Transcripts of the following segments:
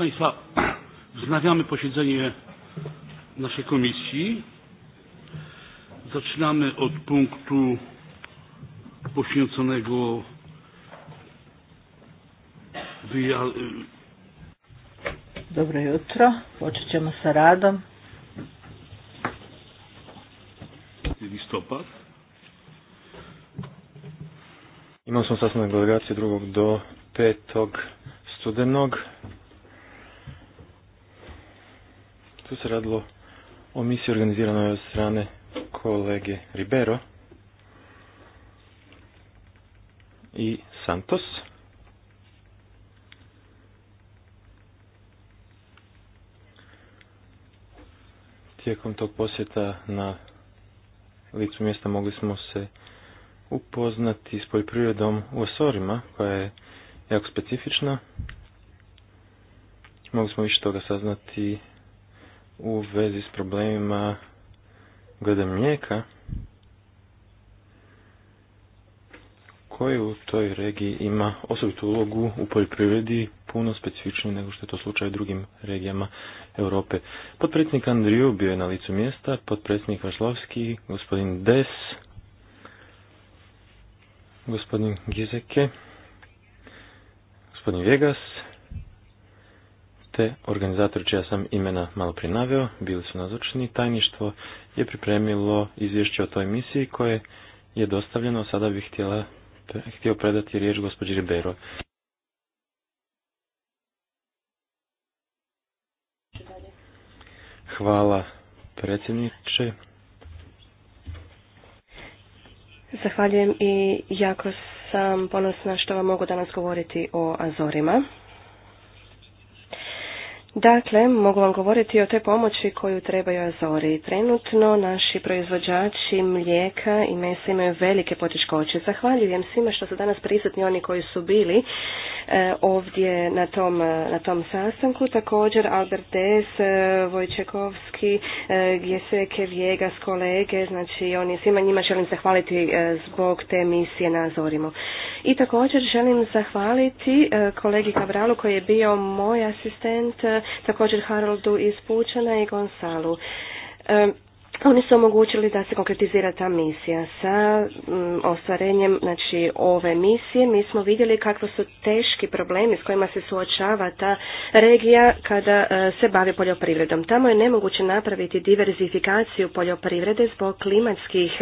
Państwa, wznawiamy posiedzenie naszej komisji. Zaczynamy od punktu poświęconego wyja... Dobre jutro, počet z radą. Listopad. Imam sam sastanak delegacije drugog do petog studenog Tu se radilo o misiji organiziranoj od strane kolege Ribero i Santos. Tijekom tog posjeta na licu mjesta mogli smo se upoznati s poljoprivredom u Osorima, koja je jako specifična. Mogli smo više toga saznati u vezi s problemima glede mlijeka koji u toj regiji ima osobitu ulogu u poljoprivredi puno specifičniji nego što je to slučaj u drugim regijama Europe. Potpredsjednik Andriju bio je na licu mjesta, potpredsjednik Vašlovski, gospodin Des, gospodin Gizeke, gospodin Vegas, te organizator čija sam imena malo prinaveo, bili su nazočni, tajništvo je pripremilo izvješće o toj misiji koje je dostavljeno, sada bih htjela, htio predati riječ gospođi Ribeiro. Hvala predsjedniče. Zahvaljujem i jako sam ponosna što vam mogu danas govoriti o Azorima. Dakle, mogu vam govoriti o te pomoći koju trebaju Azori. Trenutno naši proizvođači mlijeka i mesa imaju velike poteškoće. Zahvaljujem svima što su danas prisutni oni koji su bili e, ovdje na tom, e, na tom sastanku. Također Albert Des, e, Vojčekovski, e, Gjeseke, Vjegas, kolege, znači oni svima njima želim zahvaliti zbog te misije na Azorima. I također želim zahvaliti kolegi Kavralu koji je bio moj asistent također Haroldu iz Pučana i Gonsalu oni su omogućili da se konkretizira ta misija. Sa mm, ostvarenjem znači, ove misije mi smo vidjeli kakvi su teški problemi s kojima se suočava ta regija kada e, se bavi poljoprivredom. Tamo je nemoguće napraviti diverzifikaciju poljoprivrede zbog klimatskih,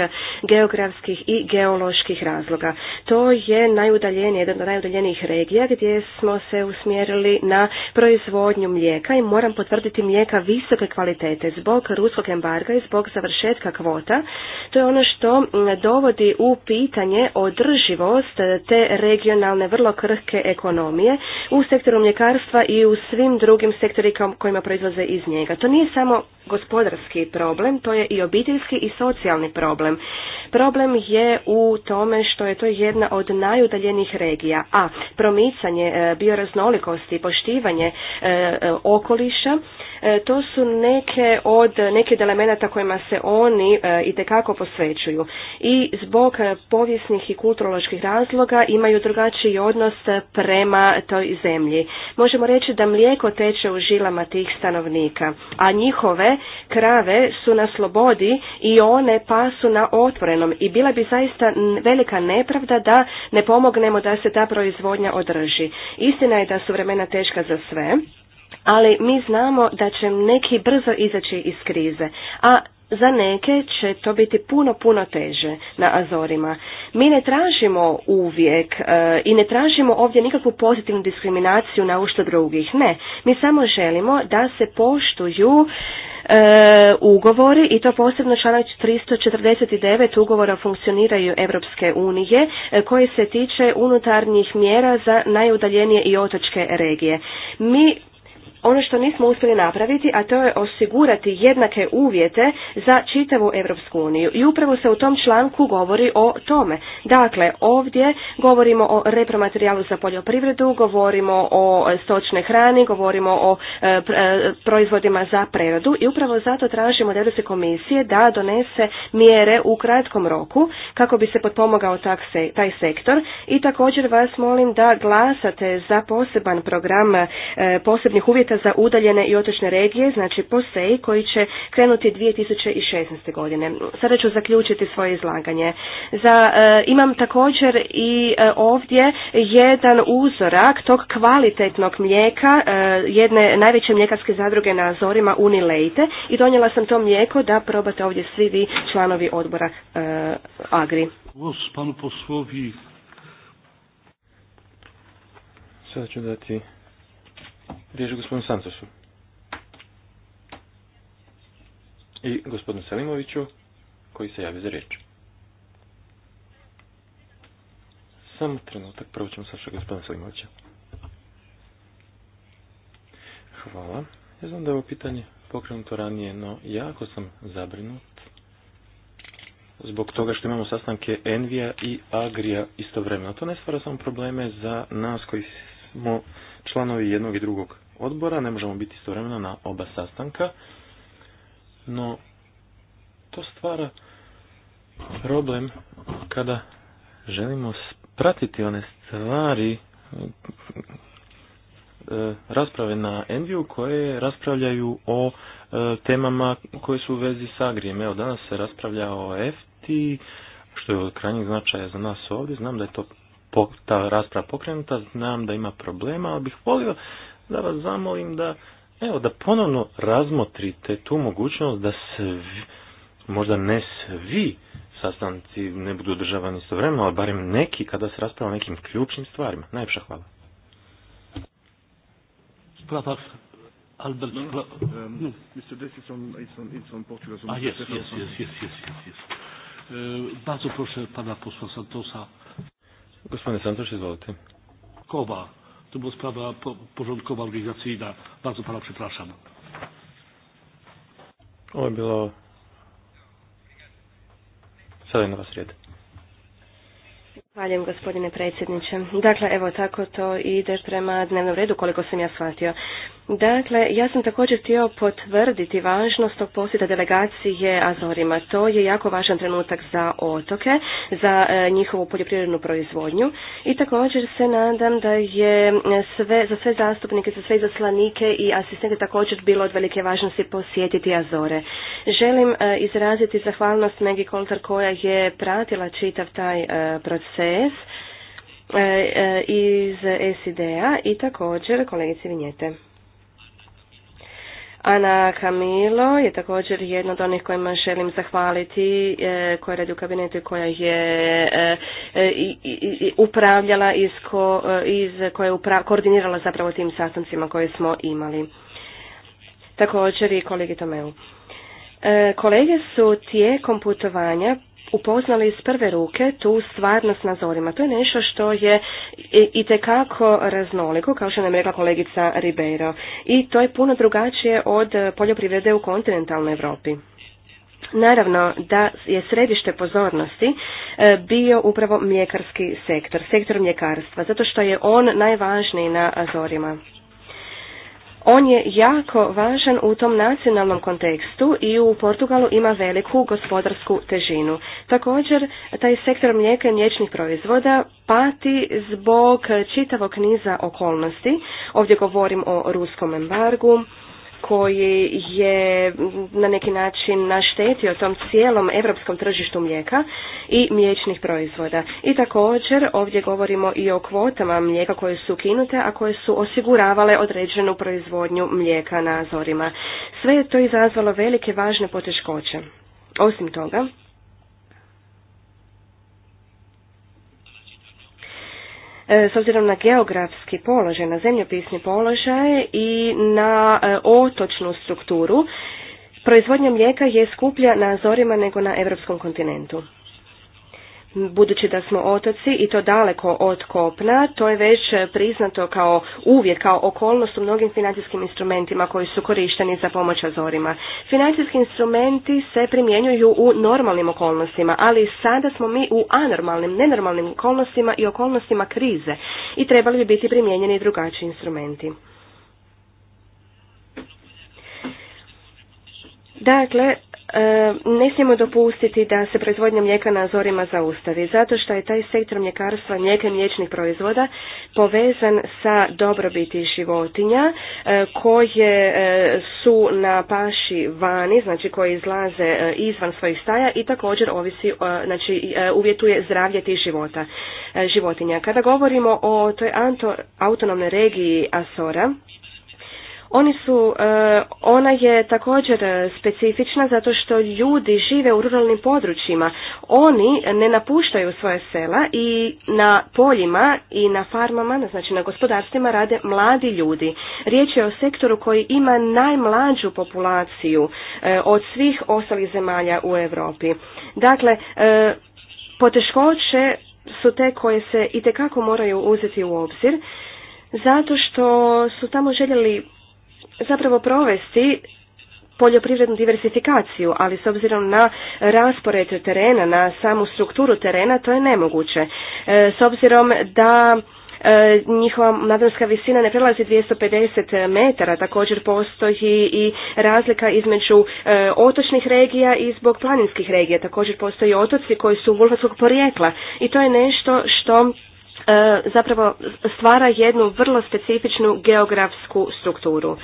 geografskih i geoloških razloga. To je najudaljenije, jedan od najudaljenijih regija gdje smo se usmjerili na proizvodnju mlijeka i moram potvrditi mlijeka visoke kvalitete zbog ruskog embarga i zbog završetka kvota. To je ono što dovodi u pitanje održivost te regionalne vrlo krhke ekonomije u sektoru mljekarstva i u svim drugim sektorima kojima proizlaze iz njega. To nije samo gospodarski problem, to je i obiteljski i socijalni problem. Problem je u tome što je to jedna od najudaljenih regija, a promicanje e, bioraznolikosti i poštivanje e, e, okoliša E, to su neke od nekih elemenata kojima se oni e, i tekako posvećuju. I zbog povijesnih i kulturoloških razloga imaju drugačiji odnos prema toj zemlji. Možemo reći da mlijeko teče u žilama tih stanovnika, a njihove krave su na slobodi i one pasu na otvorenom i bila bi zaista velika nepravda da ne pomognemo da se ta proizvodnja održi. Istina je da su vremena teška za sve, ali mi znamo da će neki brzo izaći iz krize, a za neke će to biti puno, puno teže na Azorima. Mi ne tražimo uvijek e, i ne tražimo ovdje nikakvu pozitivnu diskriminaciju na ušto drugih. Ne, mi samo želimo da se poštuju e, ugovori i to posebno članak 349 ugovora funkcioniraju Europske unije e, koji se tiče unutarnjih mjera za najudaljenije i otočke regije. Mi ono što nismo uspjeli napraviti, a to je osigurati jednake uvjete za čitavu Europsku uniju. I upravo se u tom članku govori o tome. Dakle, ovdje govorimo o repromaterijalu za poljoprivredu, govorimo o stočne hrani, govorimo o e, e, proizvodima za preradu i upravo zato tražimo od Europske komisije da donese mjere u kratkom roku kako bi se potpomogao taj sektor i također vas molim da glasate za poseban program e, posebnih uvjeta za udaljene i otočne regije, znači POSEI, koji će krenuti 2016. godine. Sada ću zaključiti svoje izlaganje. Za, e, imam također i e, ovdje jedan uzorak tog kvalitetnog mlijeka, e, jedne najveće mljekarske zadruge na Azorima Unilejte i donijela sam to mlijeko da probate ovdje svi vi članovi odbora Agri. Sada ću dati Riječ gospodinu Santosu. I gospodinu Selimoviću, koji se javi za riječ. Samo trenutak, prvo ćemo sašao gospodina Selimovića. Hvala. Ja znam da je ovo pitanje pokrenuto ranije, no jako sam zabrinut zbog toga što imamo sastanke Envija i Agrija istovremeno. To ne stvara samo probleme za nas koji smo članovi jednog i drugog odbora, ne možemo biti istovremeno na oba sastanka, no to stvara problem kada želimo pratiti one stvari e, rasprave na Enviju koje raspravljaju o e, temama koje su u vezi sa Agrijem. Evo, danas se raspravlja o e FT, što je od krajnjeg značaja za nas ovdje. Znam da je to ta rasprava pokrenuta, znam da ima problema, ali bih volio da vas zamolim da, evo, da ponovno razmotrite tu mogućnost da se, možda ne svi sastanci ne budu održavani istovremeno, ali barem neki kada se raspravlja o nekim ključnim stvarima. Najljepša hvala. Pratak. Albert no, no. Um, no. Mr. It's on, it's on Portugal. So ah, yes, yes, yes, yes, yes, yes, yes. Uh, bardzo proszę pana posła Santosa. Gospodine Santos, izvolite. Koba. To była sprawa porządkowa, organizacyjna. Bardzo Pana przepraszam. Ovo je bilo... Sada na Zahvaljujem gospodine predsjedniče. Dakle, evo tako to ide prema dnevnom redu koliko sam ja shvatio. Dakle, ja sam također htio potvrditi važnost tog posjeta delegacije Azorima. To je jako važan trenutak za otoke, za e, njihovu poljoprivrednu proizvodnju i također se nadam da je e, sve, za sve zastupnike, za sve izaslanike i asistente također bilo od velike važnosti posjetiti Azore. Želim e, izraziti zahvalnost Megi Koltar koja je pratila čitav taj proces iz SID-a i također kolegici Vinjete. Ana Camilo je također jedna od onih kojima želim zahvaliti, e, koja radi u kabinetu i koja je e, e, upravljala iz, koja je koordinirala zapravo tim sastancima koje smo imali. Također i kolegi Tomeu. Kolege su tijekom putovanja upoznali iz prve ruke tu stvarnost na zorima. To je nešto što je itekako raznoliko, kao što nam je rekla kolegica Ribeiro. I to je puno drugačije od poljoprivrede u kontinentalnoj Europi. Naravno da je središte pozornosti e, bio upravo mljekarski sektor, sektor mljekarstva, zato što je on najvažniji na Azorima. On je jako važan u tom nacionalnom kontekstu i u Portugalu ima veliku gospodarsku težinu. Također, taj sektor mlijeka i mliječnih proizvoda pati zbog čitavog niza okolnosti. Ovdje govorim o ruskom embargu, koji je na neki način naštetio tom cijelom europskom tržištu mlijeka i mliječnih proizvoda. I također ovdje govorimo i o kvotama mlijeka koje su ukinute, a koje su osiguravale određenu proizvodnju mlijeka na Azorima. Sve je to izazvalo velike važne poteškoće. Osim toga, E, s obzirom na geografski položaj, na zemljopisni položaj i na e, otočnu strukturu, proizvodnja mlijeka je skuplja na Azorima nego na europskom kontinentu budući da smo otoci i to daleko od kopna, to je već priznato kao uvjet, kao okolnost u mnogim financijskim instrumentima koji su korišteni za pomoć Azorima. Financijski instrumenti se primjenjuju u normalnim okolnostima, ali sada smo mi u anormalnim, nenormalnim okolnostima i okolnostima krize i trebali bi biti primijenjeni drugačiji instrumenti. Dakle, E, ne smijemo dopustiti da se proizvodnja mlijeka na Azorima zaustavi, zato što je taj sektor mljekarstva, mlijeka i mliječnih proizvoda povezan sa dobrobiti životinja e, koje e, su na paši vani, znači koje izlaze izvan svojih staja i također ovisi, znači uvjetuje zdravlje tih životinja. Kada govorimo o toj autonomnoj regiji Asora, oni su, e, ona je također e, specifična zato što ljudi žive u ruralnim područjima. Oni ne napuštaju svoje sela i na poljima i na farmama, znači na gospodarstvima rade mladi ljudi. Riječ je o sektoru koji ima najmlađu populaciju e, od svih ostalih zemalja u Europi. Dakle, poteškoće su te koje se i itekako moraju uzeti u obzir zato što su tamo željeli zapravo provesti poljoprivrednu diversifikaciju, ali s obzirom na raspored terena, na samu strukturu terena, to je nemoguće. E, s obzirom da e, njihova nadmorska visina ne prelazi 250 metara. Također postoji i razlika između e, otočnih regija i zbog planinskih regija. Također postoji otoci koji su vulvatskog porijekla i to je nešto što E, zapravo stvara jednu vrlo specifičnu geografsku strukturu.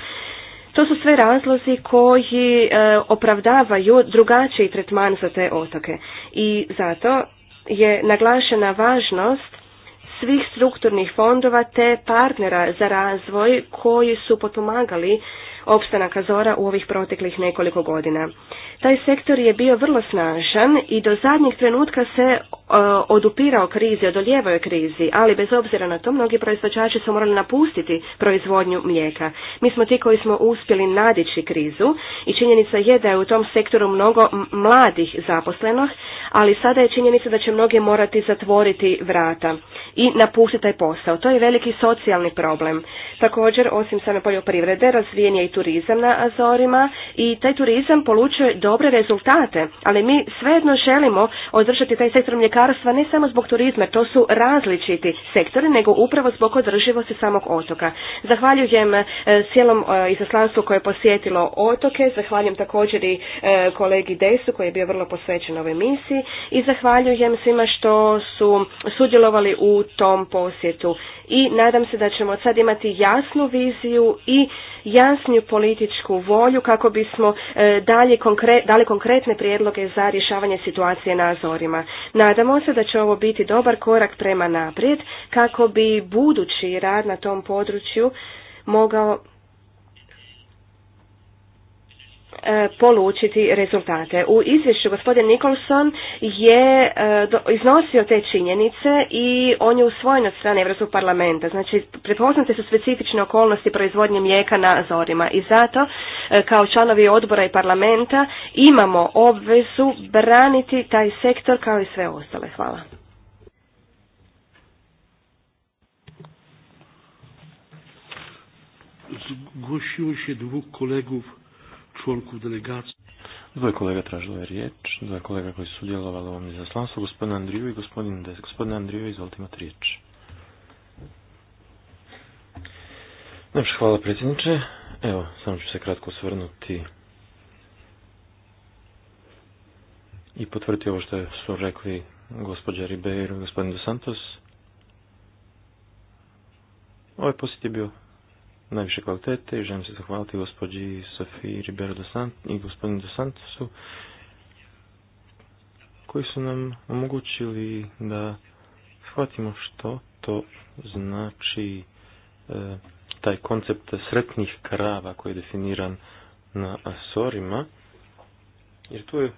To su sve razlozi koji e, opravdavaju drugačiji tretman za te otoke i zato je naglašena važnost svih strukturnih fondova te partnera za razvoj koji su potpomagali opstanaka Zora u ovih proteklih nekoliko godina. Taj sektor je bio vrlo snažan i do zadnjih trenutka se e, odupirao krizi, odoljevao je krizi, ali bez obzira na to mnogi proizvođači su morali napustiti proizvodnju mlijeka. Mi smo ti koji smo uspjeli nadići krizu i činjenica je da je u tom sektoru mnogo mladih zaposlenih, ali sada je činjenica da će mnogi morati zatvoriti vrata i napustiti taj posao. To je veliki socijalni problem. Također, osim same poljoprivrede, razvijen je i turizam na Azorima i taj turizam polučuje dobre rezultate, ali mi svejedno želimo održati taj sektor mljekarstva ne samo zbog turizma, to su različiti sektori, nego upravo zbog održivosti samog otoka. Zahvaljujem e, cijelom e, izaslanstvu koje je posjetilo otoke, zahvaljujem također i e, kolegi Desu koji je bio vrlo posvećen ovoj misiji i zahvaljujem svima što su sudjelovali u tom posjetu i nadam se da ćemo sad imati jasnu viziju i jasniju političku volju kako bismo e, dalje dali konkretne prijedloge za rješavanje situacije na Azorima. Nadamo se da će ovo biti dobar korak prema naprijed kako bi budući rad na tom području mogao E, polučiti rezultate. U izvješću gospodin Nikolson je e, iznosio te činjenice i on je usvojen od strane Evropskog parlamenta. Znači, prepoznate su specifične okolnosti proizvodnje mlijeka na Azorima i zato e, kao članovi odbora i parlamenta imamo obvezu braniti taj sektor kao i sve ostale. Hvala. Zgłosiło się Dvoje kolega tražilo je riječ, dvoje kolega koji su sudjelovali u ovom izaslanstvu, gospodin Andriju i gospodin Des. Gospodin Andriju, izvolite imati riječ. hvala predsjedniče. Evo, samo ću se kratko osvrnuti i potvrditi ovo što su rekli gospođa Ribeiro i gospodin Dos Santos. Ovaj posjet je bio najviše kvalitete i želim se zahvaliti gospođi Sofiji Ribeiro Sant i gospodinu Dosantosu koji su nam omogućili da shvatimo što to znači e, taj koncept sretnih krava koji je definiran na Asorima jer tu je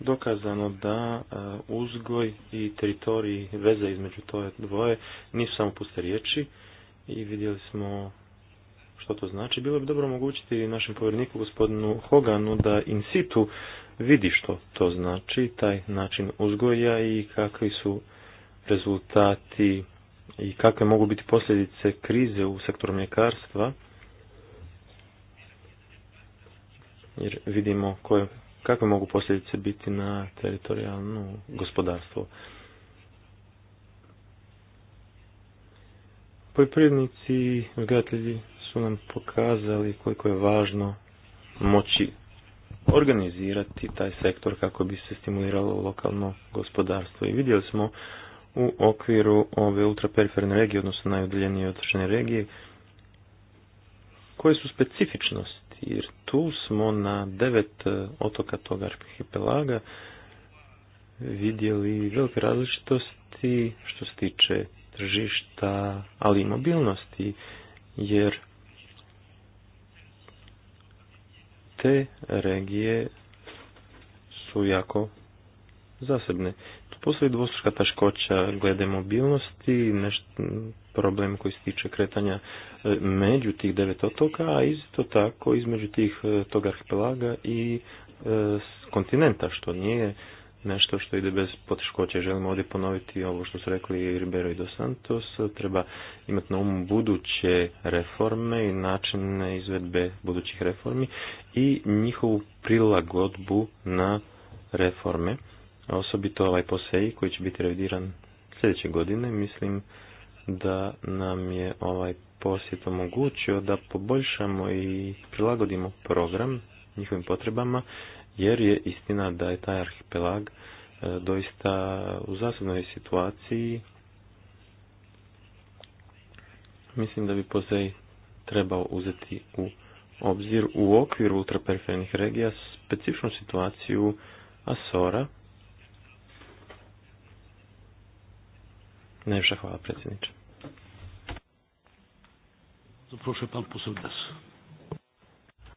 dokazano da e, uzgoj i teritorij veze između to dvoje nisu samo puste riječi i vidjeli smo što to znači, bilo bi dobro omogućiti našem povjerniku gospodinu Hoganu da in situ vidi što to znači, taj način uzgoja i kakvi su rezultati i kakve mogu biti posljedice krize u sektoru mljekarstva. Jer vidimo koje, kakve mogu posljedice biti na teritorijalno gospodarstvo. Poljoprivrednici, uzgajatelji su nam pokazali koliko je važno moći organizirati taj sektor kako bi se stimuliralo lokalno gospodarstvo. I vidjeli smo u okviru ove ultraperiferne regije, odnosno najudaljenije otočne regije, koje su specifičnosti, jer tu smo na devet e, otoka tog arhipelaga vidjeli velike različitosti što se tiče tržišta, ali i mobilnosti, jer te regije su jako zasebne. Tu postoji dvostruška taškoća glede mobilnosti, nešto, problem koji se tiče kretanja e, među tih devet otoka, a isto tako između tih e, tog arhipelaga i e, kontinenta, što nije nešto što ide bez poteškoća. Želimo ovdje ponoviti ovo što su rekli Ribeiro i Dos Santos. Treba imati na umu buduće reforme i načine izvedbe budućih reformi i njihovu prilagodbu na reforme. Osobito ovaj posej koji će biti revidiran sljedeće godine. Mislim da nam je ovaj posjet omogućio da poboljšamo i prilagodimo program njihovim potrebama jer je istina da je taj arhipelag e, doista u zasebnoj situaciji. Mislim da bi pozej trebao uzeti u obzir u okviru ultraperifernih regija specifičnu situaciju Asora. Najviše hvala predsjedniče. Zaprošao pan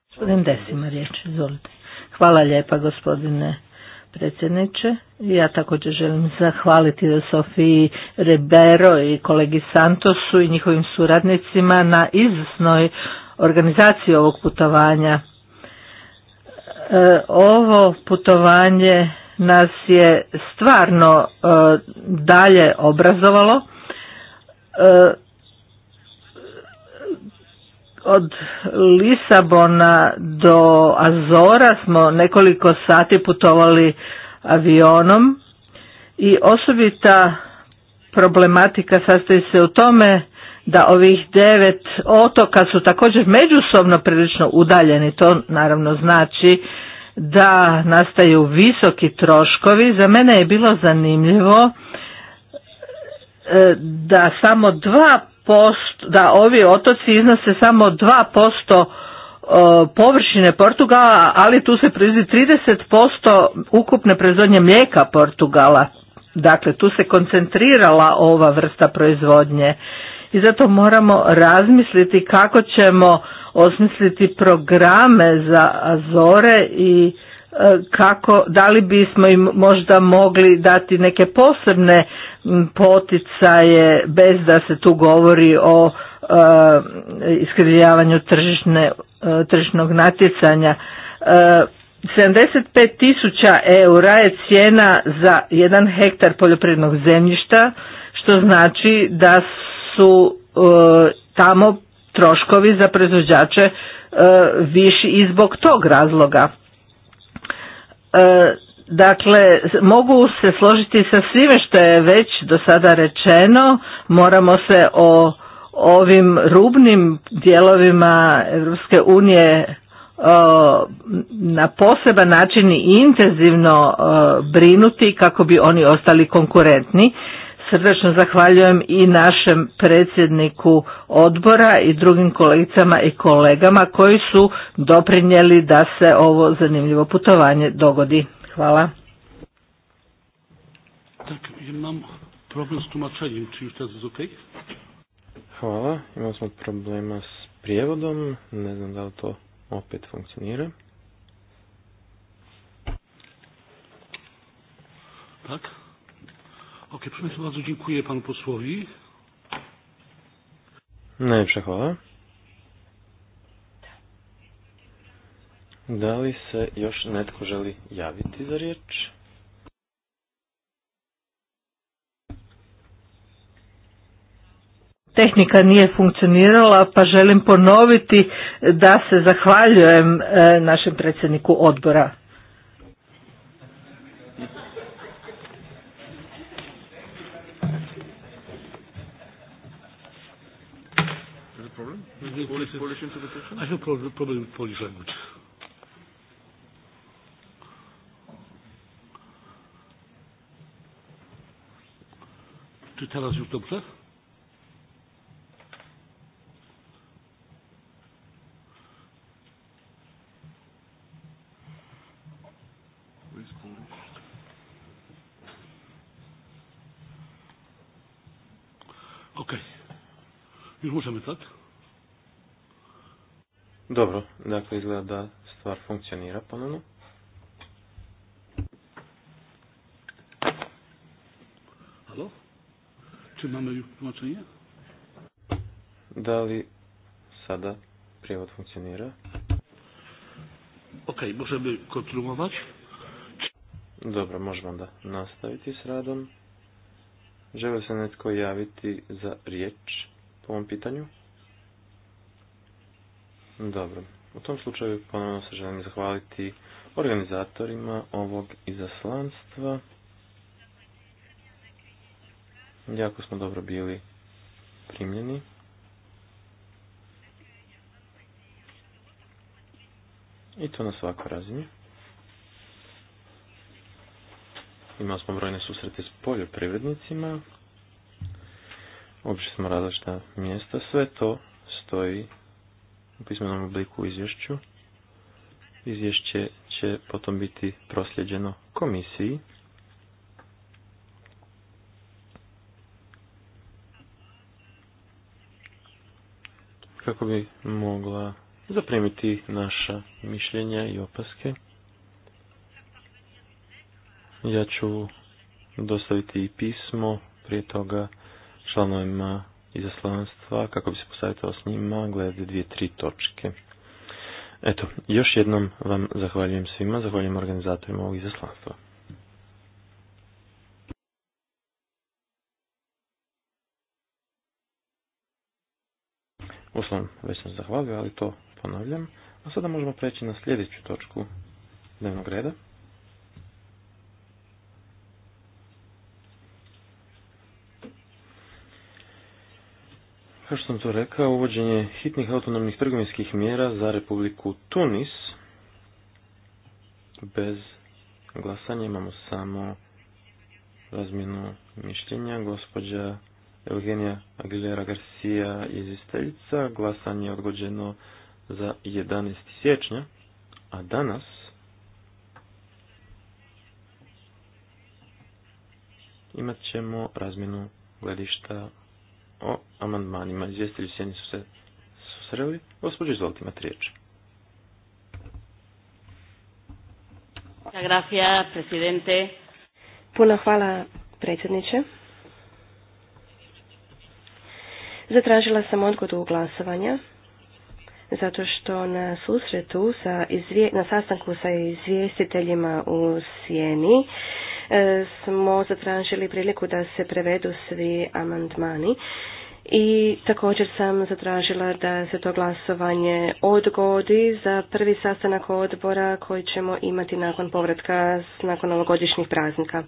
Gospodin Desima riječ, izvolite. Hvala lijepa gospodine predsjedniče. Ja također želim zahvaliti Sofiji Rebero i kolegi Santosu i njihovim suradnicima na izvrsnoj organizaciji ovog putovanja. E, ovo putovanje nas je stvarno e, dalje obrazovalo e, od Lisabona do Azora smo nekoliko sati putovali avionom i osobita problematika sastoji se u tome da ovih devet otoka su također međusobno prilično udaljeni. To naravno znači da nastaju visoki troškovi. Za mene je bilo zanimljivo e, da samo dva da ovi otoci iznose samo 2% e, površine Portugala, ali tu se proizvodi 30% ukupne proizvodnje mlijeka Portugala. Dakle, tu se koncentrirala ova vrsta proizvodnje i zato moramo razmisliti kako ćemo osmisliti programe za Azore i E, kako da li bismo im možda mogli dati neke posebne poticaje bez da se tu govori o e, iskrivljavanju tržišne, e, tržišnog natjecanja. 75 tisuća eura je cijena za jedan hektar poljoprivrednog zemljišta, što znači da su tamo troškovi za proizvođače viši i zbog tog razloga. E, dakle, mogu se složiti sa svime što je već do sada rečeno, moramo se o ovim rubnim dijelovima Europske unije e, na poseban način i intenzivno e, brinuti kako bi oni ostali konkurentni. Srdečno zahvaljujem i našem predsjedniku odbora i drugim kolegicama i kolegama koji su doprinijeli da se ovo zanimljivo putovanje dogodi. Hvala. Imam problem s Hvala, imali smo problema s prijevodom, ne znam da li to opet funkcionira. Tak? Ok, proszę bardzo, dziękuję panu posłowi. Najlepsza chwała. Da li se još netko želi javiti za riječ? tehnika nije funkcionirala pa želim ponoviti da se zahvaljujem e, našem predsjedniku odbora Polish, I have problem, problem with Polish language. Czy teraz już dobrze? Już możemy, tak? Dobro, dakle izgleda da stvar funkcionira ponovno. Halo? Czy mamy tłumaczenie? Da li sada prijevod funkcionira? Ok, možemo kontinuovati? Dobro, možemo da nastaviti s radom. Žele se netko javiti za riječ po ovom pitanju? Dobro. U tom slučaju ponovno se želim zahvaliti organizatorima ovog izaslanstva. Jako smo dobro bili primljeni. I to na svakoj razini. Imali smo brojne susrete s poljoprivrednicima. Obišli smo različita mjesta. Sve to stoji u pismenom obliku izvješću. Izvješće će potom biti prosljeđeno komisiji. Kako bi mogla zaprimiti naša mišljenja i opaske. Ja ću dostaviti i pismo prije toga članovima izaslanstva kako bi se posavjetao s njima glede dvije, tri točke. Eto, još jednom vam zahvaljujem svima, zahvaljujem organizatorima ovog izaslanstva. Uslovom, već sam zahvalio, ali to ponavljam. A sada možemo preći na sljedeću točku dnevnog reda. Kao što sam to rekao, uvođenje hitnih autonomnih trgovinskih mjera za Republiku Tunis bez glasanja imamo samo razmjenu mišljenja. Gospođa Eugenija Aguilera Garcia Isteljica. Glasanje je odgođeno za 11. siječnja, a danas imat ćemo razmjenu gledišta o amandmanima. izvjestili sjeni su se susreli. Gospođo, izvolite, imate riječ. presidente. Puno hvala, predsjedniče. Zatražila sam odgodu glasovanja zato što na susretu sa izvje, na sastanku sa izvjestiteljima u Sjeni E, smo zatražili priliku da se prevedu svi amandmani i također sam zatražila da se to glasovanje odgodi za prvi sastanak odbora koji ćemo imati nakon povratka nakon novogodišnjih praznika.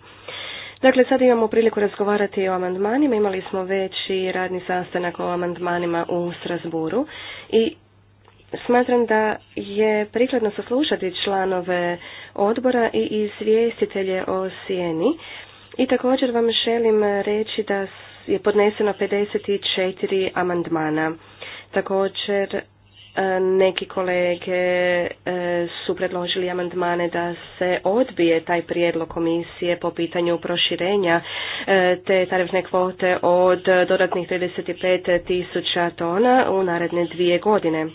Dakle, sada imamo priliku razgovarati o amandmanima. Imali smo već i radni sastanak o amandmanima u Strasburu i Smatram da je prikladno saslušati članove odbora i izvjestitelje o sjeni. I također vam želim reći da je podneseno 54 amandmana. Također e, neki kolege e, su predložili amandmane da se odbije taj prijedlog komisije po pitanju proširenja e, te tarifne kvote od dodatnih 35.000 tisuća tona u naredne dvije godine.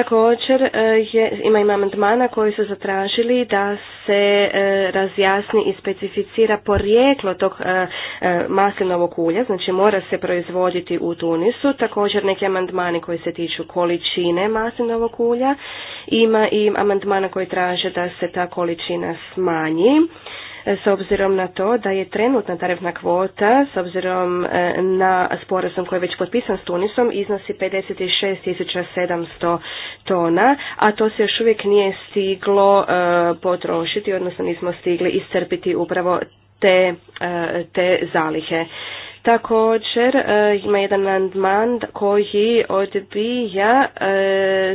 Također e, je, ima i amandmana koji su zatražili da se e, razjasni i specificira porijeklo tog e, maslinovog ulja, znači mora se proizvoditi u Tunisu. Također neki amandmani koji se tiču količine maslinovog ulja. Ima i amandmana koji traže da se ta količina smanji s obzirom na to da je trenutna tarifna kvota s obzirom e, na sporazum koji je već potpisan s Tunisom iznosi 56.700 tona, a to se još uvijek nije stiglo e, potrošiti, odnosno nismo stigli iscrpiti upravo te, e, te zalihe. Također ima jedan amandman koji odbija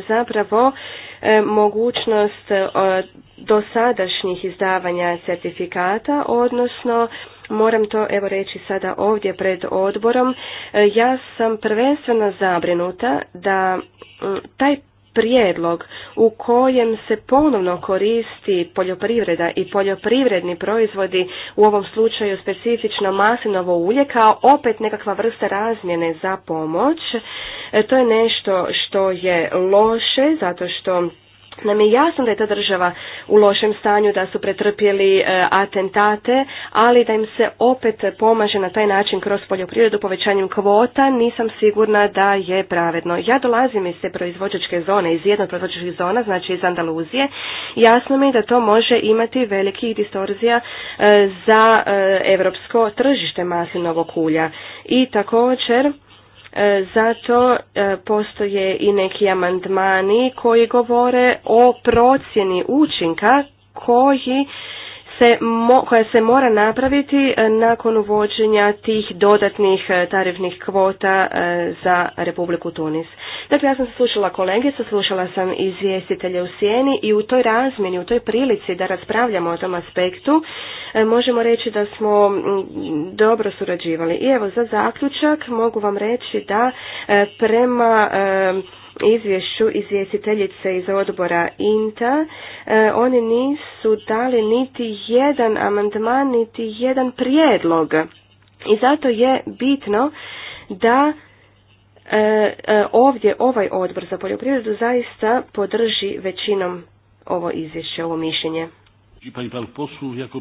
zapravo E, mogućnost e, dosadašnjih izdavanja certifikata, odnosno moram to evo reći sada ovdje pred odborom, e, ja sam prvenstveno zabrinuta da taj prijedlog u kojem se ponovno koristi poljoprivreda i poljoprivredni proizvodi, u ovom slučaju specifično maslinovo ulje, kao opet nekakva vrsta razmjene za pomoć. E, to je nešto što je loše, zato što nam je jasno da je ta država u lošem stanju, da su pretrpjeli e, atentate, ali da im se opet pomaže na taj način kroz poljoprivredu povećanjem kvota, nisam sigurna da je pravedno. Ja dolazim iz te proizvođačke zone, iz jednog proizvođačkih zona, znači iz Andaluzije. Jasno mi je da to može imati velikih distorzija e, za e, europsko tržište maslinovog ulja. I također, E, zato e, postoje i neki amandmani koji govore o procjeni učinka koji se mo, koja se mora napraviti e, nakon uvođenja tih dodatnih tarifnih kvota za Republiku Tunis. Dakle, ja sam slušala kolegicu, slušala sam izvjestitelje u sjeni i u toj razmjeni, u toj prilici da raspravljamo o tom aspektu, e, možemo reći da smo dobro surađivali. I evo, za zaključak mogu vam reći da e, prema e, izvješću izvjestiteljice iz odbora INTA, oni nisu dali niti jedan amandman, niti jedan prijedlog. I zato je bitno da E, e, ovdje ovaj odbor za poljoprivredu zaista podrži većinom ovo izvješće, ovo mišljenje. jako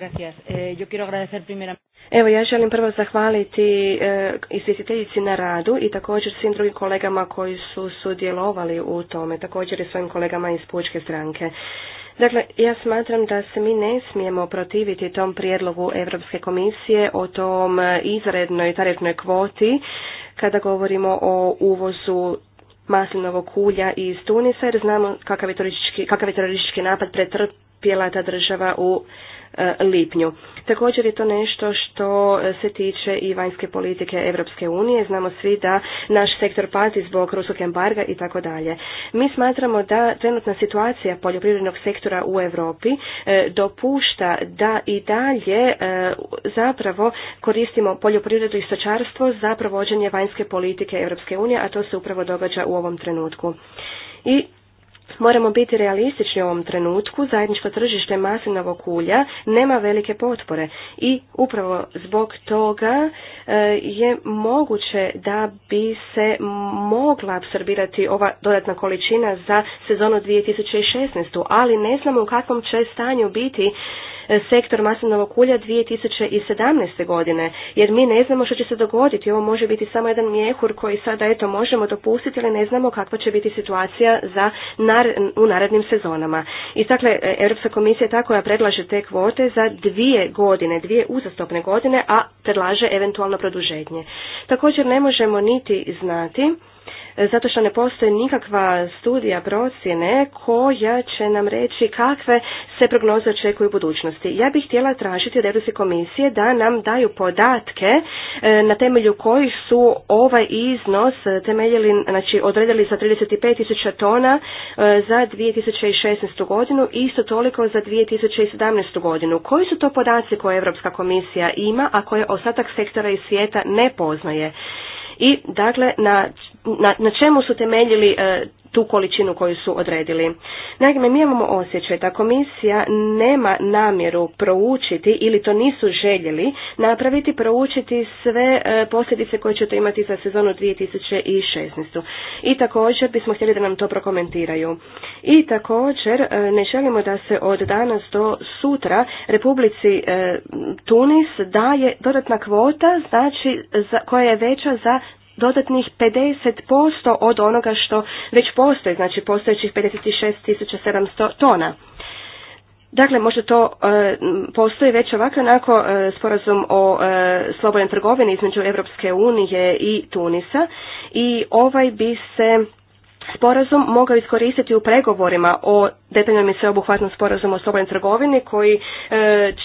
gracias. Eh, quiero agradecer Evo, ja želim prvo zahvaliti e, izvjestiteljici na radu i također svim drugim kolegama koji su sudjelovali u tome, također i svojim kolegama iz Pučke stranke. Dakle, ja smatram da se mi ne smijemo protiviti tom prijedlogu Europske komisije o tom izrednoj tarifnoj kvoti kada govorimo o uvozu maslinovog ulja iz Tunisa jer znamo kakav je teroristički, kakav je napad pretrpjela ta država u E, lipnju. Također je to nešto što e, se tiče i vanjske politike Europske unije. Znamo svi da naš sektor pati zbog ruskog embarga i tako dalje. Mi smatramo da trenutna situacija poljoprivrednog sektora u Europi e, dopušta da i dalje zapravo koristimo poljoprivredu i stočarstvo za provođenje vanjske politike Europske unije, a to se upravo događa u ovom trenutku. I Moramo biti realistični u ovom trenutku, zajedničko tržište maslinovog ulja nema velike potpore i upravo zbog toga e, je moguće da bi se mogla apsorbirati ova dodatna količina za sezonu 2016. ali ne znamo u kakvom će stanju biti sektor maslinovog ulja 2017. godine, jer mi ne znamo što će se dogoditi. Ovo može biti samo jedan mjehur koji sada eto možemo dopustiti, ali ne znamo kakva će biti situacija za nar u narednim sezonama. I dakle, Europska komisija tako ja predlaže te kvote za dvije godine, dvije uzastopne godine, a predlaže eventualno produženje. Također ne možemo niti znati zato što ne postoji nikakva studija procjene koja će nam reći kakve se prognoze očekuju u budućnosti. Ja bih htjela tražiti od Europske komisije da nam daju podatke e, na temelju kojih su ovaj iznos temeljili, znači odredili za 35.000 tona e, za 2016. godinu i isto toliko za 2017. godinu. Koji su to podaci koje Europska komisija ima, a koje ostatak sektora i svijeta ne poznaje? i dakle na, na, čemu su temeljili e, tu količinu koju su odredili. Naime, mi imamo osjećaj da komisija nema namjeru proučiti ili to nisu željeli napraviti, proučiti sve e, posljedice koje će to imati za sezonu 2016. I također bismo htjeli da nam to prokomentiraju. I također e, ne želimo da se od danas do sutra Republici e, Tunis daje dodatna kvota znači za, koja je veća za dodatnih 50% od onoga što već postoji, znači postojećih 56.700 tona. Dakle, možda to e, postoji već ovako onako e, sporazum o e, slobodnoj trgovini između Europske unije i Tunisa i ovaj bi se sporazum mogao iskoristiti u pregovorima o detaljnom i sveobuhvatnom sporazumu o slobodnoj trgovini koji e,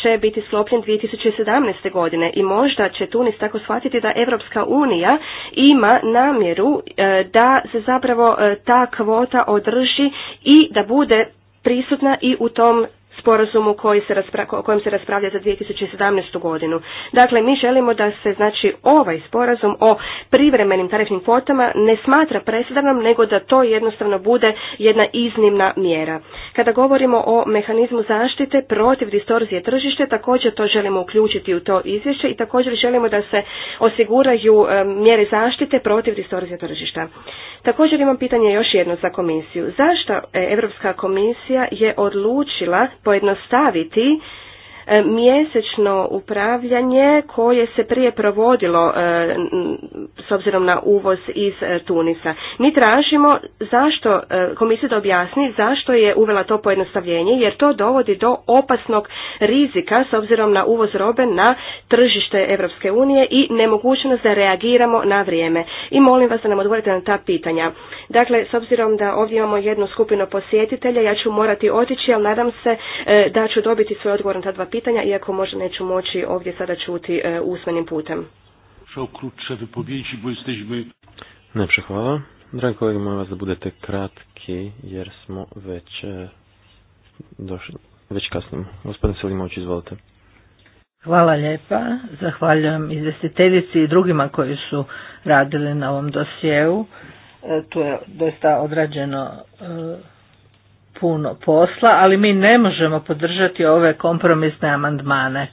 će biti sklopljen 2017. godine i možda će Tunis tako shvatiti da Europska unija ima namjeru e, da se zapravo e, ta kvota održi i da bude prisutna i u tom sporazumu koji se o kojem se raspravlja za 2017. godinu. Dakle, mi želimo da se znači ovaj sporazum o privremenim tarifnim kvotama ne smatra presedanom, nego da to jednostavno bude jedna iznimna mjera. Kada govorimo o mehanizmu zaštite protiv distorzije tržišta, također to želimo uključiti u to izvješće i također želimo da se osiguraju e, mjere zaštite protiv distorzije tržišta. Također imam pitanje još jedno za komisiju. Zašto Europska komisija je odlučila pojednostaviti E, mjesečno upravljanje koje se prije provodilo e, s obzirom na uvoz iz e, Tunisa. Mi tražimo zašto, komisija da objasni zašto je uvela to pojednostavljenje jer to dovodi do opasnog rizika s obzirom na uvoz robe na tržište Europske unije i nemogućnost da reagiramo na vrijeme. I molim vas da nam odgovorite na ta pitanja. Dakle, s obzirom da ovdje imamo jednu skupinu posjetitelja, ja ću morati otići, ali nadam se da ću dobiti svoj odgovor na ta dva pitanja pitanja, iako možda neću moći ovdje sada čuti e, usmenim putem. Najpše hvala. Dragi kolege, molim vas da budete kratki, jer smo već e, došli, već kasnimo. Gospodin Selimović, izvolite. Hvala lijepa. Zahvaljujem izvjestiteljici i drugima koji su radili na ovom dosjeu. E, tu je dosta odrađeno puno posla, ali mi ne možemo podržati ove kompromisne amandmane.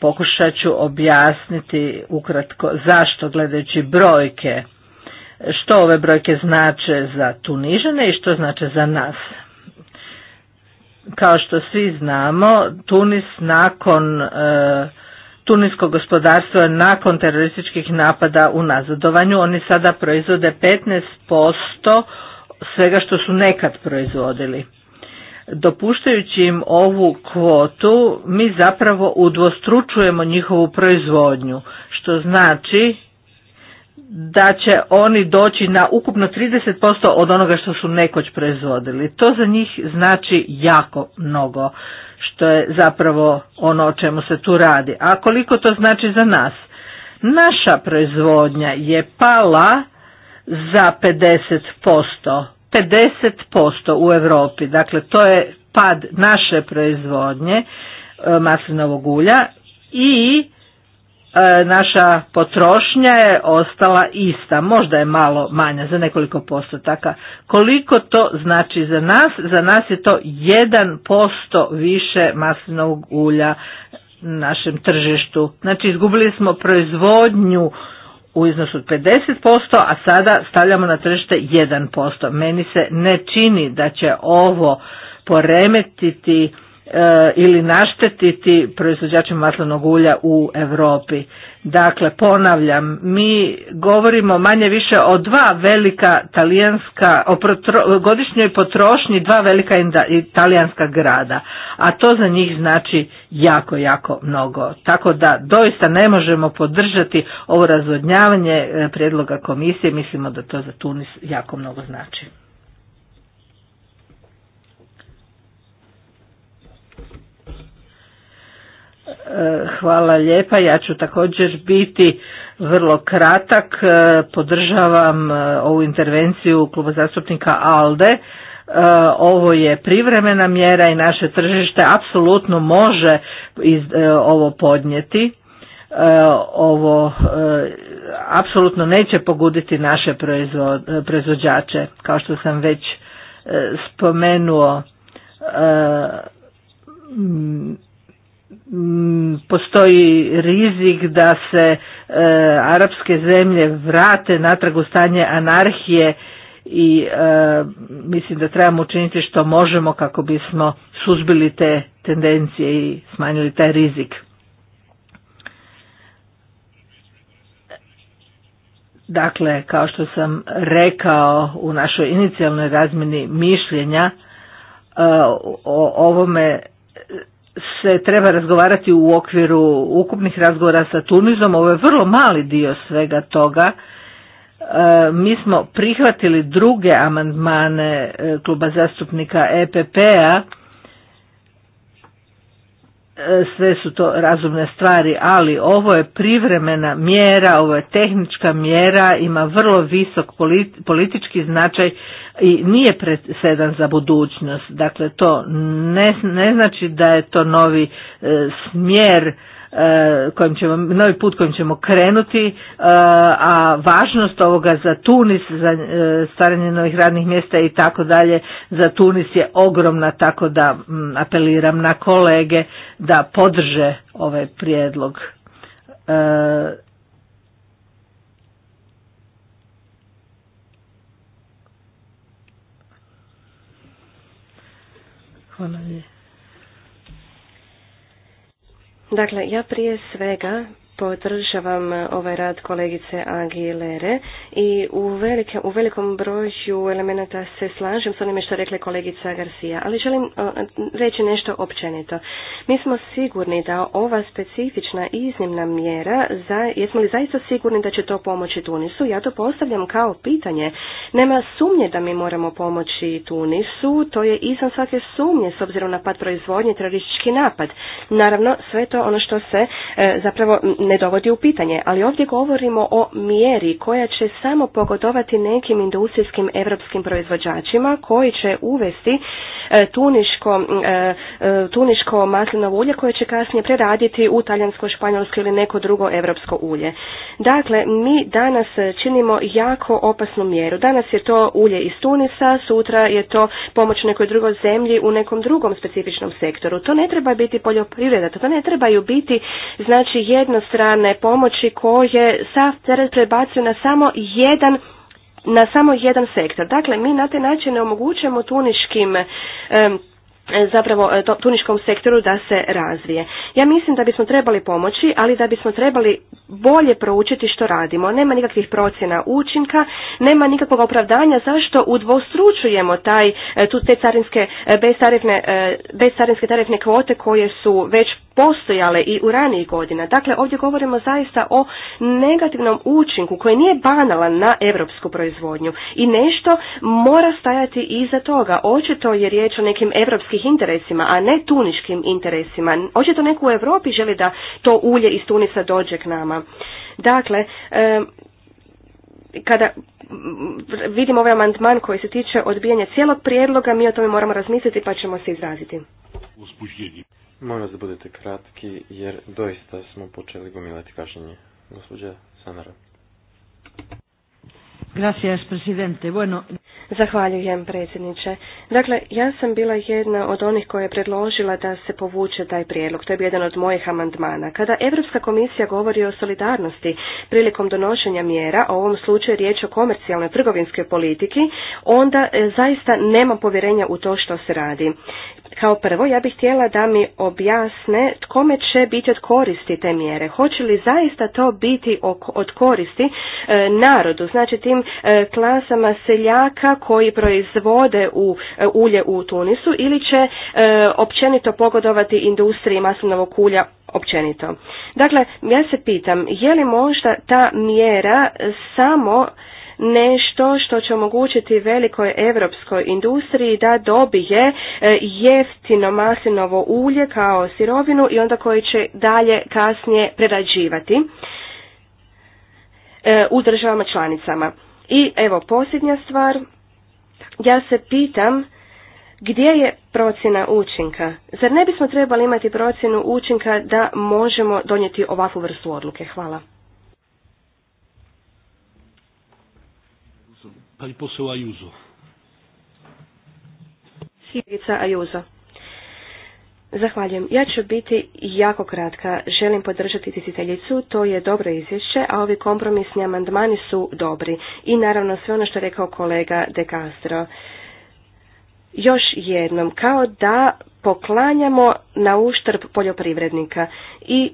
Pokušat ću objasniti ukratko zašto gledajući brojke, što ove brojke znače za Tunižane i što znače za nas. Kao što svi znamo, Tunis nakon e, Tunisko gospodarstvo je nakon terorističkih napada u nazadovanju. Oni sada proizvode 15% svega što su nekad proizvodili. Dopuštajući im ovu kvotu, mi zapravo udvostručujemo njihovu proizvodnju, što znači da će oni doći na ukupno 30% od onoga što su nekoć proizvodili. To za njih znači jako mnogo, što je zapravo ono o čemu se tu radi. A koliko to znači za nas? Naša proizvodnja je pala za 50%. 50% u Europi, dakle to je pad naše proizvodnje e, maslinovog ulja i e, naša potrošnja je ostala ista, možda je malo manja za nekoliko postotaka. Koliko to znači za nas? Za nas je to 1% više maslinovog ulja našem tržištu. Znači izgubili smo proizvodnju u iznosu od 50%, a sada stavljamo na tržište 1%. Meni se ne čini da će ovo poremetiti E, ili naštetiti proizvođačima maslinovog ulja u Europi. Dakle, ponavljam, mi govorimo manje više o dva velika talijanska, o godišnjoj potrošnji dva velika talijanska grada, a to za njih znači jako, jako mnogo. Tako da doista ne možemo podržati ovo razvodnjavanje e, prijedloga komisije, mislimo da to za Tunis jako mnogo znači. E, hvala lijepa, ja ću također biti vrlo kratak, e, podržavam e, ovu intervenciju kluba zastupnika ALDE, ovo je privremena mjera i naše tržište apsolutno može ovo podnijeti, ovo apsolutno neće poguditi naše proizvođače, kao što sam već spomenuo, Mm, postoji rizik da se e, arapske zemlje vrate natrag u stanje anarhije i e, mislim da trebamo učiniti što možemo kako bismo suzbili te tendencije i smanjili taj rizik. Dakle, kao što sam rekao u našoj inicijalnoj razmini mišljenja, e, o ovome se treba razgovarati u okviru ukupnih razgovora sa Tunizom. Ovo je vrlo mali dio svega toga. E, mi smo prihvatili druge amandmane e, kluba zastupnika EPP-a. E, sve su to razumne stvari, ali ovo je privremena mjera, ovo je tehnička mjera, ima vrlo visok politički značaj i nije presedan za budućnost. Dakle, to ne, znači da je to novi e, smjer e, kojim ćemo, novi put kojim ćemo krenuti, e, a važnost ovoga za Tunis, za stvaranje novih radnih mjesta i tako dalje, za Tunis je ogromna, tako da apeliram na kolege da podrže ovaj prijedlog. Hvala Dakle, ja prije svega Podržavam e, ovaj rad kolegice Agilere i u, velikom broju elemenata se slažem s onime što je rekla kolegica Garcia, ali želim e, reći nešto općenito. Mi smo sigurni da ova specifična iznimna mjera, za, jesmo li zaista sigurni da će to pomoći Tunisu? Ja to postavljam kao pitanje. Nema sumnje da mi moramo pomoći Tunisu, to je izvan svake sumnje s obzirom na pad proizvodnje teroristički napad. Naravno, sve to ono što se e, zapravo ne dovodi u pitanje, ali ovdje govorimo o mjeri koja će samo pogodovati nekim industrijskim europskim proizvođačima koji će uvesti e, tuniško, e, e, tuniško maslinovo ulje koje će kasnije preraditi u talijansko, španjolsko ili neko drugo europsko ulje. Dakle, mi danas činimo jako opasnu mjeru. Danas je to ulje iz Tunisa, sutra je to pomoć nekoj drugoj zemlji u nekom drugom specifičnom sektoru. To ne treba biti poljoprivreda, to ne trebaju biti znači jednostavno strane pomoći koje sav teret prebacuju na samo jedan na samo jedan sektor. Dakle, mi na taj način ne omogućujemo tuniškim um, E, zapravo e, tuniškom sektoru da se razvije. Ja mislim da bismo trebali pomoći, ali da bismo trebali bolje proučiti što radimo. Nema nikakvih procjena učinka, nema nikakvog opravdanja zašto udvostručujemo taj, e, tu te carinske, bez carinske tarifne kvote koje su već postojale i u ranijih godina. Dakle, ovdje govorimo zaista o negativnom učinku koji nije banalan na europsku proizvodnju i nešto mora stajati iza toga. Očito je riječ o nekim europskim europskih interesima, a ne tuniškim interesima. Očito neko u Europi želi da to ulje iz Tunisa dođe k nama. Dakle, kada vidimo ovaj amandman koji se tiče odbijanja cijelog prijedloga, mi o tome moramo razmisliti pa ćemo se izraziti. Molim da budete kratki jer doista smo počeli gomilati kašnjenje. Gospođa Sanara. Gracias, presidente. Bueno, Zahvaljujem predsjedniče. Dakle, ja sam bila jedna od onih koja je predložila da se povuče taj prijedlog. To je bio jedan od mojih amandmana. Kada Europska komisija govori o solidarnosti prilikom donošenja mjera, a u ovom slučaju riječ o komercijalnoj trgovinskoj politiki, onda e, zaista nema povjerenja u to što se radi. Kao prvo, ja bih htjela da mi objasne kome će biti od koristi te mjere. Hoće li zaista to biti od koristi e, narodu, znači tim e, klasama seljaka koji proizvode u e, ulje u Tunisu ili će e, općenito pogodovati industriji maslinovog ulja općenito. Dakle, ja se pitam, je li možda ta mjera samo nešto što će omogućiti velikoj europskoj industriji da dobije e, jeftino maslinovo ulje kao sirovinu i onda koji će dalje kasnije prerađivati u državama članicama. I evo posljednja stvar, ja se pitam gdje je procjena učinka? Zar ne bismo trebali imati procjenu učinka da možemo donijeti ovakvu vrstu odluke? Hvala. Pani Ajuzo. Ajuzo. Zahvaljujem. Ja ću biti jako kratka. Želim podržati tisiteljicu, to je dobro izvješće, a ovi kompromisni amandmani su dobri. I naravno sve ono što je rekao kolega De Castro. Još jednom, kao da poklanjamo na uštrb poljoprivrednika i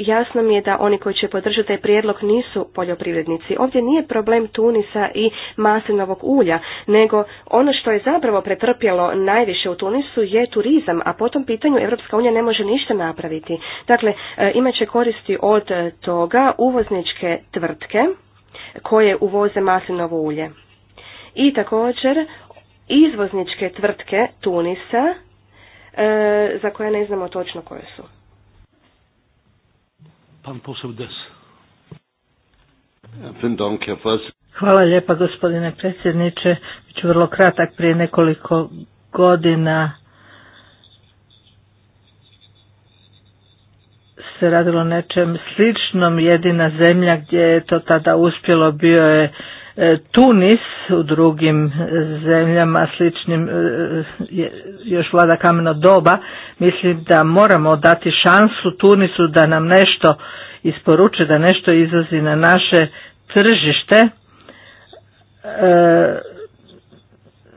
jasno mi je da oni koji će podržati taj prijedlog nisu poljoprivrednici. Ovdje nije problem Tunisa i maslinovog ulja, nego ono što je zapravo pretrpjelo najviše u Tunisu je turizam, a po tom pitanju Europska unija ne može ništa napraviti. Dakle, e, imat će koristi od e, toga uvozničke tvrtke koje uvoze maslinovo ulje. I također izvozničke tvrtke Tunisa e, za koje ne znamo točno koje su. Pan Des. Hvala lijepa gospodine predsjedniče. ću vrlo kratak prije nekoliko godina se radilo nečem sličnom. Jedina zemlja gdje je to tada uspjelo bio je E, Tunis u drugim e, zemljama sličnim e, još vlada kameno doba, mislim da moramo dati šansu Tunisu da nam nešto isporuče, da nešto izlazi na naše tržište.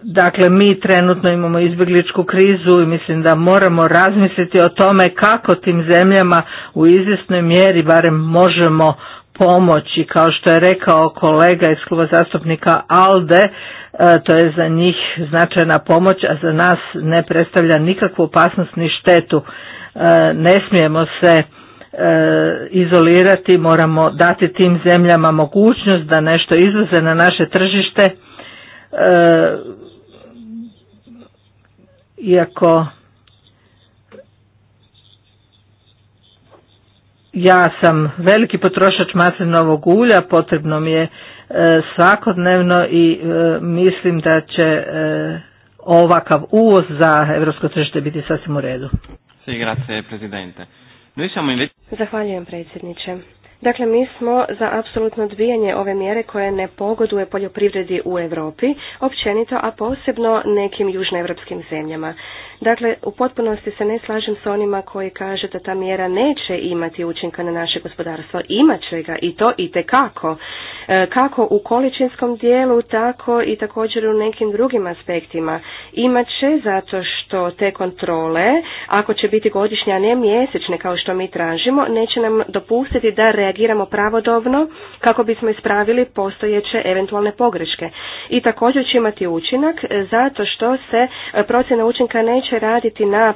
Dakle, mi trenutno imamo izbjegličku krizu i mislim da moramo razmisliti o tome kako tim zemljama u izvjesnoj mjeri barem možemo pomoći. Kao što je rekao kolega iz kluba zastupnika ALDE, e, to je za njih značajna pomoć, a za nas ne predstavlja nikakvu opasnost ni štetu. E, ne smijemo se e, izolirati, moramo dati tim zemljama mogućnost da nešto izvoze na naše tržište. Iako ja sam veliki potrošač maslinovog ulja, potrebno mi je e, svakodnevno i e, mislim da će e, ovakav uvoz za europsko tržište biti sasvim u redu. Zahvaljujem predsjedniče. Dakle, mi smo za apsolutno odbijanje ove mjere koje ne pogoduje poljoprivredi u Europi, općenito, a posebno nekim južnoevropskim zemljama. Dakle, u potpunosti se ne slažem sa onima koji kaže da ta mjera neće imati učinka na naše gospodarstvo. Imat će ga i to i tekako. E, kako u količinskom dijelu, tako i također u nekim drugim aspektima. Imat će zato što te kontrole, ako će biti godišnje, a ne mjesečne kao što mi tražimo, neće nam dopustiti da reagiramo pravodobno kako bismo ispravili postojeće eventualne pogreške. I također će imati učinak e, zato što se e, procjena učinka neće će raditi na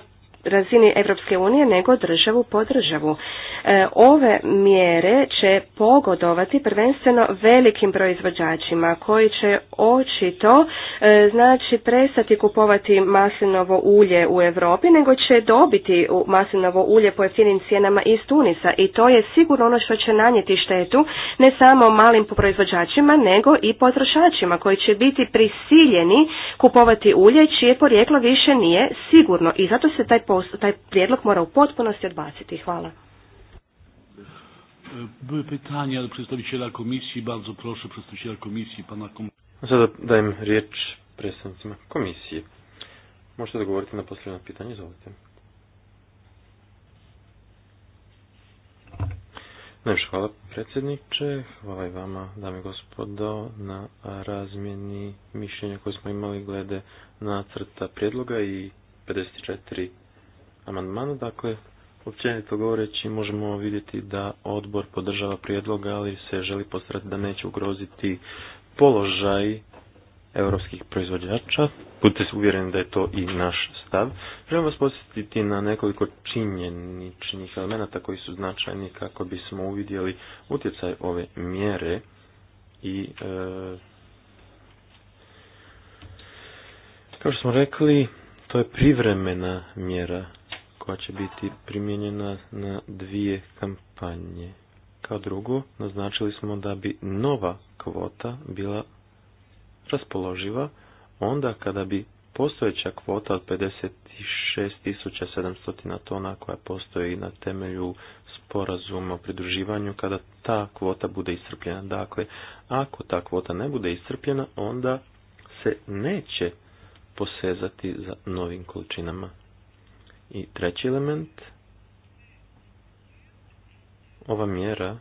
razini Europske unije nego državu po državu. E, ove mjere će pogodovati prvenstveno velikim proizvođačima koji će očito e, znači prestati kupovati maslinovo ulje u Europi nego će dobiti maslinovo ulje po jeftinim cijenama iz Tunisa i to je sigurno ono što će nanijeti štetu ne samo malim proizvođačima nego i potrošačima koji će biti prisiljeni kupovati ulje čije porijeklo više nije sigurno i zato se taj taj prijedlog mora u potpunosti odbaciti. Hvala. E, były pytania do przedstawiciela komisji. Bardzo proszę przedstawiciela komisji, pana Sada dajem riječ predstavnicima komisije. Možete odgovoriti na posljedno pitanje, izvolite. Najviše hvala predsjedniče, hvala i vama dame i gospodo na razmjeni mišljenja koje smo imali glede nacrta prijedloga i 54 amandmana. Dakle, općenito govoreći možemo vidjeti da odbor podržava prijedlog, ali se želi postarati da neće ugroziti položaj europskih proizvođača. Budite se uvjereni da je to i naš stav. Želim vas posjetiti na nekoliko činjeničnih elemenata koji su značajni kako bismo uvidjeli utjecaj ove mjere i e, kao što smo rekli, to je privremena mjera koja će biti primijenjena na dvije kampanje. Kao drugo, naznačili smo da bi nova kvota bila raspoloživa onda kada bi postojeća kvota od 56.700 tona koja postoji na temelju sporazuma o pridruživanju, kada ta kvota bude iscrpljena. Dakle, ako ta kvota ne bude iscrpljena, onda se neće posezati za novim količinama i treći element, ova mjera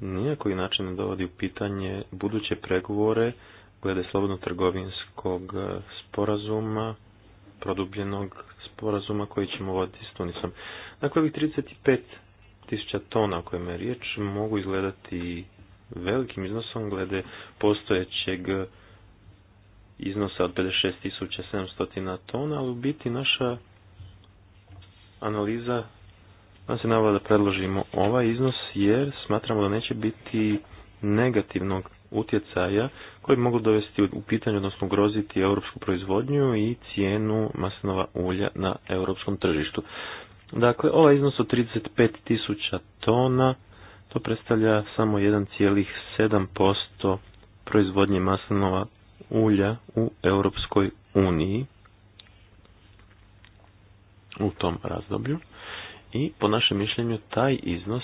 nijakoj način ne dovodi u pitanje buduće pregovore glede slobodno trgovinskog sporazuma, produbljenog sporazuma koji ćemo voditi s Tunisom. Dakle, ovih 35 tisuća tona o kojima je riječ mogu izgledati velikim iznosom glede postojećeg iznosa od 56.700 tona, ali u biti naša analiza nam se navela da predložimo ovaj iznos jer smatramo da neće biti negativnog utjecaja koji bi dovesti u pitanje, odnosno ugroziti europsku proizvodnju i cijenu masnova ulja na europskom tržištu. Dakle, ovaj iznos od 35 tisuća tona, to predstavlja samo 1,7% proizvodnje maslinova ulja u Europskoj uniji u tom razdoblju i po našem mišljenju taj iznos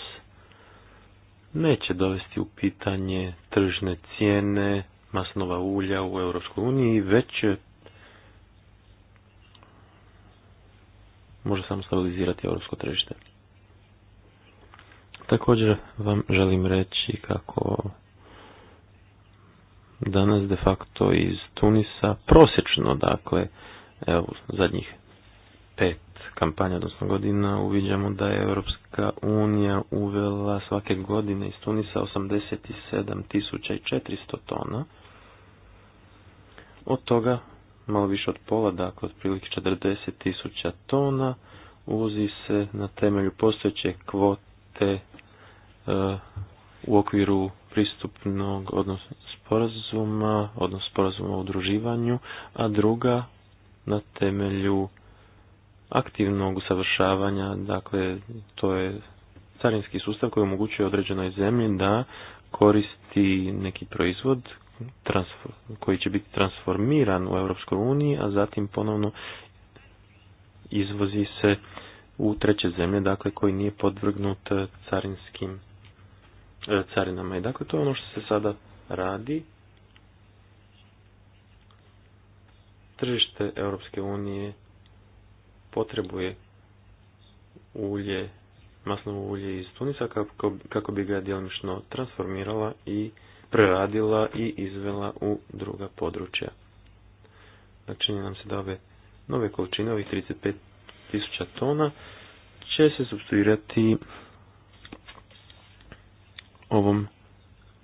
neće dovesti u pitanje tržne cijene masnova ulja u Europskoj uniji, već može samo stabilizirati europsko tržište. Također vam želim reći kako danas de facto iz Tunisa prosječno, dakle, evo, zadnjih pet Kampanja, odnosno godina, uviđamo da je Europska unija uvela svake godine iz Tunisa 87.400 tona. Od toga malo više od pola, dakle otprilike 40.000 tona, uvozi se na temelju postojeće kvote e, u okviru pristupnog odnosno sporazuma, odnosno sporazuma o udruživanju, a druga na temelju aktivnog usavršavanja, dakle to je carinski sustav koji omogućuje određenoj zemlji da koristi neki proizvod koji će biti transformiran u Europskoj uniji, a zatim ponovno izvozi se u treće zemlje, dakle koji nije podvrgnut carinskim e, carinama. I dakle to je ono što se sada radi. Tržište Europske unije potrebuje ulje, masno ulje iz Tunisa kako, kako bi ga djelomično transformirala i preradila i izvela u druga područja. čini nam se da ove nove količine, ovih 35.000 tona, će se substituirati ovom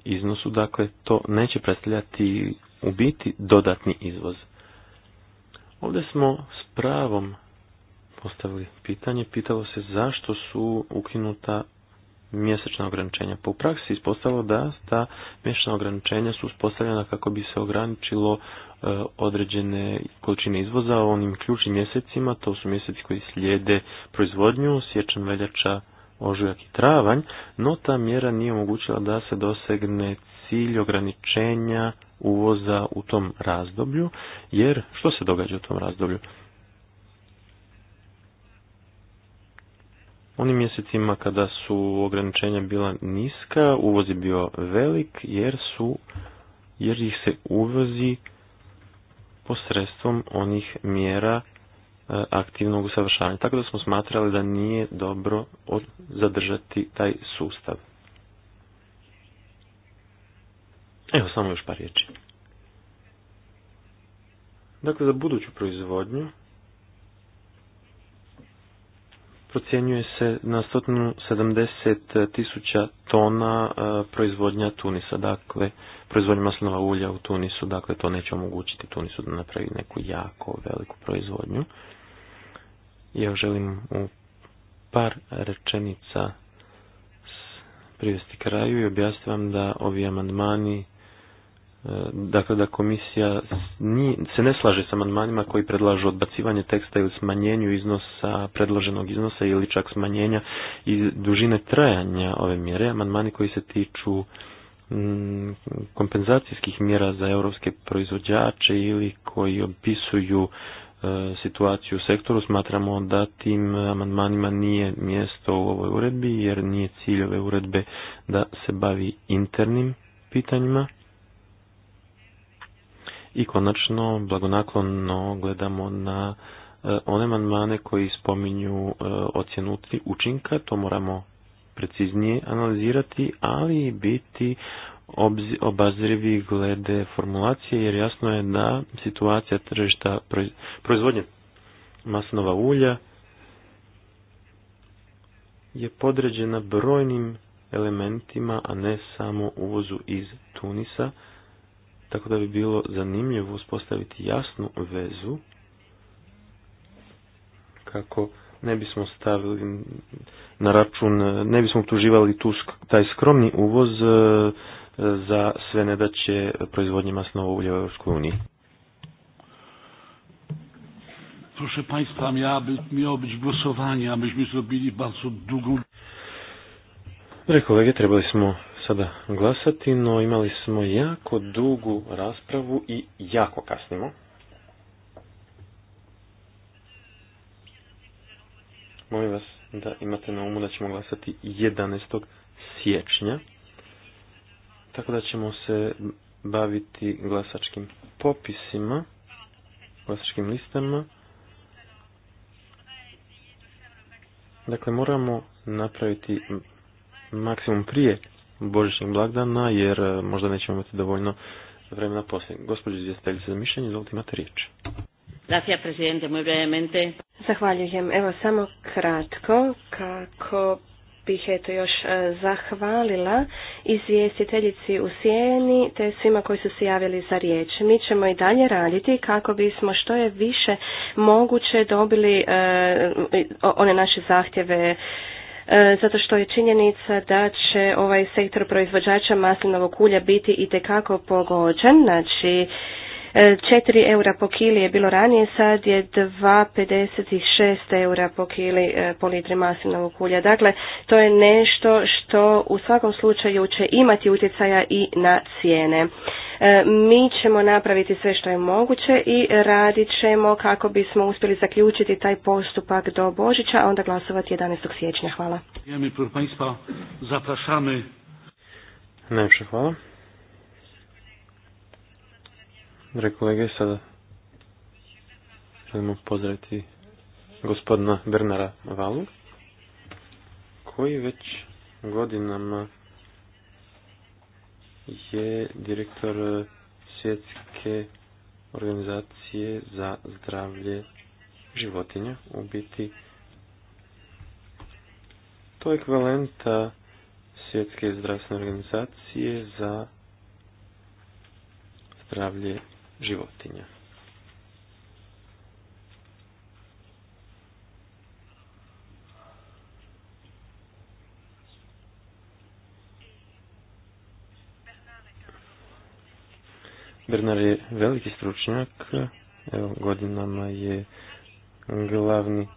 iznosu, dakle to neće predstavljati u biti dodatni izvoz. Ovdje smo s pravom postavili pitanje, pitalo se zašto su ukinuta mjesečna ograničenja. Po pa praksi ispostavilo da ta mjesečna ograničenja su uspostavljena kako bi se ograničilo e, određene količine izvoza u onim ključnim mjesecima, to su mjeseci koji slijede proizvodnju, sječan, veljača, ožujak i travanj, no ta mjera nije omogućila da se dosegne cilj ograničenja uvoza u tom razdoblju, jer što se događa u tom razdoblju? onim mjesecima kada su ograničenja bila niska, uvoz je bio velik jer su jer ih se uvozi posredstvom onih mjera e, aktivnog usavršavanja. Tako da smo smatrali da nije dobro zadržati taj sustav. Evo samo još par riječi. Dakle, za buduću proizvodnju procjenjuje se na 170 tisuća tona e, proizvodnja Tunisa, dakle proizvodnja maslinova ulja u Tunisu, dakle to neće omogućiti Tunisu da napravi neku jako veliku proizvodnju. Ja želim u par rečenica privesti kraju i objasnim vam da ovi amandmani dakle da komisija se ne slaže sa amandmanima koji predlažu odbacivanje teksta ili smanjenju iznosa predloženog iznosa ili čak smanjenja i dužine trajanja ove mjere amandmani koji se tiču mm, kompenzacijskih mjera za europske proizvođače ili koji opisuju e, situaciju u sektoru smatramo da tim amandmanima nije mjesto u ovoj uredbi jer nije cilj ove uredbe da se bavi internim pitanjima i konačno, blagonaklonno gledamo na e, one manmane koji spominju e, ocjenu učinka, to moramo preciznije analizirati, ali i biti obazirivi glede formulacije, jer jasno je da situacija tržišta proizvodnje masnova ulja je podređena brojnim elementima, a ne samo uvozu iz Tunisa, tako da bi bilo zanimljivo uspostaviti jasnu vezu kako ne bismo stavili na račun, ne bismo tuživali tu, taj skromni uvoz e, za sve nedaće proizvodnje masno ulje u Europskoj uniji. Proszę Państwa, miało być głosowanie, a zrobili bardzo długą... Kolege, trebali smo sada glasati, no imali smo jako dugu raspravu i jako kasnimo. Molim vas da imate na umu da ćemo glasati 11. siječnja, tako da ćemo se baviti glasačkim popisima, glasačkim listama. Dakle, moramo napraviti maksimum prije božićnih blagdana jer e, možda nećemo imati dovoljno vremena poslije. Gospođo izvjestiteljice za mišljenje, izvolite imate riječ. Gracias, presidente, muy brevemente. Zahvaljujem. Evo samo kratko kako bih eto još e, zahvalila izvjestiteljici u Sijeni te svima koji su se javili za riječ. Mi ćemo i dalje raditi kako bismo što je više moguće dobili e, one naše zahtjeve E, zato što je činjenica da će ovaj sektor proizvođača maslinovog ulja biti i pogođen, znači 4 eura po kili je bilo ranije, sad je 2,56 eura po kili e, po litri maslinovog ulja. Dakle, to je nešto što u svakom slučaju će imati utjecaja i na cijene. E, mi ćemo napraviti sve što je moguće i radit ćemo kako bismo uspjeli zaključiti taj postupak do Božića, a onda glasovati 11. siječnja. Hvala. hvala. Dre kolege, sada želimo pozdraviti gospodina Bernara Valu, koji već godinama je direktor svjetske organizacije za zdravlje životinja. U biti, to je ekvivalenta svjetske zdravstvene organizacije za zdravlje životinja. Bernard je veliki stručnjak, evo godinama je glavni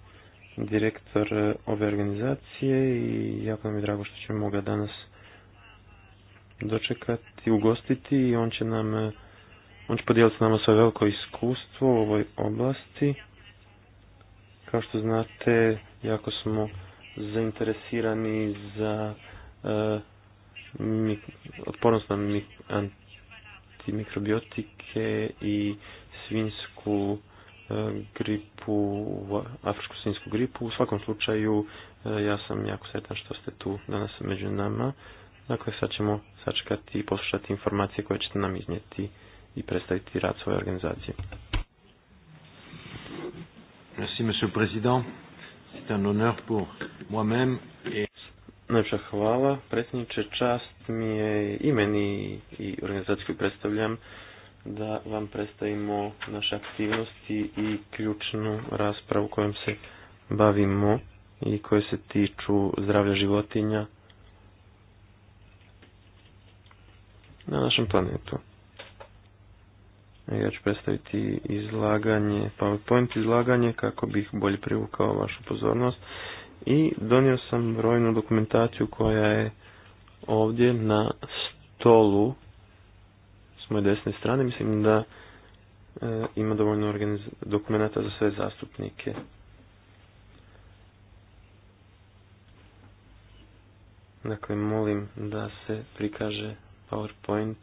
direktor ove organizacije i jako nam je drago što ćemo ga danas dočekati, ugostiti i on će nam on će podijeliti s nama svoje veliko iskustvo u ovoj oblasti. Kao što znate, jako smo zainteresirani za uh, otpornost na mi, i svinsku eh, gripu, afričku svinsku gripu. U svakom slučaju, eh, ja sam jako sretan što ste tu danas među nama. Dakle, sad ćemo sačekati i poslušati informacije koje ćete nam iznijeti i predstaviti rad svoje organizacije. Merci, monsieur le président. C'est un honneur pour moi-même et hvala, predsjedniče, čast mi je i meni i organizaciju koju predstavljam da vam predstavimo naše aktivnosti i ključnu raspravu kojom se bavimo i koje se tiču zdravlja životinja na našem planetu. Ja ću predstaviti izlaganje, PowerPoint izlaganje kako bih bolje privukao vašu pozornost i donio sam brojnu dokumentaciju koja je ovdje na stolu s moje desne strane. Mislim da e, ima dovoljno dokumentata za sve zastupnike. Dakle, molim da se prikaže PowerPoint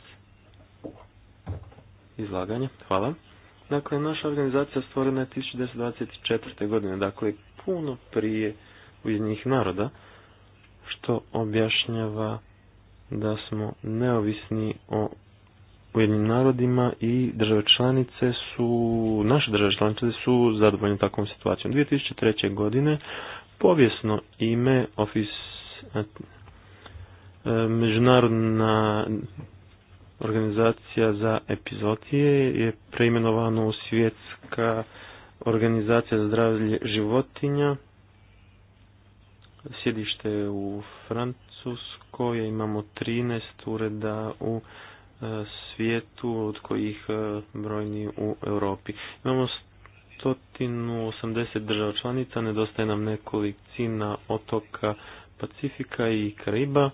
izlaganje. Hvala. Dakle, naša organizacija stvorena je 1924. godine, dakle puno prije Ujedinjenih naroda, što objašnjava da smo neovisni o Ujedinjenim narodima i države članice su, naše države članice su zadovoljne takvom situacijom. 2003. godine povijesno ime Office eh, Međunarodna organizacija za epizotije je preimenovana u svjetska organizacija za zdravlje životinja. Sjedište je u Francuskoj, imamo 13 ureda u e, svijetu, od kojih e, brojni u Europi. Imamo 180 država članica, nedostaje nam nekolicina otoka Pacifika i Kariba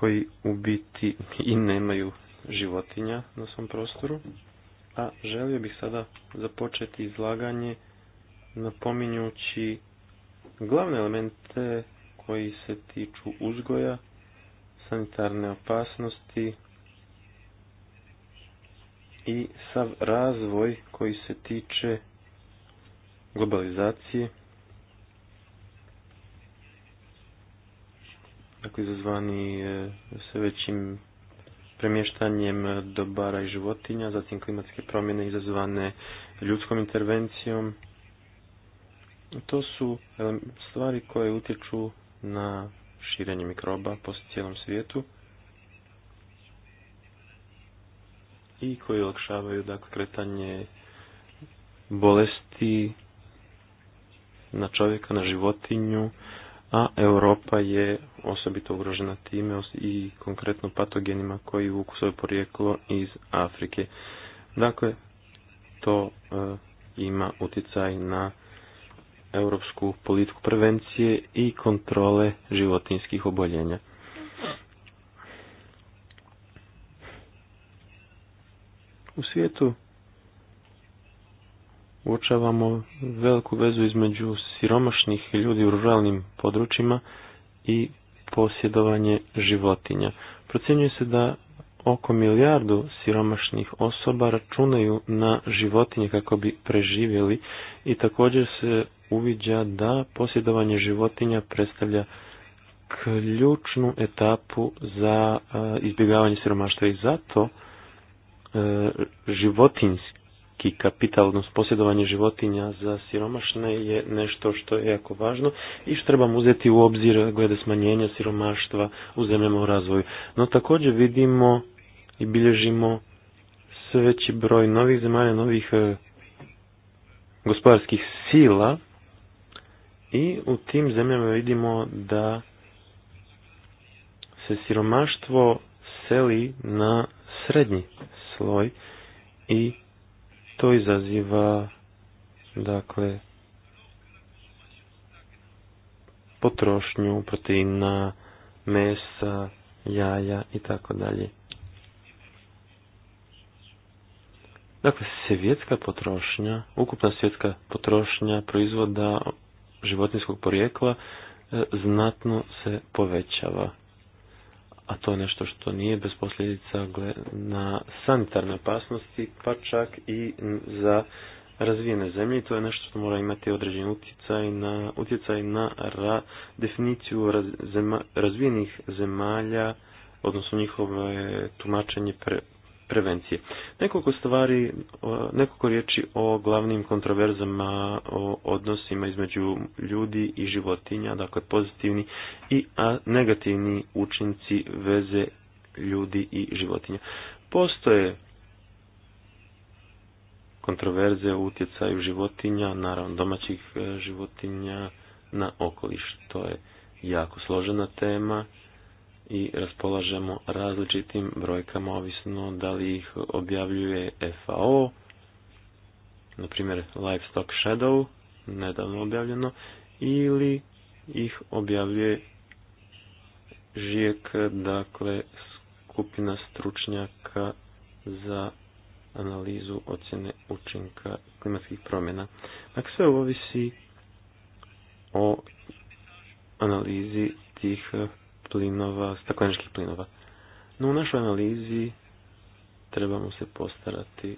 koji u biti i nemaju životinja na svom prostoru. A želio bih sada započeti izlaganje napominjući glavne elemente koji se tiču uzgoja, sanitarne opasnosti i sav razvoj koji se tiče globalizacije dakle, izazvani e, sve većim premještanjem e, dobara i životinja, zatim klimatske promjene izazvane ljudskom intervencijom. To su e, stvari koje utječu na širenje mikroba po cijelom svijetu i koji olakšavaju dakle, kretanje bolesti na čovjeka, na životinju a Europa je osobito ugrožena time i konkretno patogenima koji vuku svoje porijeklo iz Afrike. Dakle, to e, ima utjecaj na europsku politiku prevencije i kontrole životinskih oboljenja. U svijetu uočavamo veliku vezu između siromašnih ljudi u ruralnim područjima i posjedovanje životinja. Procjenjuje se da oko milijardu siromašnih osoba računaju na životinje kako bi preživjeli i također se uviđa da posjedovanje životinja predstavlja ključnu etapu za e, izbjegavanje siromaštva i zato e, životinjski ki kapital, odnosno posjedovanje životinja za siromašne je nešto što je jako važno i što trebamo uzeti u obzir glede smanjenja siromaštva u zemljama u razvoju. No također vidimo i bilježimo sve veći broj novih zemalja, novih e, gospodarskih sila i u tim zemljama vidimo da se siromaštvo seli na srednji sloj i to izaziva dakle potrošnju proteina, mesa, jaja i tako dalje. Dakle, svjetska potrošnja, ukupna svjetska potrošnja proizvoda životinskog porijekla e, znatno se povećava a to je nešto što nije bez posljedica na sanitarne opasnosti, pa čak i za razvijene zemlje to je nešto što mora imati određen utjecaj na, utjecaj na definiciju razvijenih zemalja, odnosno njihove tumačenje pre, prevencije. Nekoliko stvari, nekoliko riječi o glavnim kontroverzama, o odnosima između ljudi i životinja, dakle pozitivni i negativni učinci veze ljudi i životinja. Postoje kontroverze o utjecaju životinja, naravno domaćih e, životinja na okoliš. To je jako složena tema i raspolažemo različitim brojkama ovisno da li ih objavljuje FAO, na primjer Livestock Shadow, nedavno objavljeno, ili ih objavljuje žijek, dakle skupina stručnjaka za analizu ocjene učinka klimatskih promjena. Dakle, sve ovisi o analizi tih plinova, stakleničkih plinova. No u našoj analizi trebamo se postarati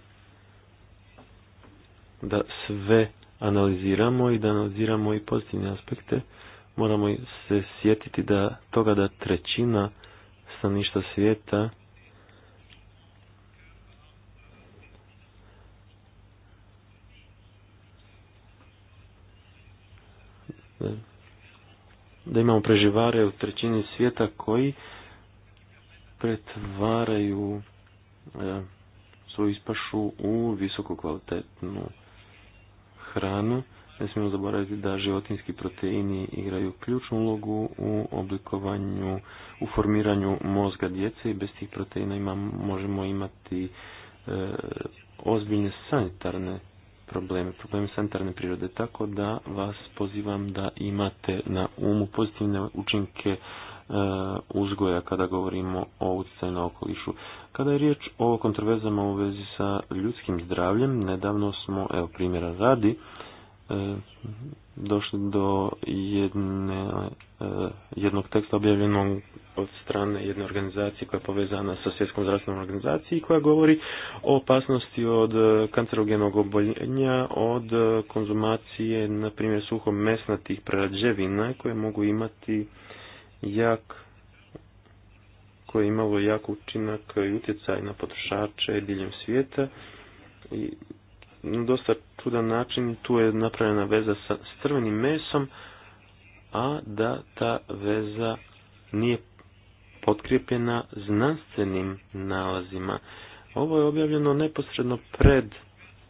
da sve analiziramo i da analiziramo i pozitivne aspekte. Moramo se sjetiti da toga da trećina staništa svijeta da imamo preživare u trećini svijeta koji pretvaraju e, svoju ispašu u visoko kvalitetnu hranu. Ne smijemo zaboraviti da životinski proteini igraju ključnu ulogu u oblikovanju, u formiranju mozga djece i bez tih proteina ima, možemo imati e, ozbiljne sanitarne probleme, probleme sanitarne prirode, tako da vas pozivam da imate na umu pozitivne učinke e, uzgoja kada govorimo o utjecaju na okolišu. Kada je riječ o kontroverzama u vezi sa ljudskim zdravljem, nedavno smo, evo primjera radi, E, došli do jedne, e, jednog teksta objavljenog od strane jedne organizacije koja je povezana sa svjetskom zdravstvenom organizacijom koja govori o opasnosti od e, kancerogenog oboljenja, od konzumacije, na primjer, suho mesnatih prerađevina koje mogu imati jak koje je imalo jak učinak i utjecaj na potrošače diljem svijeta i na dosta čudan način tu je napravljena veza sa s crvenim mesom, a da ta veza nije potkrijepljena znanstvenim nalazima. Ovo je objavljeno neposredno pred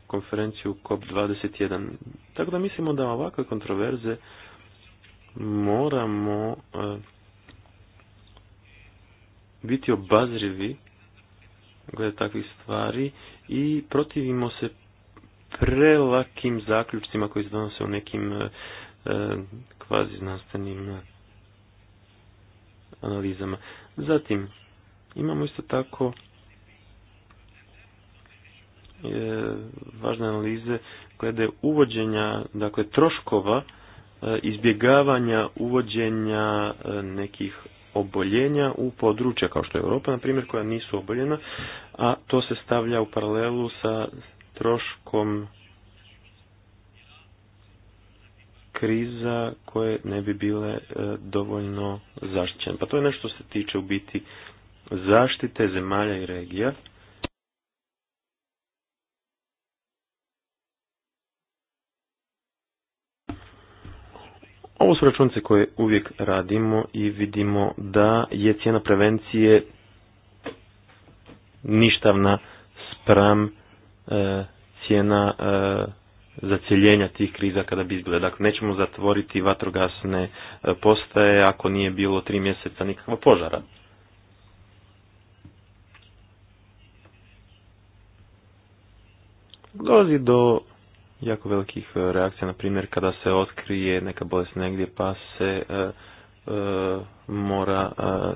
konferenciju COP21. Tako da mislimo da ovakve kontroverze moramo e, biti obazrivi glede takvih stvari i protivimo se prelakim zaključcima koji se donose u nekim e, e kvazi znanstvenim e, analizama. Zatim, imamo isto tako e, važne analize glede uvođenja, dakle troškova e, izbjegavanja uvođenja nekih oboljenja u područja kao što je Europa, na primjer, koja nisu oboljena, a to se stavlja u paralelu sa troškom kriza koje ne bi bile e, dovoljno zaštićene. Pa to je nešto što se tiče u biti zaštite zemalja i regija. Ovo su računce koje uvijek radimo i vidimo da je cijena prevencije ništavna spram E, cijena e, zacijeljenja tih kriza kada bi izgleda. Dakle, nećemo zatvoriti vatrogasne e, postaje ako nije bilo tri mjeseca nikakvog požara. Dolazi do jako velikih reakcija, na primjer kada se otkrije neka bolest negdje pa se mora e,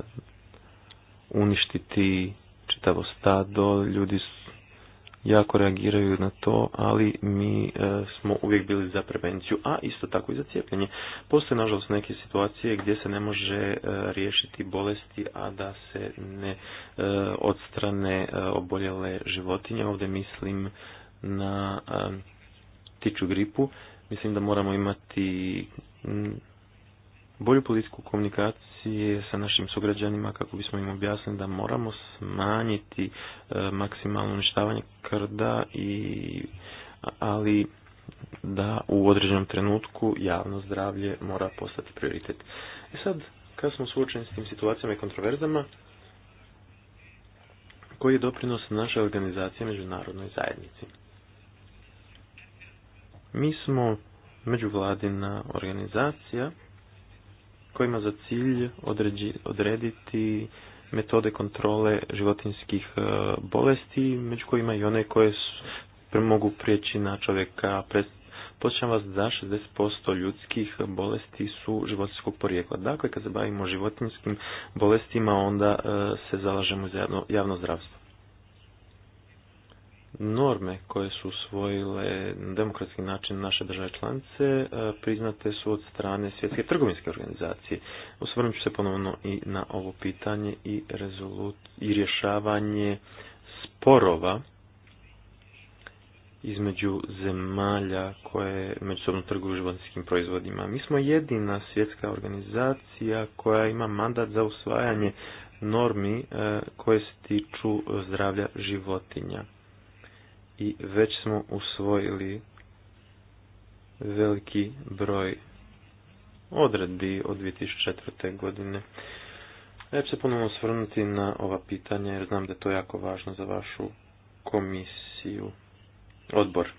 uništiti čitavo stado, ljudi jako reagiraju na to, ali mi e, smo uvijek bili za prevenciju, a isto tako i za cijepljenje. Postoje nažalost neke situacije gdje se ne može e, riješiti bolesti, a da se ne e, odstrane oboljele životinje. Ovdje mislim na tiču gripu. Mislim da moramo imati bolju politiku komunikaciju je sa našim sugrađanima kako bismo im objasnili da moramo smanjiti e, maksimalno uništavanje krda i ali da u određenom trenutku javno zdravlje mora postati prioritet. I e sad, kad smo suočeni s tim situacijama i kontroverzama, koji je doprinos naše organizacije međunarodnoj zajednici? Mi smo međuvladina organizacija koji ima za cilj odrediti metode kontrole životinskih e, bolesti, među kojima i one koje su, mogu prijeći na čovjeka. Počnem vas da 60% ljudskih bolesti su životinskog porijekla. Dakle, kad se bavimo životinskim bolestima, onda e, se zalažemo za javno zdravstvo norme koje su usvojile na demokratski način naše države članice e, priznate su od strane svjetske trgovinske organizacije. Osvrnut ću se ponovno i na ovo pitanje i, i rješavanje sporova između zemalja koje međusobno trguju životinskim proizvodima. Mi smo jedina svjetska organizacija koja ima mandat za usvajanje normi e, koje se tiču zdravlja životinja i već smo usvojili veliki broj odredbi od 2004. godine. Ja ću se ponovno osvrnuti na ova pitanja jer znam da je to jako važno za vašu komisiju, odbor.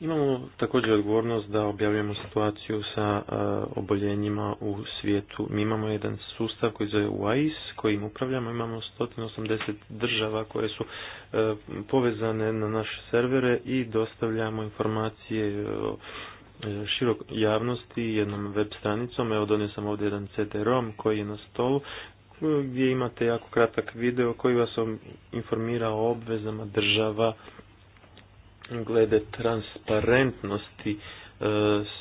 Imamo također odgovornost da objavljujemo situaciju sa e, oboljenjima u svijetu. Mi imamo jedan sustav koji zove UAIS, kojim upravljamo. Imamo 180 država koje su e, povezane na naše servere i dostavljamo informacije e, širok javnosti jednom web stranicom. Evo donio sam ovdje jedan CD-ROM koji je na stolu gdje imate jako kratak video koji vas informira o obvezama država glede transparentnosti e,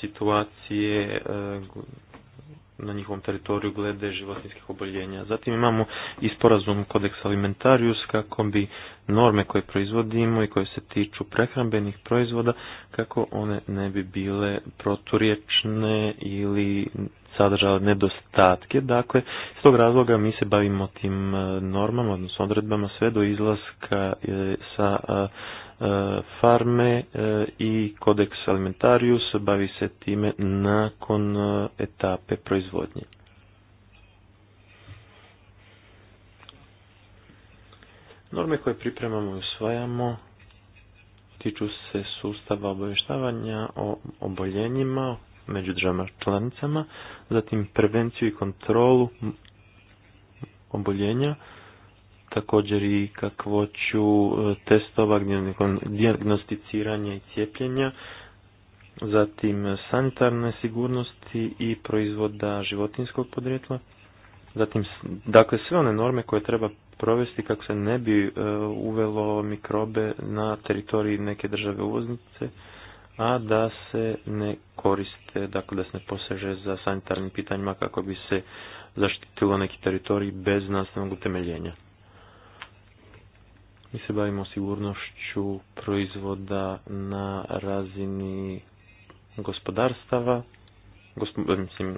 situacije e, na njihovom teritoriju glede životinskih oboljenja. Zatim imamo i sporazum kodeks alimentarius kako bi norme koje proizvodimo i koje se tiču prehrambenih proizvoda kako one ne bi bile proturječne ili sadržale nedostatke. Dakle, s tog razloga mi se bavimo tim e, normama, odnosno odredbama sve do izlaska sa E, farme e, i kodeks alimentarius bavi se time nakon e, etape proizvodnje. Norme koje pripremamo i usvajamo tiču se sustava obavještavanja o oboljenjima među državama članicama, zatim prevenciju i kontrolu oboljenja, također i kakvoću e, testova, dijagnosticiranja i cijepljenja, zatim sanitarne sigurnosti i proizvoda životinskog podrijetla. Zatim, dakle, sve one norme koje treba provesti kako se ne bi e, uvelo mikrobe na teritoriji neke države uvoznice, a da se ne koriste, dakle da se ne poseže za sanitarnim pitanjima kako bi se zaštitilo neki teritorij bez znanstvenog utemeljenja. Mi se bavimo sigurnošću proizvoda na razini gospodarstava, mislim,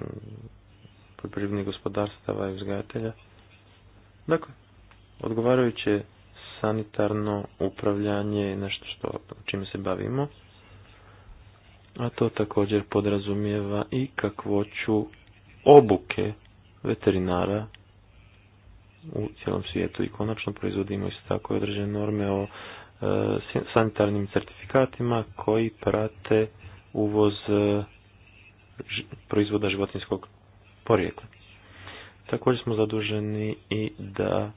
poljoprivrednih gospodarstava i uzgajatelja. Dakle, odgovarajuće sanitarno upravljanje je nešto što, čime se bavimo, a to također podrazumijeva i kakvoću obuke veterinara u cijelom svijetu i konačno proizvodimo isto tako određene norme o e, sanitarnim certifikatima koji prate uvoz e, proizvoda životinskog porijekla. Također smo zaduženi i da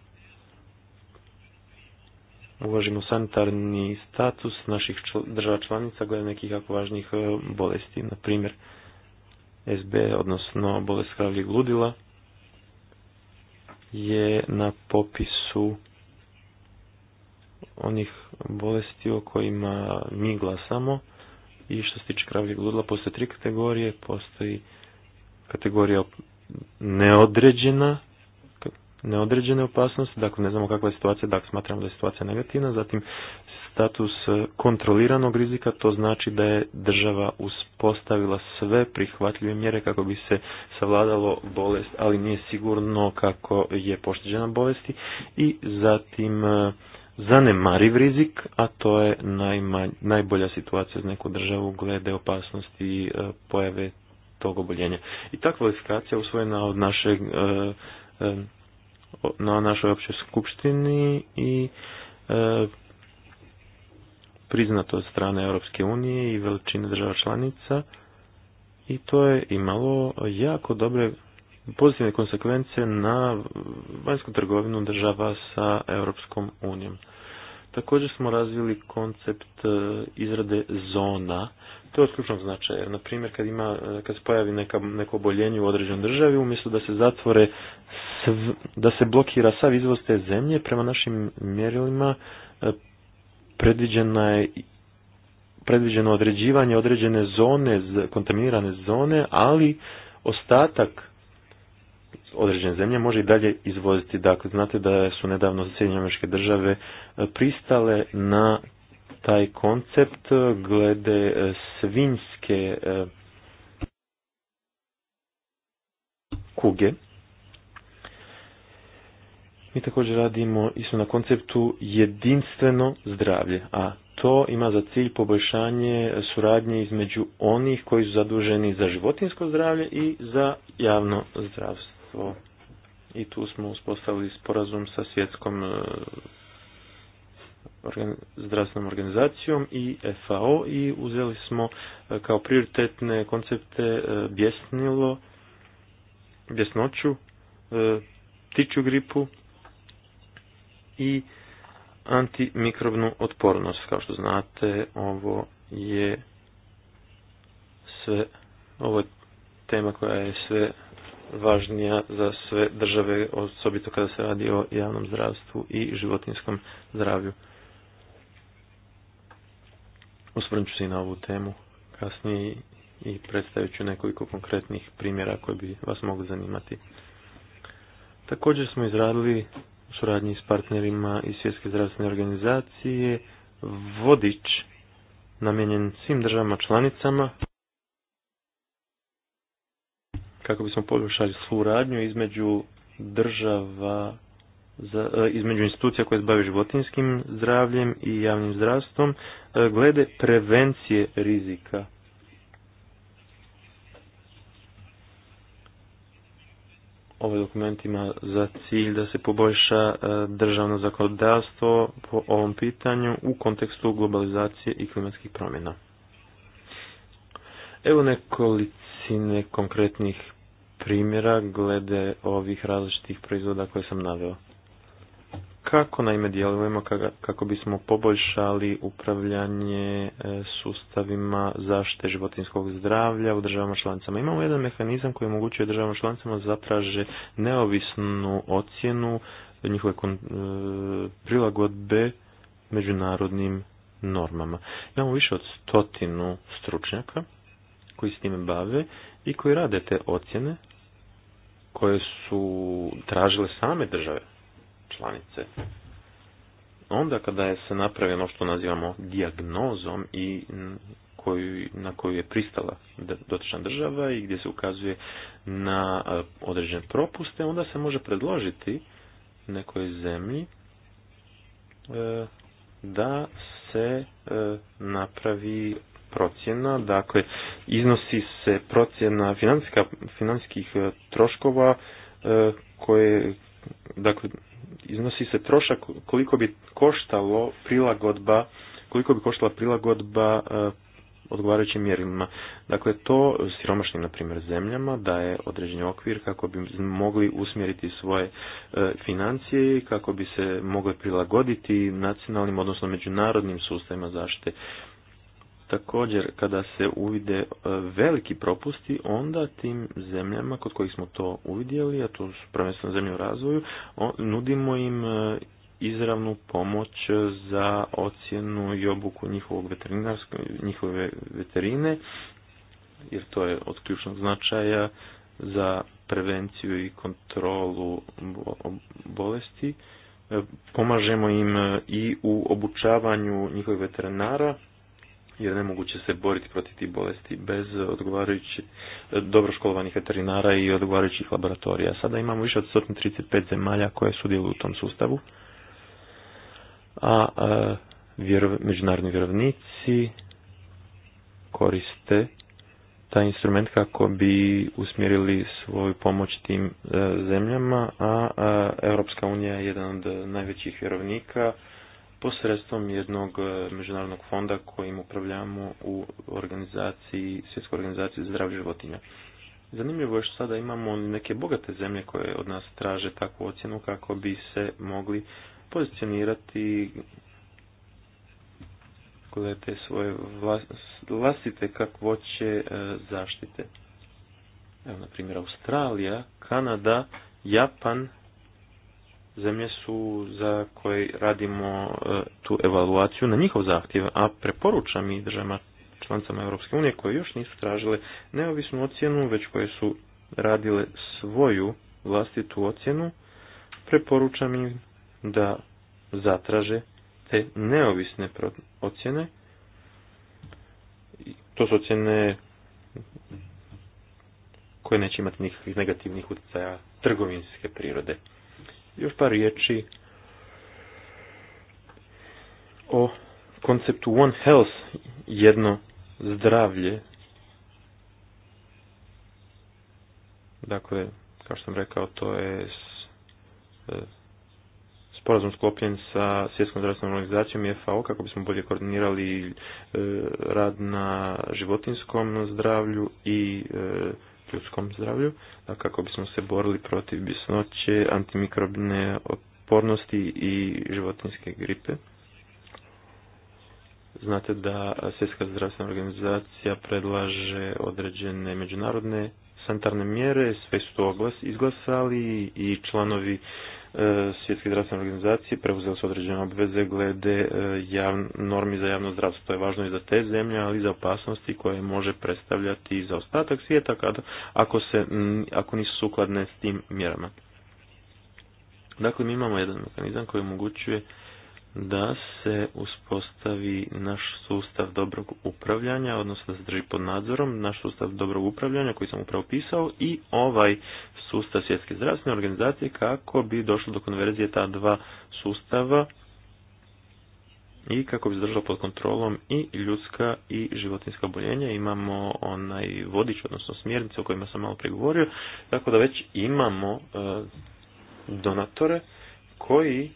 uvažimo sanitarni status naših država članica glede nekih jako važnijih e, bolesti, na primjer SB, odnosno bolest kravljeg ludila, je na popisu onih bolesti o kojima mi glasamo i što se tiče kravljeg ludla postoje tri kategorije, postoji kategorija neodređena neodređene opasnosti, dakle ne znamo kakva je situacija, dakle smatramo da je situacija negativna, zatim status e, kontroliranog rizika, to znači da je država uspostavila sve prihvatljive mjere kako bi se savladalo bolest, ali nije sigurno kako je pošteđena bolesti i zatim e, zanemariv rizik, a to je najbolja situacija za neku državu glede opasnosti e, pojave tog oboljenja. I ta kvalifikacija usvojena od našeg na našoj općoj skupštini i priznato od strane Europske unije i veličine država članica i to je imalo jako dobre pozitivne konsekvence na vanjsku trgovinu država sa Europskom unijom. Također smo razvili koncept e, izrade zona. To je od ključnog značaja. na primjer, kad, ima, e, kad se pojavi neka, neko oboljenje u određenoj državi, umjesto da se zatvore, da se blokira sav izvoz te zemlje, prema našim mjerilima e, predviđena je predviđeno određivanje određene zone, kontaminirane zone, ali ostatak određene zemlje može i dalje izvoziti. Dakle, znate da su nedavno američke države e, pristale na taj koncept e, glede e, svinjske kuge mi također radimo isto na konceptu jedinstveno zdravlje, a to ima za cilj poboljšanje suradnje između onih koji su zaduženi za životinsko zdravlje i za javno zdravstvo. I tu smo uspostavili sporazum sa svjetskom e, zdravstvenom organizacijom i FAO i uzeli smo e, kao prioritetne koncepte e, bjesnilo, bjesnoću, tiču gripu i antimikrobnu otpornost. Kao što znate, ovo je sve, ovo je tema koja je sve važnija za sve države, osobito kada se radi o javnom zdravstvu i životinskom zdravlju. Usprnit ću se i na ovu temu kasnije i predstavit ću nekoliko konkretnih primjera koje bi vas mogli zanimati. Također smo izradili u suradnji s partnerima iz Svjetske zdravstvene organizacije vodič namijenjen svim državama članicama kako bismo poboljšali suradnju između država za, e, između institucija koje se bave životinskim zdravljem i javnim zdravstvom e, glede prevencije rizika ovaj dokument ima za cilj da se poboljša e, državno zakonodavstvo po ovom pitanju u kontekstu globalizacije i klimatskih promjena. Evo nekolicine konkretnih primjera glede ovih različitih proizvoda koje sam naveo. Kako naime djelujemo kako bismo poboljšali upravljanje e, sustavima zaštite životinskog zdravlja u državama članicama? Imamo jedan mehanizam koji omogućuje državama članicama zatraže neovisnu ocjenu njihove e, prilagodbe međunarodnim normama. Imamo više od stotinu stručnjaka koji s time bave i koji rade te ocjene koje su tražile same države članice. Onda kada je se napravi ono što nazivamo dijagnozom i koju, na koju je pristala dotična država i gdje se ukazuje na e, određene propuste, onda se može predložiti nekoj zemlji e, da se e, napravi procjena, dakle iznosi se procjena financijskih troškova koje dakle iznosi se trošak koliko bi koštalo prilagodba, koliko bi koštala prilagodba e, odgovarajućim mjerilima. Dakle, to siromašnim, na primjer, zemljama daje određeni okvir kako bi mogli usmjeriti svoje e, financije i kako bi se mogli prilagoditi nacionalnim, odnosno međunarodnim sustavima zaštite. Također, kada se uvide e, veliki propusti, onda tim zemljama kod kojih smo to uvidjeli, a to su prvenstveno zemlje u razvoju, nudimo im e, izravnu pomoć za ocjenu i obuku njihovog njihove veterine, jer to je od ključnog značaja za prevenciju i kontrolu bolesti. E, pomažemo im i u obučavanju njihovih veterinara, jer nemoguće se boriti protiv tih bolesti bez odgovarajućih dobro školovanih veterinara i odgovarajućih laboratorija. Sada imamo više od 135 zemalja koje sudjeluju u tom sustavu, a, a međunarodni vjerovnici koriste taj instrument kako bi usmjerili svoju pomoć tim e, zemljama, a, a Europska unija je jedan od najvećih vjerovnika posredstvom jednog e, međunarodnog fonda kojim upravljamo u organizaciji, svjetskoj organizaciji zdravlja životinja. Zanimljivo je što sada imamo neke bogate zemlje koje od nas traže takvu ocjenu kako bi se mogli pozicionirati te svoje vlastite kakvoće e, zaštite. Evo, na primjer, Australija, Kanada, Japan zemlje su za koje radimo e, tu evaluaciju na njihov zahtjev, a preporučam i državama članicama Europske unije koje još nisu tražile neovisnu ocjenu, već koje su radile svoju vlastitu ocjenu, preporučam im da zatraže te neovisne ocjene. To su ocjene koje neće imati nikakvih negativnih utjecaja trgovinske prirode. Još par riječi o konceptu One Health, jedno zdravlje. Dakle, kao što sam rekao, to je e, sporazum sklopljen sa Svjetskom zdravstvenom organizacijom i FAO kako bismo bolje koordinirali e, rad na životinskom zdravlju i e, ljudskom zdravlju, da kako bismo se borili protiv bisnoće, antimikrobne opornosti i životinske gripe. Znate da Svjetska zdravstvena organizacija predlaže određene međunarodne sanitarne mjere, sve su to izglasali i članovi E, svjetske zdravstvene organizacije preuzeli su određene obveze glede e, normi za javno zdravstvo. To je važno i za te zemlje, ali i za opasnosti koje može predstavljati i za ostatak svijeta ako, se, ako nisu sukladne s tim mjerama. Dakle, mi imamo jedan mehanizam koji omogućuje da se uspostavi naš sustav dobrog upravljanja, odnosno da se drži pod nadzorom naš sustav dobrog upravljanja koji sam upravo pisao i ovaj sustav svjetske zdravstvene organizacije kako bi došlo do konverzije ta dva sustava i kako bi držalo pod kontrolom i ljudska i životinska boljenja. Imamo onaj vodič, odnosno smjernice o kojima sam malo pregovorio, tako da već imamo e, donatore koji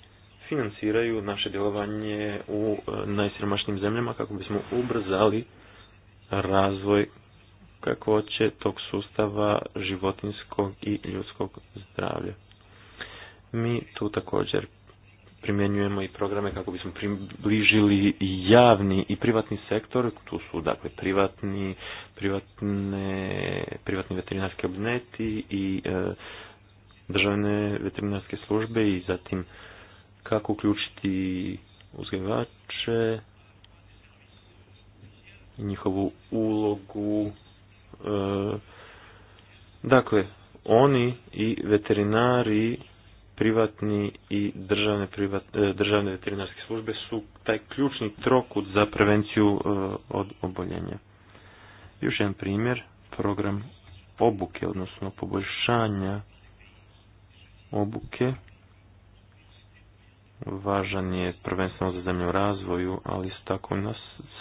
financiraju naše djelovanje u e, najsiromašnijim zemljama kako bismo ubrzali razvoj kakvoće tog sustava životinskog i ljudskog zdravlja. Mi tu također primjenjujemo i programe kako bismo približili javni i privatni sektor, tu su dakle privatni, privatne, privatni veterinarski obneti i e, državne veterinarske službe i zatim kako uključiti uzgajivače i njihovu ulogu. E, dakle, oni i veterinari privatni i državne, privat, e, državne veterinarske službe su taj ključni trokut za prevenciju e, od oboljenja. Još jedan primjer, program obuke, odnosno poboljšanja obuke važan je prvenstveno za zemlju razvoju, ali isto tako na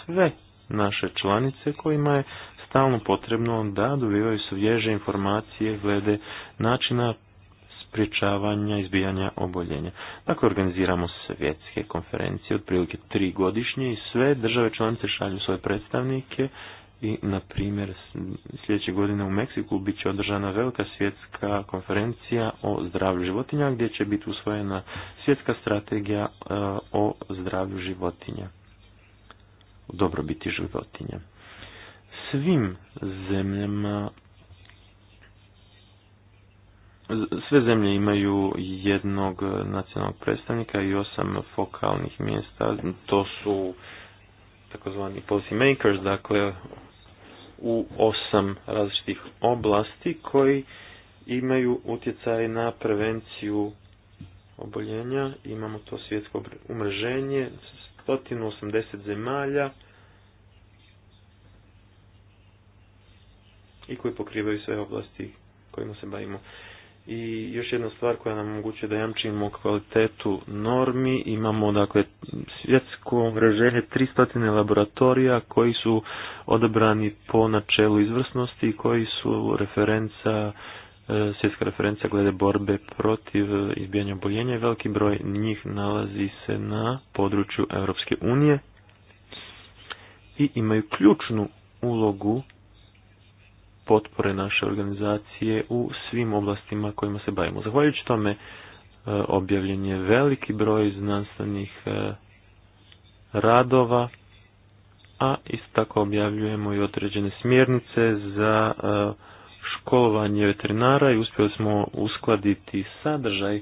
sve naše članice kojima je stalno potrebno da dobivaju svježe informacije glede načina sprječavanja izbijanja oboljenja. Dakle, organiziramo svjetske konferencije, otprilike tri godišnje i sve države članice šalju svoje predstavnike i, na primjer, sljedeće godine u Meksiku bit će održana velika svjetska konferencija o zdravlju životinja, gdje će biti usvojena svjetska strategija e, o zdravlju životinja, o dobrobiti životinja. Svim zemljama sve zemlje imaju jednog nacionalnog predstavnika i osam fokalnih mjesta. To su takozvani policy makers, dakle u osam različitih oblasti koji imaju utjecaj na prevenciju oboljenja. Imamo to svjetsko umreženje, 180 zemalja i koji pokrivaju sve oblasti kojima se bavimo. I još jedna stvar koja nam omogućuje da jamčimo kvalitetu normi, imamo dakle svjetsko mreženje 300 laboratorija koji su odabrani po načelu izvrsnosti i koji su referenca e, svjetska referenca glede borbe protiv izbijanja oboljenja i veliki broj njih nalazi se na području Europske unije i imaju ključnu ulogu potpore naše organizacije u svim oblastima kojima se bavimo. Zahvaljujući tome e, objavljen je veliki broj znanstvenih e, radova, a isto tako objavljujemo i određene smjernice za e, školovanje veterinara i uspjeli smo uskladiti sadržaj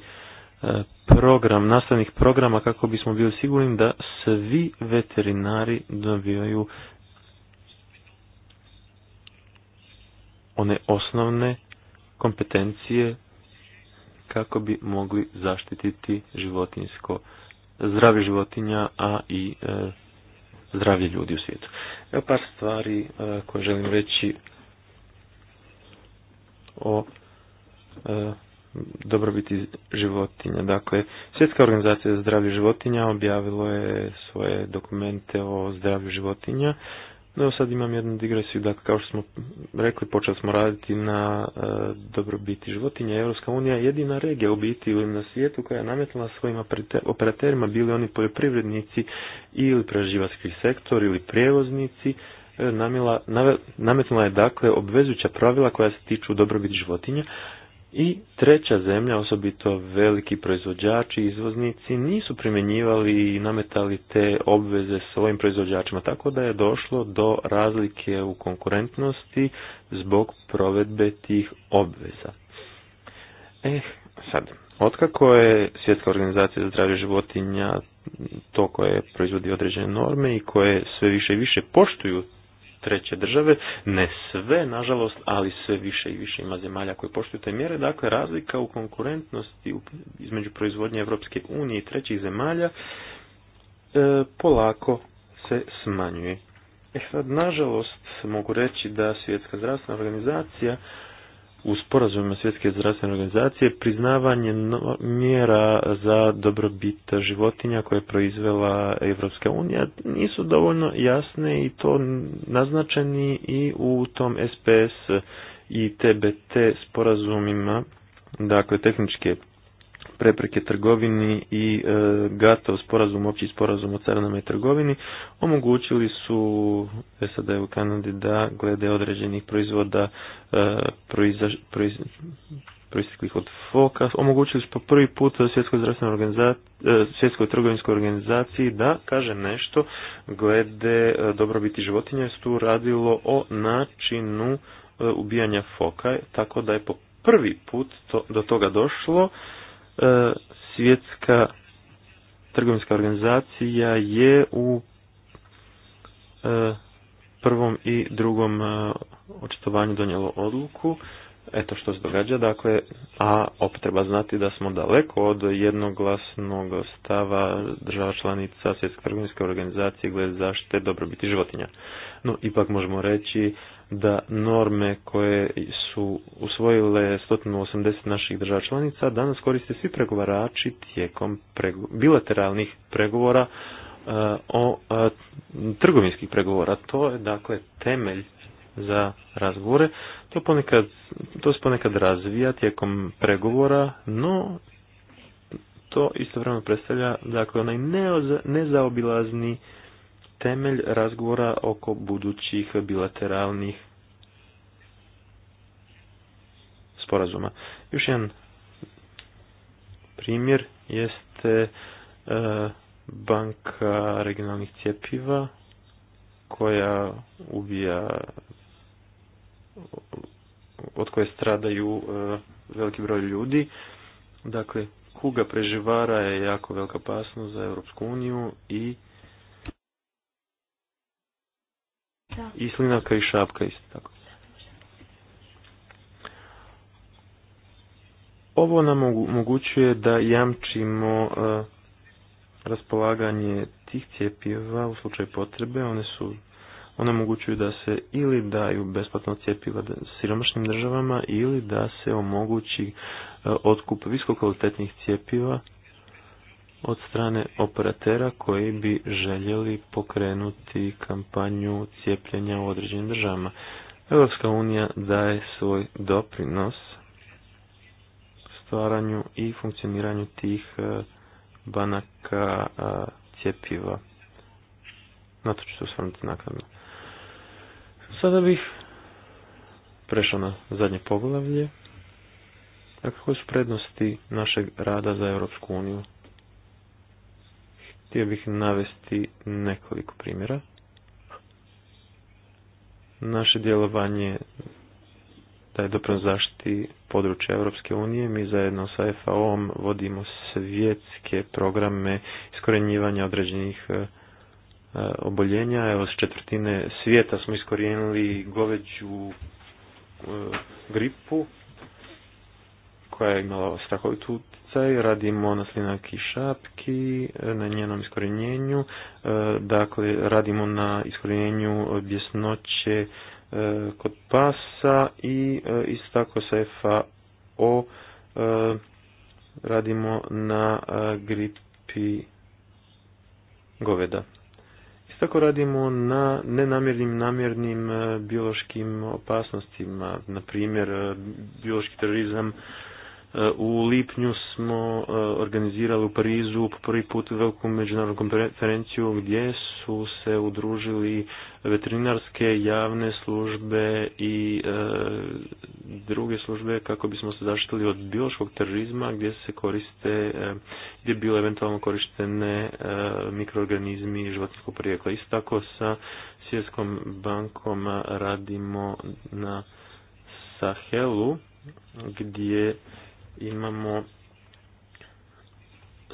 program, nastavnih programa kako bismo bili sigurni da svi veterinari dobivaju one osnovne kompetencije kako bi mogli zaštititi životinjsko zdravlje životinja, a i e, zdravlje ljudi u svijetu. Evo par stvari e, koje želim reći o e, dobrobiti životinja. Dakle, Svjetska organizacija za zdravlje životinja objavilo je svoje dokumente o zdravlju životinja no sad imam jednu digresiju, da dakle, kao što smo rekli počeli smo raditi na e, dobrobiti životinja. EU unija je jedina regija u biti na svijetu koja je nametnula svojim operaterima, bili oni poljoprivrednici ili preživatski sektor ili prijevoznici, e, nametnula je dakle obvezujuća pravila koja se tiču dobrobiti životinja, i treća zemlja, osobito veliki proizvođači i izvoznici, nisu primjenjivali i nametali te obveze svojim proizvođačima, tako da je došlo do razlike u konkurentnosti zbog provedbe tih obveza. E, sad, otkako je Svjetska organizacija za zdravlje životinja to koje proizvodi određene norme i koje sve više i više poštuju treće države, ne sve, nažalost, ali sve više i više ima zemalja koje poštuju te mjere. Dakle, razlika u konkurentnosti između proizvodnje Europske unije i trećih zemalja e, polako se smanjuje. E sad, nažalost, mogu reći da Svjetska zdravstvena organizacija u sporazumima svjetske zdravstvene organizacije priznavanje mjera za dobrobit životinja koje je proizvela Evropska unija nisu dovoljno jasne i to naznačeni i u tom SPS i TBT sporazumima, dakle tehničke prepreke trgovini i e, GATO sporazum, opći sporazum o carinama i trgovini, omogućili su SAD u Kanadi da glede određenih proizvoda e, proizaž, proiz, proisteklih od foka, omogućili su po prvi put svjetskoj zdravstvenoj e, svjetskoj trgovinskoj organizaciji da kaže nešto glede dobrobiti životinja, jer tu radilo o načinu ubijanja foka, tako da je po prvi put to, do toga došlo E, svjetska trgovinska organizacija je u e, prvom i drugom e, očitovanju donijelo odluku. Eto što se događa, dakle, a opet treba znati da smo daleko od jednoglasnog stava država članica Svjetske trgovinske organizacije glede zaštite dobrobiti životinja. No, ipak možemo reći da norme koje su usvojile 180 naših država članica danas koriste svi pregovarači tijekom bilateralnih pregovora e, o e, trgovinskih pregovora. To je dakle temelj za razgovore. To, ponekad, to se ponekad razvija tijekom pregovora, no to istovremeno predstavlja dakle onaj nezaobilazni nezaobilazni temelj razgovora oko budućih bilateralnih sporazuma. Još jedan primjer jeste e, banka regionalnih cjepiva koja ubija od koje stradaju e, veliki broj ljudi. Dakle, kuga preživara je jako velika opasnost za Europsku uniju i I slinaka i šapka isto tako. Ovo nam omogućuje da jamčimo e, raspolaganje tih cjepiva u slučaju potrebe. One su one omogućuju da se ili daju besplatno cjepiva siromašnim državama ili da se omogući e, otkup visokokvalitetnih cjepiva od strane operatera koji bi željeli pokrenuti kampanju cijepljenja u određenim državama. Europska unija daje svoj doprinos stvaranju i funkcioniranju tih e, banaka e, cijepiva. Na to ću se osvrnuti nakladno. Sada bih prešao na zadnje poglavlje. Dakle, su prednosti našeg rada za Europsku uniju? Htio bih navesti nekoliko primjera. Naše djelovanje da je dobro zaštiti područja Europske unije. Mi zajedno sa FAO-om vodimo svjetske programe iskorenjivanja određenih e, e, oboljenja. Evo, s četvrtine svijeta smo iskorijenili goveđu e, gripu koja je imala strahovitu radimo na slinaki šapki, e, na njenom iskorjenjenju, e, dakle radimo na iskorjenjenju bjesnoće e, kod pasa i isto tako sa FAO radimo na gripi goveda. Isto tako radimo na nenamjernim namjernim biološkim opasnostima, na primjer biološki terorizam, E, u lipnju smo e, organizirali u Parizu prvi put veliku međunarodnu konferenciju gdje su se udružili veterinarske javne službe i e, druge službe kako bismo se zaštitili od biološkog terorizma gdje se koriste, gdje bilo eventualno korištene mikroorganizmi životinskog porijekla. Isto tako sa Svjetskom bankom radimo na Sahelu gdje imamo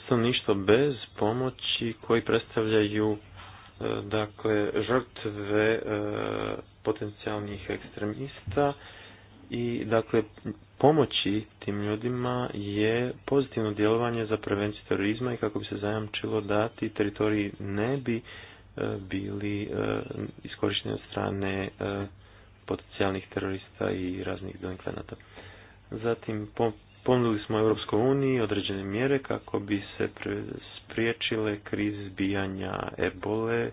stanovništvo bez pomoći koji predstavljaju e, dakle žrtve e, potencijalnih ekstremista i dakle pomoći tim ljudima je pozitivno djelovanje za prevenciju terorizma i kako bi se zajamčilo da ti teritoriji ne bi e, bili iskorišteni od strane potencijalnih terorista i raznih delinkvenata. Zatim po ponudili smo Europskoj uniji određene mjere kako bi se spriječile krize zbijanja ebole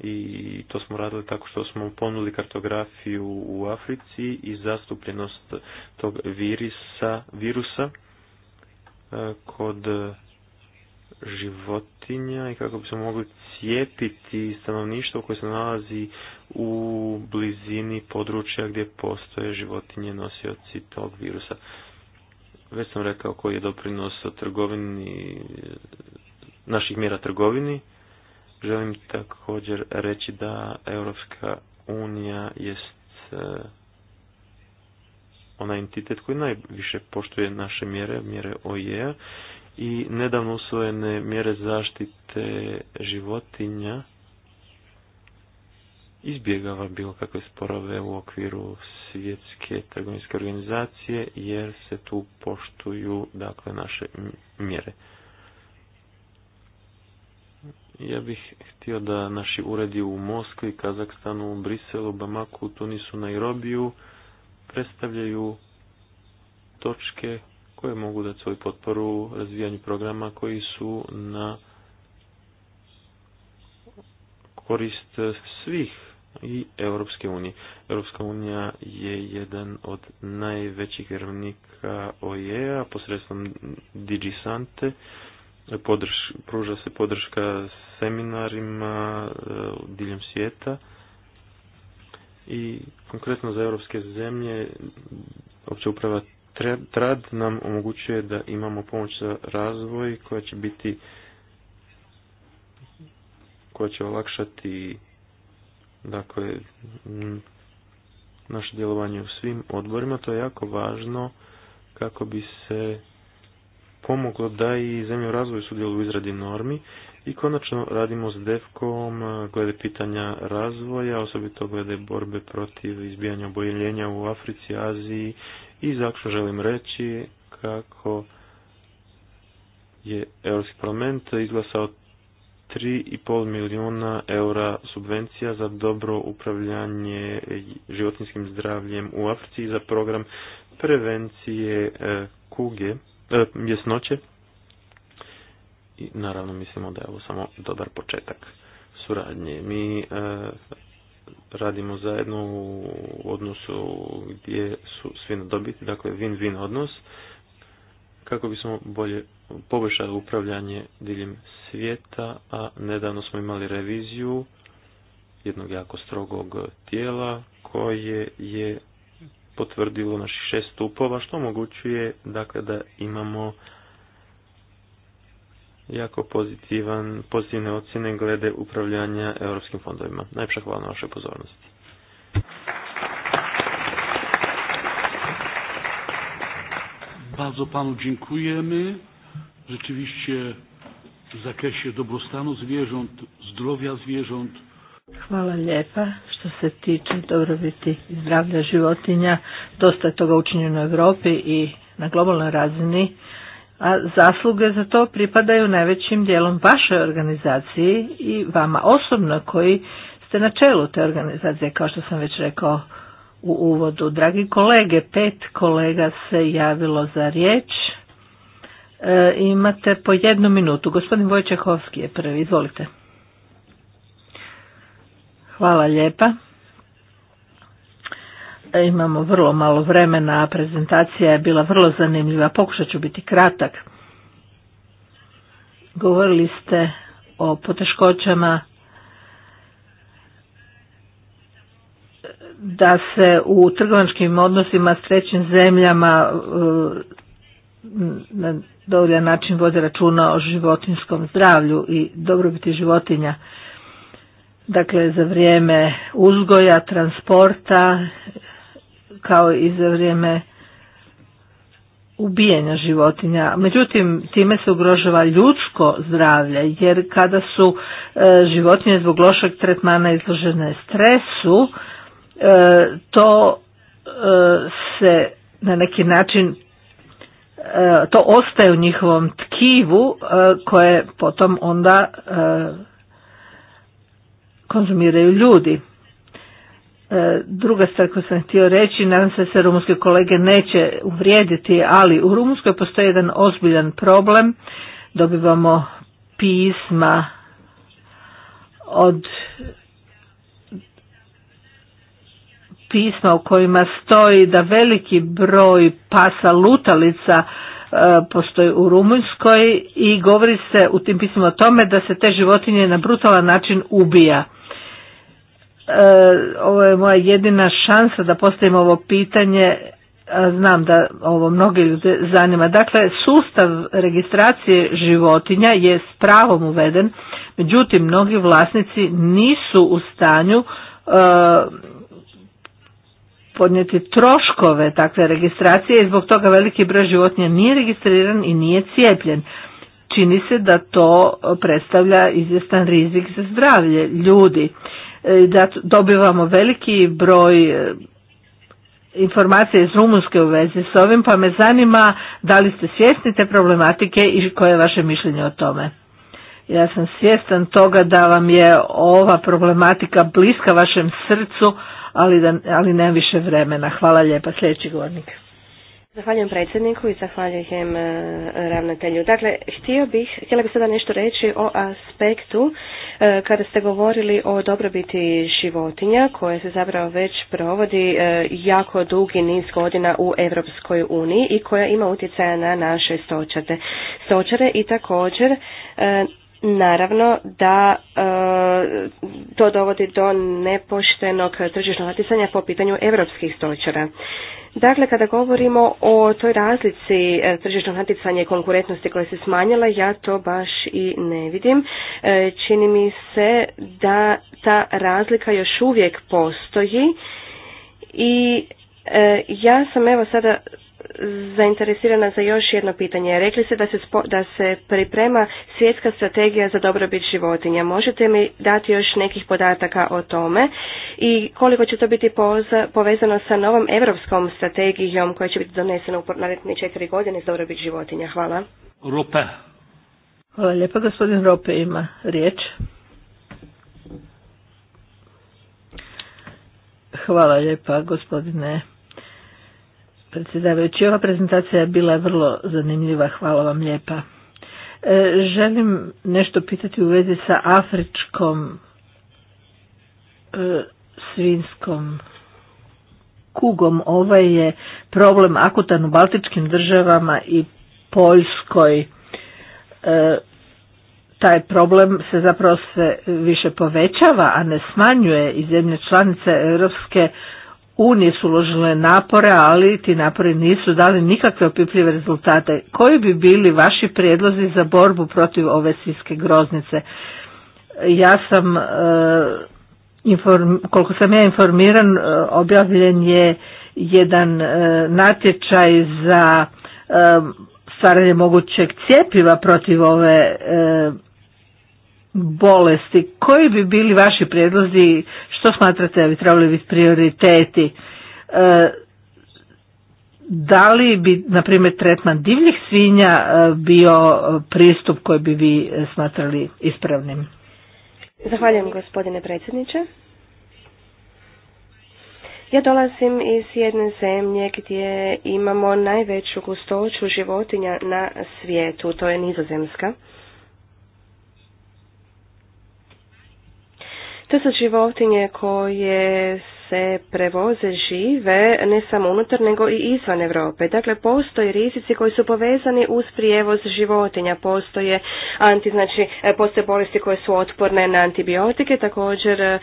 i to smo radili tako što smo ponudili kartografiju u Africi i zastupljenost tog virisa, virusa e, kod životinja i kako bismo mogli cijepiti stanovništvo koje se nalazi u blizini područja gdje postoje životinje nosioci tog virusa. Već sam rekao koji je doprinos trgovini, naših mjera trgovini. Želim također reći da Europska unija jest e, onaj entitet koji najviše poštuje naše mjere, mjere OIE i nedavno usvojene mjere zaštite životinja izbjegava bilo kakve sporove u okviru svjetske trgovinske organizacije jer se tu poštuju dakle naše mjere. Ja bih htio da naši uredi u Moskvi, Kazakstanu, Briselu, Bamaku, Tunisu, Nairobiju predstavljaju točke koje mogu dati svoju potporu razvijanju programa koji su na korist svih i Europske unije. Europska unija je jedan od najvećih vjerovnika OEA posredstvom DigiSante. pruža se podrška seminarima e, diljem svijeta i konkretno za europske zemlje opća uprava TRAD nam omogućuje da imamo pomoć za razvoj koja će biti koja će olakšati Dakle, naše djelovanje u svim odborima, to je jako važno kako bi se pomoglo da i zemlje u razvoju sudjeluju u izradi normi i konačno radimo s DEFKOM glede pitanja razvoja, osobito glede borbe protiv izbijanja oboljenja u Africi, Aziji i zašto želim reći kako je Europski parlament izglasao 3,5 milijuna eura subvencija za dobro upravljanje životinskim zdravljem u Africi i za program prevencije e, kuge, mjesnoće. E, I naravno mislimo da je ovo samo dobar početak suradnje. Mi e, radimo zajedno u odnosu gdje su svi na dobiti, dakle win-win odnos kako bismo bolje poboljšali upravljanje diljem svijeta, a nedavno smo imali reviziju jednog jako strogog tijela koje je potvrdilo naših šest stupova, što omogućuje dakle, da imamo jako pozitivan, pozitivne ocjene glede upravljanja europskim fondovima. Najpša hvala na vašoj pozornosti. Bardzo Panu dziękujemy. Rzeczywiście w zakresie dobrostanu zwierząt, zdrowia zwierząt. Hvala lijepa. Što se tiče dobrobiti i zdravlja životinja, dosta je toga učinjeno u Europi i na globalnoj razini, a zasluge za to pripadaju najvećim dijelom vašoj organizaciji i vama osobno koji ste na čelu te organizacije, kao što sam već rekao u uvodu. Dragi kolege, pet kolega se javilo za riječ. E, imate po jednu minutu. Gospodin Vojčehovski je prvi, izvolite. Hvala lijepa. E, imamo vrlo malo vremena, a prezentacija je bila vrlo zanimljiva. Pokušat ću biti kratak. Govorili ste o poteškoćama da se u trgovačkim odnosima s trećim zemljama uh, na dovoljan način vode računa o životinskom zdravlju i dobrobiti životinja. Dakle, za vrijeme uzgoja, transporta, kao i za vrijeme ubijanja životinja. Međutim, time se ugrožava ljudsko zdravlje, jer kada su uh, životinje zbog lošeg tretmana izložene stresu, E, to e, se na neki način e, to ostaje u njihovom tkivu koje potom onda konzumiraju ljudi. Druga stvar koju sam htio reći, nadam se da se rumunske kolege neće uvrijediti, ali u Rumunskoj postoji jedan ozbiljan problem. Dobivamo pisma od pisma u kojima stoji da veliki broj pasa lutalica e, postoji u Rumunjskoj i govori se u tim pismima o tome da se te životinje na brutalan način ubija. E, ovo je moja jedina šansa da postavim ovo pitanje, znam da ovo mnoge ljude zanima. Dakle, sustav registracije životinja je s pravom uveden, međutim mnogi vlasnici nisu u stanju e, podnijeti troškove takve registracije i zbog toga veliki broj životinja nije registriran i nije cijepljen. Čini se da to predstavlja izvjestan rizik za zdravlje ljudi. E, da dobivamo veliki broj e, informacije iz Rumunske u vezi s ovim, pa me zanima da li ste svjesni te problematike i koje je vaše mišljenje o tome. Ja sam svjestan toga da vam je ova problematika bliska vašem srcu, ali, da, ali nemam više vremena. Hvala lijepa, sljedeći govornik. Zahvaljujem predsjedniku i zahvaljujem eh, ravnatelju. Dakle, htio bih, htjela bih sada nešto reći o aspektu eh, kada ste govorili o dobrobiti životinja koje se zapravo već provodi eh, jako dugi niz godina u Europskoj uniji i koja ima utjecaja na naše stočare, stočare i također Naravno da e, to dovodi do nepoštenog tržišnog natjecanja po pitanju europskih stočara. Dakle, kada govorimo o toj razlici e, tržišnog natjecanja i konkurentnosti koja se smanjila, ja to baš i ne vidim. E, čini mi se da ta razlika još uvijek postoji i e, ja sam evo sada zainteresirana za još jedno pitanje. Rekli ste da se, da se priprema svjetska strategija za dobrobit životinja. Možete mi dati još nekih podataka o tome i koliko će to biti povezano sa novom evropskom strategijom koja će biti donesena u naredne četiri godine za dobrobit životinja? Hvala. Rupe. Hvala lijepa. Gospodin Rope ima riječ. Hvala lijepa gospodine predsjedavajući. Ova prezentacija je bila vrlo zanimljiva, hvala vam lijepa. E, želim nešto pitati u vezi sa afričkom e, svinskom kugom. Ovaj je problem akutan u Baltičkim državama i Poljskoj. E, taj problem se zapravo sve više povećava, a ne smanjuje i zemlje članice Europske unije su uložile napore, ali ti napori nisu dali nikakve opipljive rezultate. Koji bi bili vaši prijedlozi za borbu protiv ove siske groznice? Ja sam, e, koliko sam ja informiran, e, objavljen je jedan e, natječaj za stvaranje mogućeg cjepiva protiv ove bolesti. Koji bi bili vaši prijedlozi, što smatrate da bi trebali biti prioriteti? E, da li bi, na primjer, tretman divljih svinja e, bio pristup koji bi vi smatrali ispravnim? Zahvaljujem gospodine predsjedniče. Ja dolazim iz jedne zemlje gdje imamo najveću gustoću životinja na svijetu, to je nizozemska. To su životinje koje se prevoze žive ne samo unutar nego i izvan Europe. Dakle, postoje rizici koji su povezani uz prijevoz životinja. Postoje anti, znači, e, postoje bolesti koje su otporne na antibiotike. Također e,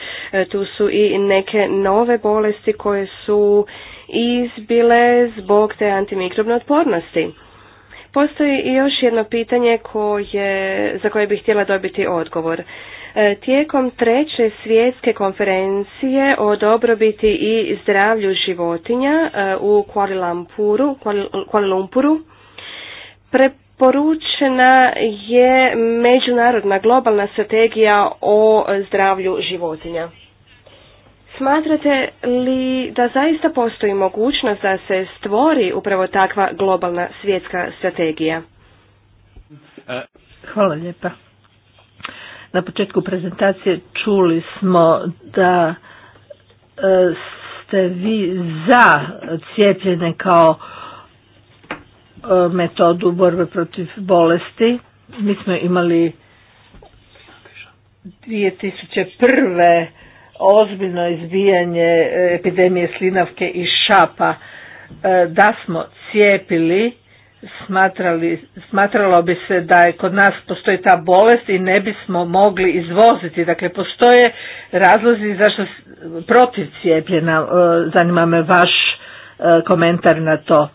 tu su i neke nove bolesti koje su izbile zbog te antimikrobne otpornosti. Postoji i još jedno pitanje koje, za koje bih htjela dobiti odgovor. E, tijekom treće svjetske konferencije o dobrobiti i zdravlju životinja e, u Kuala Lumpuru, Lumpuru preporučena je međunarodna globalna strategija o zdravlju životinja. Smatrate li da zaista postoji mogućnost da se stvori upravo takva globalna svjetska strategija? Hvala lijepa. Na početku prezentacije čuli smo da e, ste vi za cijepljenje kao e, metodu borbe protiv bolesti. Mi smo imali 2001. ozbiljno izbijanje e, epidemije slinavke i šapa da smo cijepili smatrali, smatralo bi se da je kod nas postoji ta bolest i ne bismo mogli izvoziti. Dakle, postoje razlozi zašto protiv cijepljena. E, zanima me vaš e, komentar na to.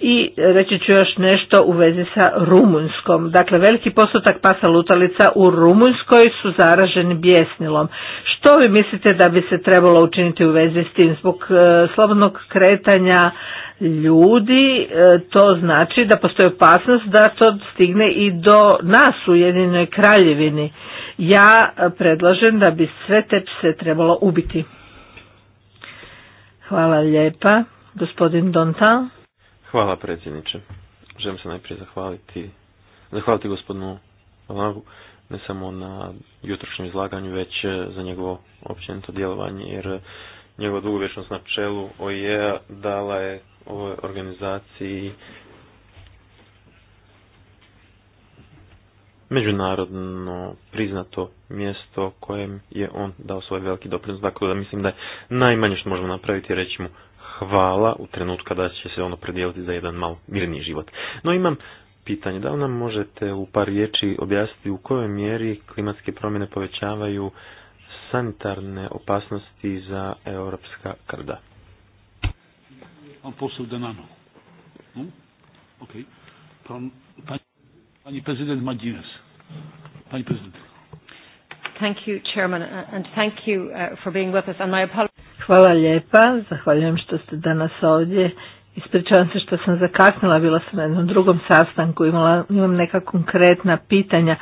I reći ću još nešto u vezi sa Rumunjskom. Dakle, veliki postotak pasa lutalica u Rumunjskoj su zaraženi bjesnilom. Što vi mislite da bi se trebalo učiniti u vezi s tim? Zbog e, slobodnog kretanja ljudi e, to znači da postoji opasnost da to stigne i do nas u Jedinoj kraljevini. Ja e, predlažem da bi sve te pse trebalo ubiti. Hvala lijepa. Gospodin Dontan. Hvala predsjedniče. Želim se najprije zahvaliti, zahvaliti gospodinu Lagu ne samo na jutrošnjem izlaganju, već e, za njegovo općenito djelovanje, jer njegova dugovječnost na čelu OIE dala je ovoj organizaciji međunarodno priznato mjesto kojem je on dao svoj veliki doprinos. Dakle, da mislim da je najmanje što možemo napraviti reći mu hvala u trenutku kada će se ono predijeliti za jedan malo mirniji život. No imam pitanje, da li nam možete u par riječi objasniti u kojoj mjeri klimatske promjene povećavaju sanitarne opasnosti za europska krda? Pan posao da nano. Ok. pani prezident Madines. Pani prezident. Thank you, Chairman, and thank you uh, for being with us. And my apologies. Hvala lijepa, zahvaljujem što ste danas ovdje. Ispričavam se što sam zakasnila, bila sam na jednom drugom sastanku, imala, imam neka konkretna pitanja.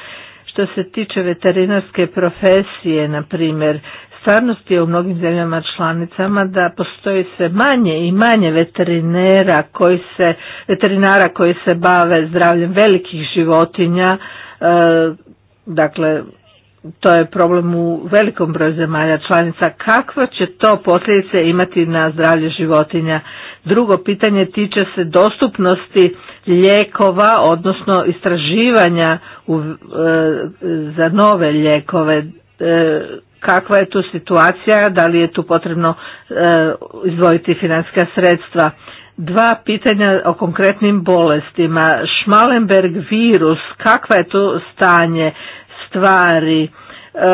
Što se tiče veterinarske profesije, na primjer, stvarnost je u mnogim zemljama članicama da postoji sve manje i manje veterinera koji se, veterinara koji se bave zdravljem velikih životinja, e, dakle to je problem u velikom broju zemalja članica, kakva će to posljedice imati na zdravlje životinja? Drugo pitanje tiče se dostupnosti lijekova, odnosno istraživanja e, za nove lijekove. E, kakva je tu situacija, da li je tu potrebno e, izdvojiti financijska sredstva? Dva pitanja o konkretnim bolestima. Šmalenberg virus, kakva je tu stanje? stvari. E,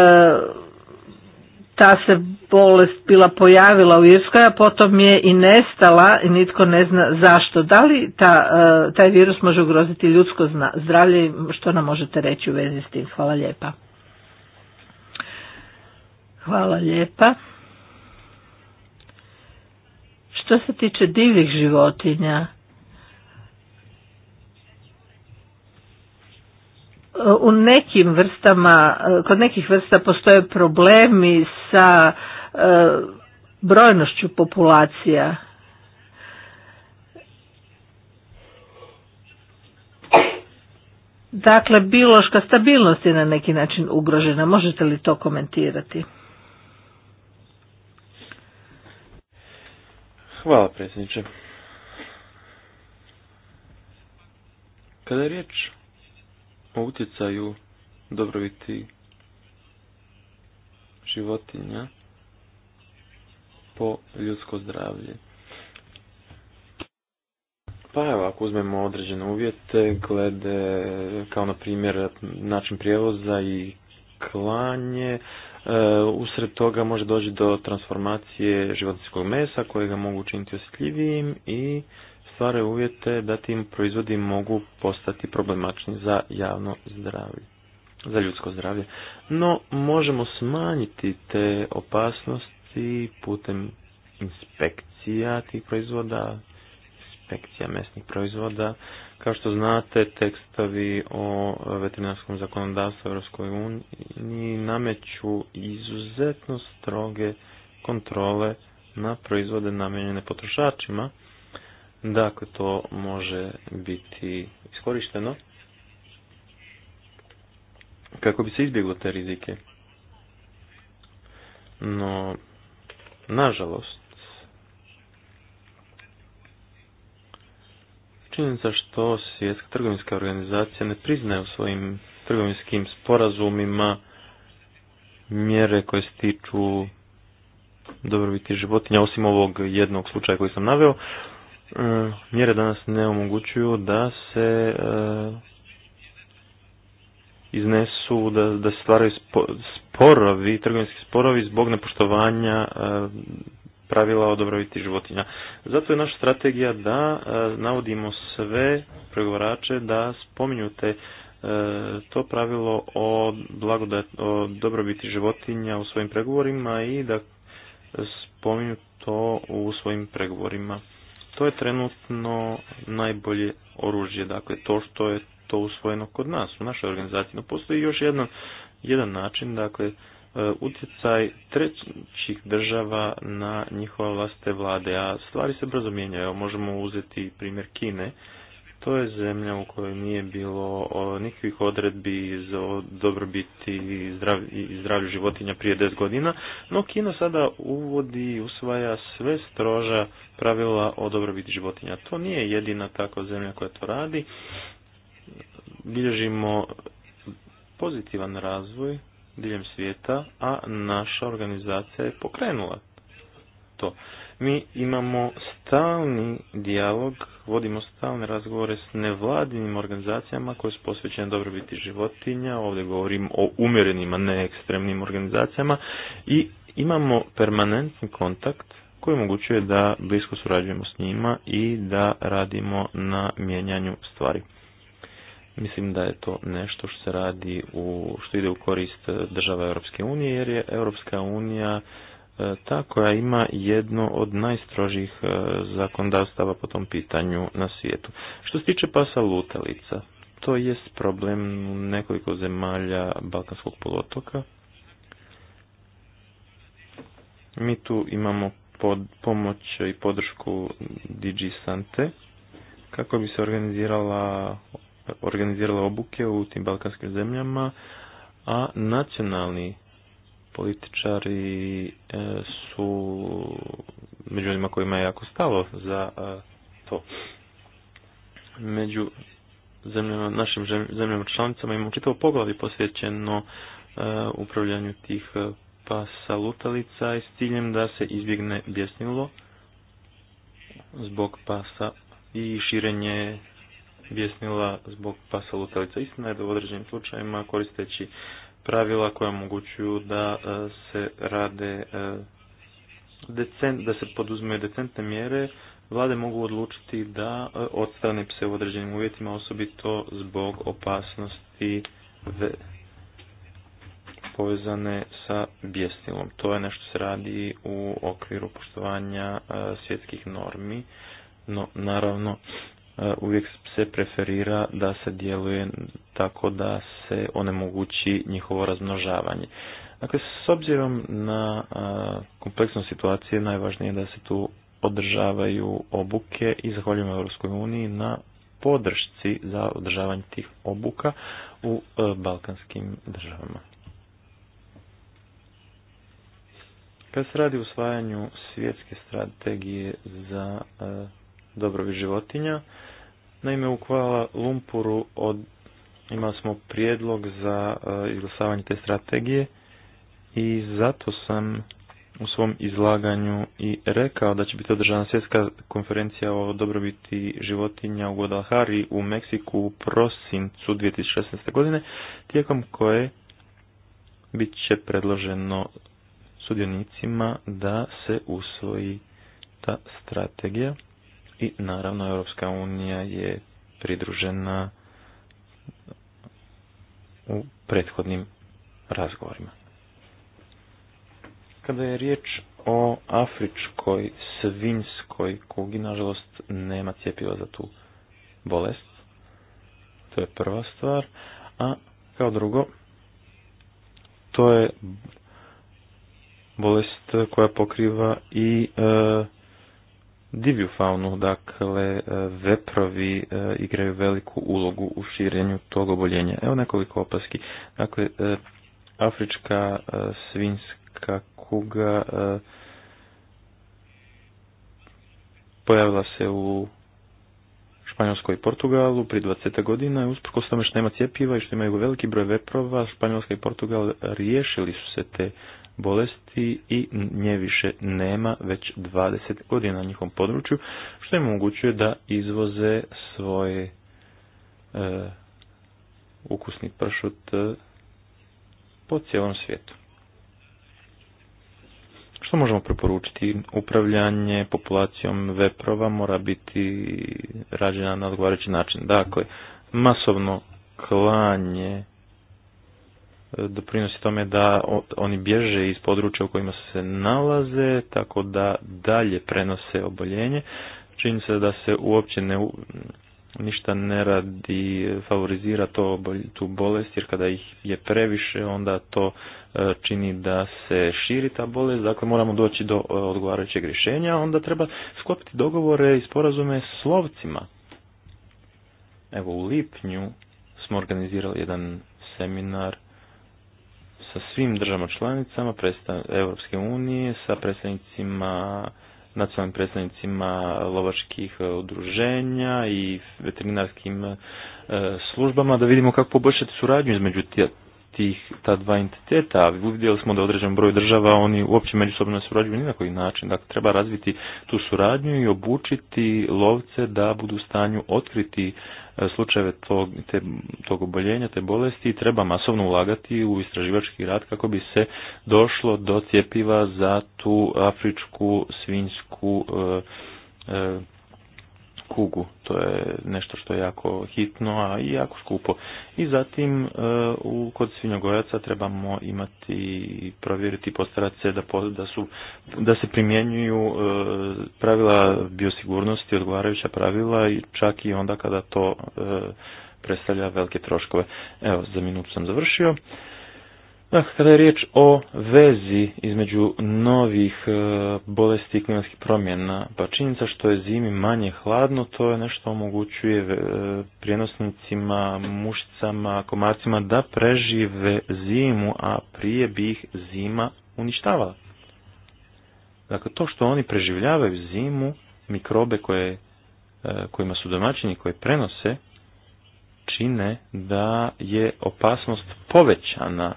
ta se bolest bila pojavila u Irskoj, a potom je i nestala i nitko ne zna zašto. Da li ta, e, taj virus može ugroziti ljudsko zdravlje i što nam možete reći u vezi s tim? Hvala lijepa. Hvala lijepa. Što se tiče divljih životinja, u nekim vrstama, kod nekih vrsta postoje problemi sa e, brojnošću populacija. Dakle, biološka stabilnost je na neki način ugrožena. Možete li to komentirati? Hvala predsjedniče. Kada je riječ o utjecaju dobrobiti životinja po ljudsko zdravlje. Pa evo, ako uzmemo određene uvjete, glede, kao na primjer, način prijevoza i klanje, e, usred toga može doći do transformacije životinskog mesa, kojega mogu učiniti osjetljivijim i stvaraju uvjete da tim proizvodi mogu postati problemačni za javno zdravlje, za ljudsko zdravlje. No, možemo smanjiti te opasnosti putem inspekcija tih proizvoda, inspekcija mesnih proizvoda. Kao što znate, tekstovi o veterinarskom zakonodavstvu u uniji nameću izuzetno stroge kontrole na proizvode namijenjene potrošačima, Dakle, to može biti iskorišteno kako bi se izbjeglo te rizike. No, nažalost, činjenica što svjetska trgovinska organizacija ne priznaje u svojim trgovinskim sporazumima mjere koje se tiču dobrobiti životinja, osim ovog jednog slučaja koji sam naveo, E, mjere danas ne omogućuju da se e, iznesu, da, da stvaraju sporovi, trgovinski sporovi zbog nepoštovanja e, pravila o dobrobiti životinja. Zato je naša strategija da navodimo sve pregovorače da spominjute to pravilo o, blagodat, o dobrobiti životinja u svojim pregovorima i da spominju to u svojim pregovorima. To je trenutno najbolje oružje, dakle to što je to usvojeno kod nas, u našoj organizaciji. No postoji još jedan, jedan način, dakle, e, utjecaj trećih država na njihova vlastite vlade, a stvari se brzo mijenjaju. Evo, možemo uzeti primjer Kine, to je zemlja u kojoj nije bilo nikakvih odredbi za dobrobiti i zdravlju životinja prije 10 godina, no Kina sada uvodi i usvaja sve stroža pravila o dobrobiti životinja. To nije jedina takva zemlja koja to radi. Bilježimo pozitivan razvoj diljem svijeta, a naša organizacija je pokrenula to. Mi imamo stalni dijalog, vodimo stalne razgovore s nevladinim organizacijama koje su posvećene dobrobiti životinja, ovdje govorim o umjerenima, a ne ekstremnim organizacijama i imamo permanentni kontakt koji omogućuje da blisko surađujemo s njima i da radimo na mijenjanju stvari. Mislim da je to nešto što se radi u, što ide u korist država Europske unije, jer je Europska unija E, ta koja ima jedno od najstrožih e, zakonodavstava po tom pitanju na svijetu. Što se tiče pasa lutalica, to je problem nekoliko zemalja Balkanskog polotoka. Mi tu imamo pomoć i podršku DG Sante kako bi se organizirala organizirala obuke u tim balkanskim zemljama, a nacionalni političari e, su među onima kojima je jako stalo za e, to. Među zemljama, našim zemljama članicama imamo čitavo poglavlje posvećeno e, upravljanju tih pasa lutalica i s ciljem da se izbjegne bjesnilo zbog pasa i širenje bjesnila zbog pasa lutalica. Istina je da u određenim slučajima koristeći pravila koja omogućuju da e, se rade e, decent, da se poduzme decentne mjere, vlade mogu odlučiti da e, odstrane pse u određenim uvjetima, osobito zbog opasnosti povezane sa bjesnilom. To je nešto se radi u okviru poštovanja svjetskih normi, no naravno E, uvijek se preferira da se djeluje tako da se onemogući njihovo razmnožavanje. Dakle, s obzirom na e, kompleksnu situaciju, najvažnije je da se tu održavaju obuke i zahvaljujemo Europskoj uniji na podršci za održavanje tih obuka u e, balkanskim državama. Kad se radi o usvajanju svjetske strategije za dobrobit životinja, Naime, u Kuala Lumpuru od, imali smo prijedlog za eh, izglasavanje te strategije i zato sam u svom izlaganju i rekao da će biti održana svjetska konferencija o dobrobiti životinja u Guadalajari u Meksiku u prosincu 2016. godine, tijekom koje bit će predloženo sudionicima da se usvoji ta strategija. I naravno Europska unija je pridružena u prethodnim razgovorima. Kada je riječ o afričkoj svinskoj kugi, nažalost nema cjepiva za tu bolest. To je prva stvar. A kao drugo, to je bolest koja pokriva i e, divlju faunu, dakle e, veprovi e, igraju veliku ulogu u širenju tog oboljenja. Evo nekoliko opaski. Dakle, e, afrička svinska kuga pojavila se u Španjolskoj i Portugalu pri 20. godina, usprkos tome što nema cjepiva i što imaju veliki broj veprova, Španjolska i Portugal riješili su se te bolesti i nje više nema već 20 godina na njihovom području, što im omogućuje da izvoze svoje e, ukusni pršut e, po cijelom svijetu. Što možemo preporučiti? Upravljanje populacijom veprova mora biti rađena na odgovarajući način. Dakle, masovno klanje doprinosi tome da oni bježe iz područja u kojima se nalaze, tako da dalje prenose oboljenje. Čini se da se uopće ne, ništa ne radi, favorizira to, tu bolest, jer kada ih je previše, onda to e, čini da se širi ta bolest, dakle moramo doći do e, odgovarajućeg rješenja, onda treba sklopiti dogovore i sporazume s lovcima. Evo u lipnju smo organizirali jedan seminar sa svim državama članicama Europske unije, sa predstavnicima nacionalnim predstavnicima lovačkih e, udruženja i veterinarskim e, službama da vidimo kako poboljšati suradnju između tih ta dva entiteta. Vidjeli smo da određen broj država oni uopće međusobno ne surađuju ni na koji način. Dakle, treba razviti tu suradnju i obučiti lovce da budu u stanju otkriti slučajeve tog, te, tog oboljenja, te bolesti i treba masovno ulagati u istraživački rad kako bi se došlo do cjepiva za tu afričku svinjsku e, e, kugu. To je nešto što je jako hitno, a i jako skupo. I zatim e, u, kod svinjogojaca trebamo imati, provjeriti, postarati se da, da, su, da se primjenjuju e, pravila biosigurnosti, odgovarajuća pravila i čak i onda kada to e, predstavlja velike troškove. Evo, za minutu sam završio da ah, kada je riječ o vezi između novih e, bolesti i klimatskih promjena, pa činjenica što je zimi manje hladno, to je nešto omogućuje e, prijenosnicima, mušicama, komarcima da prežive zimu, a prije bi ih zima uništavala. Dakle, to što oni preživljavaju zimu, mikrobe koje, e, kojima su domaćini, koje prenose, čine da je opasnost povećana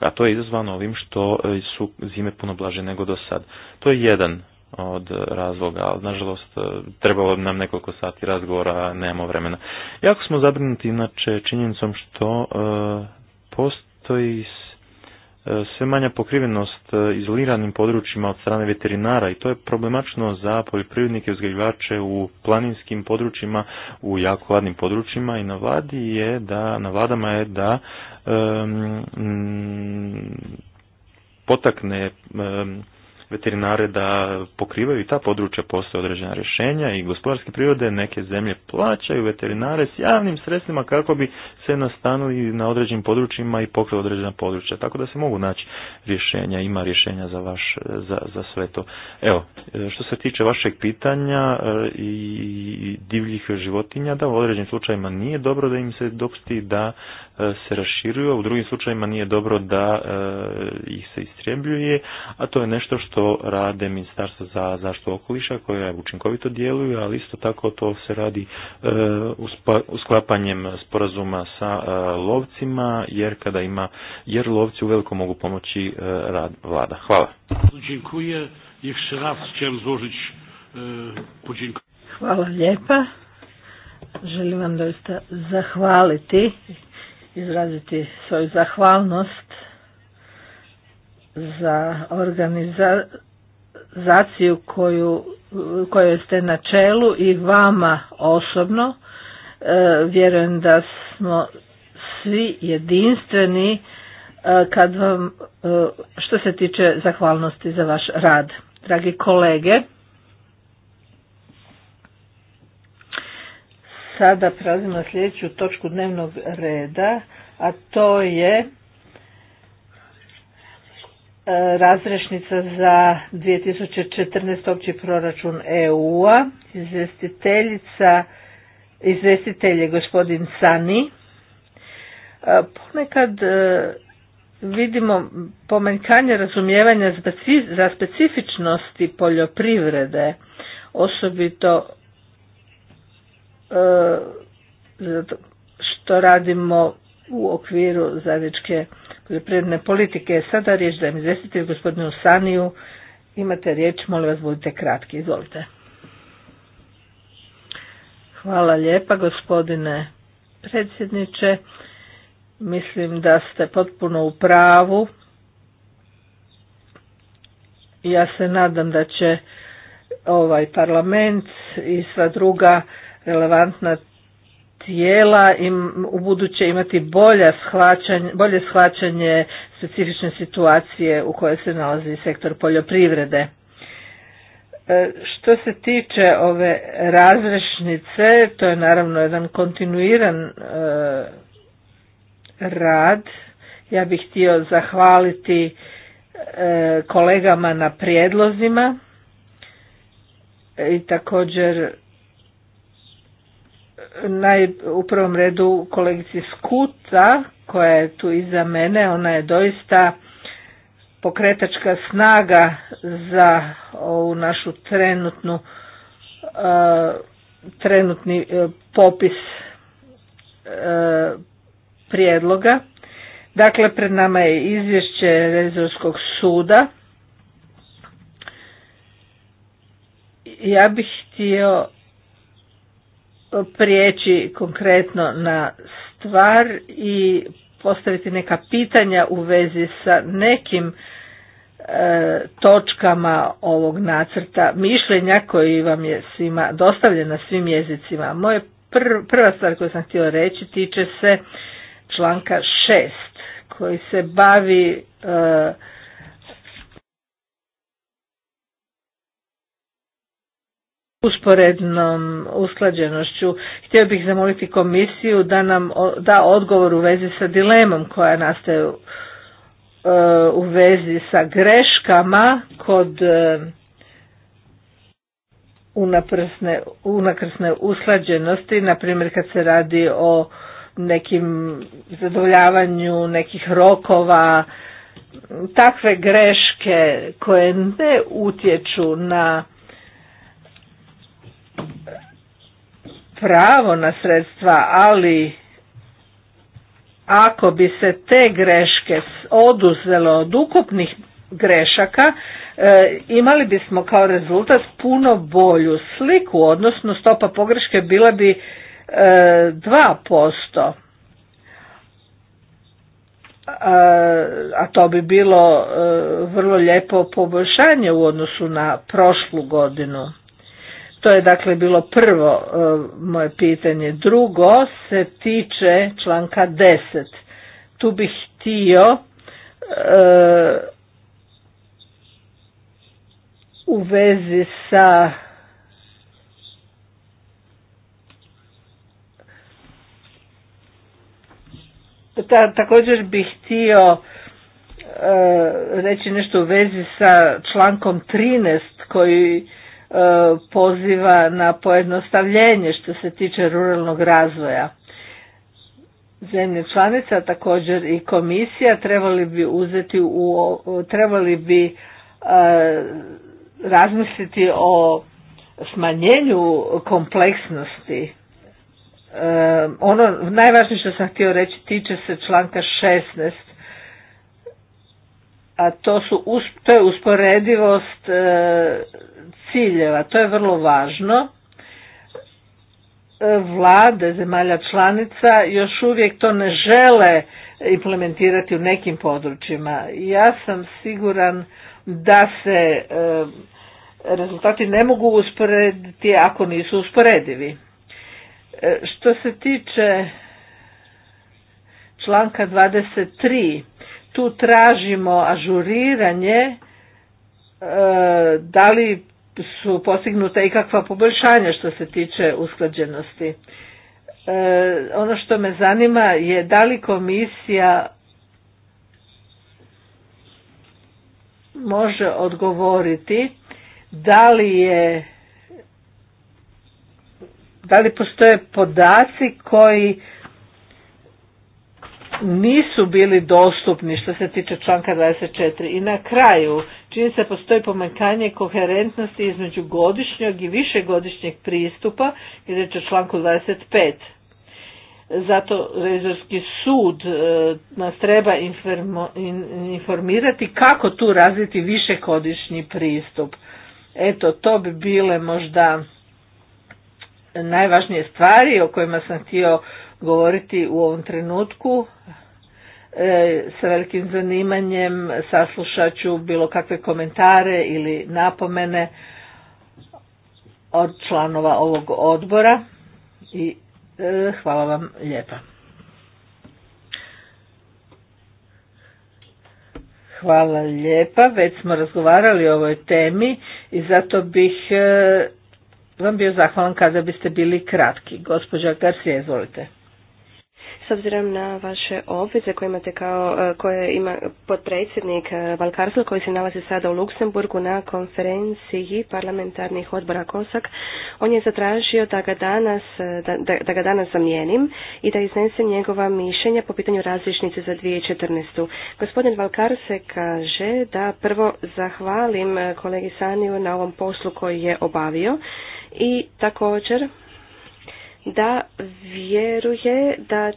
a to je izazvano ovim što e, su zime puno blaže nego do sad. To je jedan od e, razloga, ali nažalost e, trebalo nam nekoliko sati razgovora, nemamo vremena. Jako smo zabrinuti inače činjenicom što e, postoji sve manja pokrivenost e, izoliranim područjima od strane veterinara i to je problematično za poljoprivrednike uzgajivače u planinskim područjima, u jako hladnim područjima i na je da, na vladama je da potakne veterinare da pokrivaju i ta područja postoje određena rješenja i gospodarske prirode neke zemlje plaćaju veterinare s javnim sredstvima kako bi se nastanuli na određenim područjima i pokrili određena područja. Tako da se mogu naći rješenja, ima rješenja za, vaš, za, za sve to. Evo, što se tiče vašeg pitanja e, i divljih životinja, da u određenim slučajima nije dobro da im se dopusti da se raširuju, a u drugim slučajima nije dobro da e, ih se istrijebljuje, a to je nešto što rade Ministarstvo za zaštitu okoliša koja učinkovito djeluju, ali isto tako to se radi e, usklapanjem sporazuma sa e, lovcima, jer kada ima, jer lovci u veliko mogu pomoći rad vlada. Hvala. Hvala lijepa. Želim vam doista zahvaliti izraziti svoju zahvalnost za organizaciju koju, koju ste na čelu i vama osobno. E, vjerujem da smo svi jedinstveni e, kad vam, e, što se tiče zahvalnosti za vaš rad. Dragi kolege, sada prelazimo na sljedeću točku dnevnog reda, a to je e, razrešnica za 2014. opći proračun EU-a, izvjestiteljica, izvjestitelj je gospodin Sani. E, ponekad e, vidimo pomanjkanje razumijevanja za specifičnosti poljoprivrede, osobito E, što radimo u okviru zajedničke poljoprivredne politike. Sada riječ im izvestite gospodinu Saniju. Imate riječ, molim vas budite kratki, izvolite. Hvala lijepa gospodine predsjedniče. Mislim da ste potpuno u pravu. Ja se nadam da će ovaj parlament i sva druga relevantna tijela i u buduće imati bolje shvaćanje, bolje shvaćanje specifične situacije u kojoj se nalazi sektor poljoprivrede. E, što se tiče ove razrešnice, to je naravno jedan kontinuiran e, rad. Ja bih htio zahvaliti e, kolegama na prijedlozima i također naj, u prvom redu kolegici Skuta koja je tu iza mene, ona je doista pokretačka snaga za ovu našu trenutnu e, trenutni e, popis e, prijedloga. Dakle, pred nama je izvješće Rezorskog suda. Ja bih htio prijeći konkretno na stvar i postaviti neka pitanja u vezi sa nekim e, točkama ovog nacrta mišljenja koji vam je svima dostavljen na svim jezicima. Moje prva stvar koju sam htio reći tiče se članka 6 koji se bavi e, usporednom usklađenošću. Htio bih zamoliti komisiju da nam da odgovor u vezi sa dilemom koja nastaje e, u vezi sa greškama kod e, unaprsne, unakrsne uslađenosti, na primjer kad se radi o nekim zadovoljavanju nekih rokova, takve greške koje ne utječu na pravo na sredstva, ali ako bi se te greške oduzelo od ukupnih grešaka, e, imali bismo kao rezultat puno bolju sliku, odnosno stopa pogreške bila bi 2%. E, a to bi bilo e, vrlo lijepo poboljšanje u odnosu na prošlu godinu. To je dakle bilo prvo e, moje pitanje. Drugo se tiče članka 10. Tu bih htio e, u vezi sa Ta, također bih htio e, reći nešto u vezi sa člankom 13 koji poziva na pojednostavljenje što se tiče ruralnog razvoja. Zemlje članica, također i komisija trebali bi uzeti u, trebali bi e, razmisliti o smanjenju kompleksnosti. E, ono najvažnije što sam htio reći tiče se članka 16 a to, su, to je usporedivost e, ciljeva. To je vrlo važno. E, vlade zemalja članica još uvijek to ne žele implementirati u nekim područjima. Ja sam siguran da se e, rezultati ne mogu usporediti ako nisu usporedivi. E, što se tiče članka 23, tu tražimo ažuriranje da li su postignuta kakva poboljšanja što se tiče usklađenosti. E, ono što me zanima je da li komisija može odgovoriti da li je da li postoje podaci koji nisu bili dostupni što se tiče članka 24 i na kraju čini se postoji pomankanje koherentnosti između godišnjog i višegodišnjeg pristupa, jer je članku 25. Zato revizorski sud e, nas treba informirati kako tu razviti višegodišnji pristup. Eto, to bi bile možda najvažnije stvari o kojima sam htio govoriti u ovom trenutku. E, sa velikim zanimanjem saslušat ću bilo kakve komentare ili napomene od članova ovog odbora i e, hvala vam lijepa. Hvala lijepa, već smo razgovarali o ovoj temi i zato bih e, vam bio zahvalan kada biste bili kratki. Gospođa Garcia, izvolite. S obzirom na vaše obveze koje imate kao, e, koje ima potpredsjednik e, Valkarsel koji se nalazi sada u Luksemburgu na konferenciji parlamentarnih odbora Kosak, on je zatražio da ga danas, e, da, da ga danas zamijenim i da iznesem njegova mišljenja po pitanju različnice za 2014. Gospodin Valkarse kaže da prvo zahvalim kolegi Saniju na ovom poslu koji je obavio i također da vjeruje da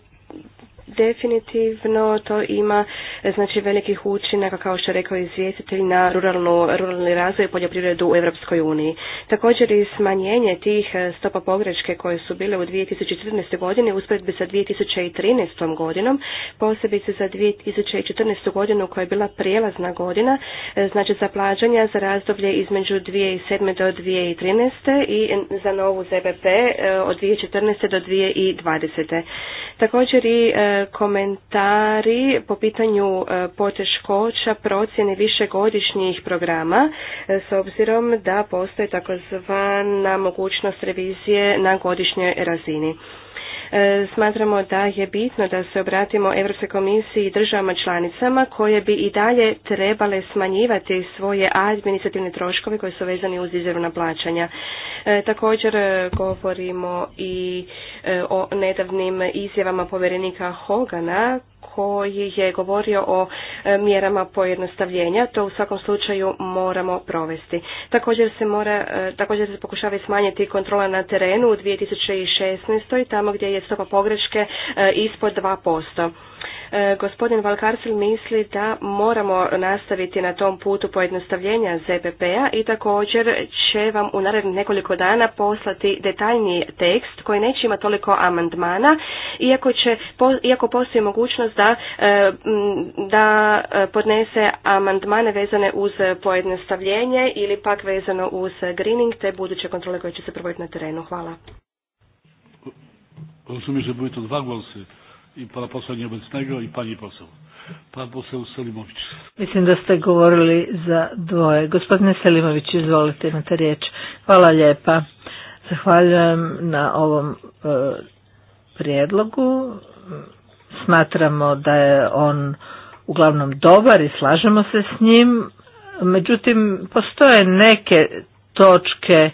Definitivno to ima e, znači velikih učinaka kao što je rekao izvjestitelj na ruralnu, ruralni razvoj i poljoprivredu u Europskoj uniji. Također i smanjenje tih e, stopa pogreške koje su bile u 2014. godini usporedbi sa 2013. godinom, posebice za 2014. godinu koja je bila prijelazna godina, e, znači za plađanja za razdoblje između 2007. do 2013. i za novu ZBP od 2014. do 2020. Također i komentari po pitanju e, poteškoća procjene višegodišnjih programa e, s obzirom da postoji takozvana mogućnost revizije na godišnjoj razini. E, smatramo da je bitno da se obratimo Europskoj komisiji i državama članicama koje bi i dalje trebale smanjivati svoje administrativne troškove koji su vezani uz izravna plaćanja. E, također e, govorimo i o nedavnim izjavama povjerenika Hogana koji je govorio o e, mjerama pojednostavljenja. To u svakom slučaju moramo provesti. Također se, mora, e, također se pokušava smanjiti kontrola na terenu u 2016. tamo gdje je stopa pogreške e, ispod 2%. E, gospodin Valkarsel misli da moramo nastaviti na tom putu pojednostavljenja ZPP-a i također će vam u narednih nekoliko dana poslati detaljni tekst koji neće imati toliko amandmana, iako, će, iako postoji mogućnost da, e, da e, podnese amandmane vezane uz pojednostavljenje ili pak vezano uz greening te buduće kontrole koje će se provoditi na terenu. Hvala i pana posla Njemecnego i pani posla. Pan Selimović. Mislim da ste govorili za dvoje. Gospodine Selimović, izvolite, imate riječ. Hvala lijepa. Zahvaljujem na ovom e, prijedlogu. Smatramo da je on uglavnom dobar i slažemo se s njim. Međutim, postoje neke točke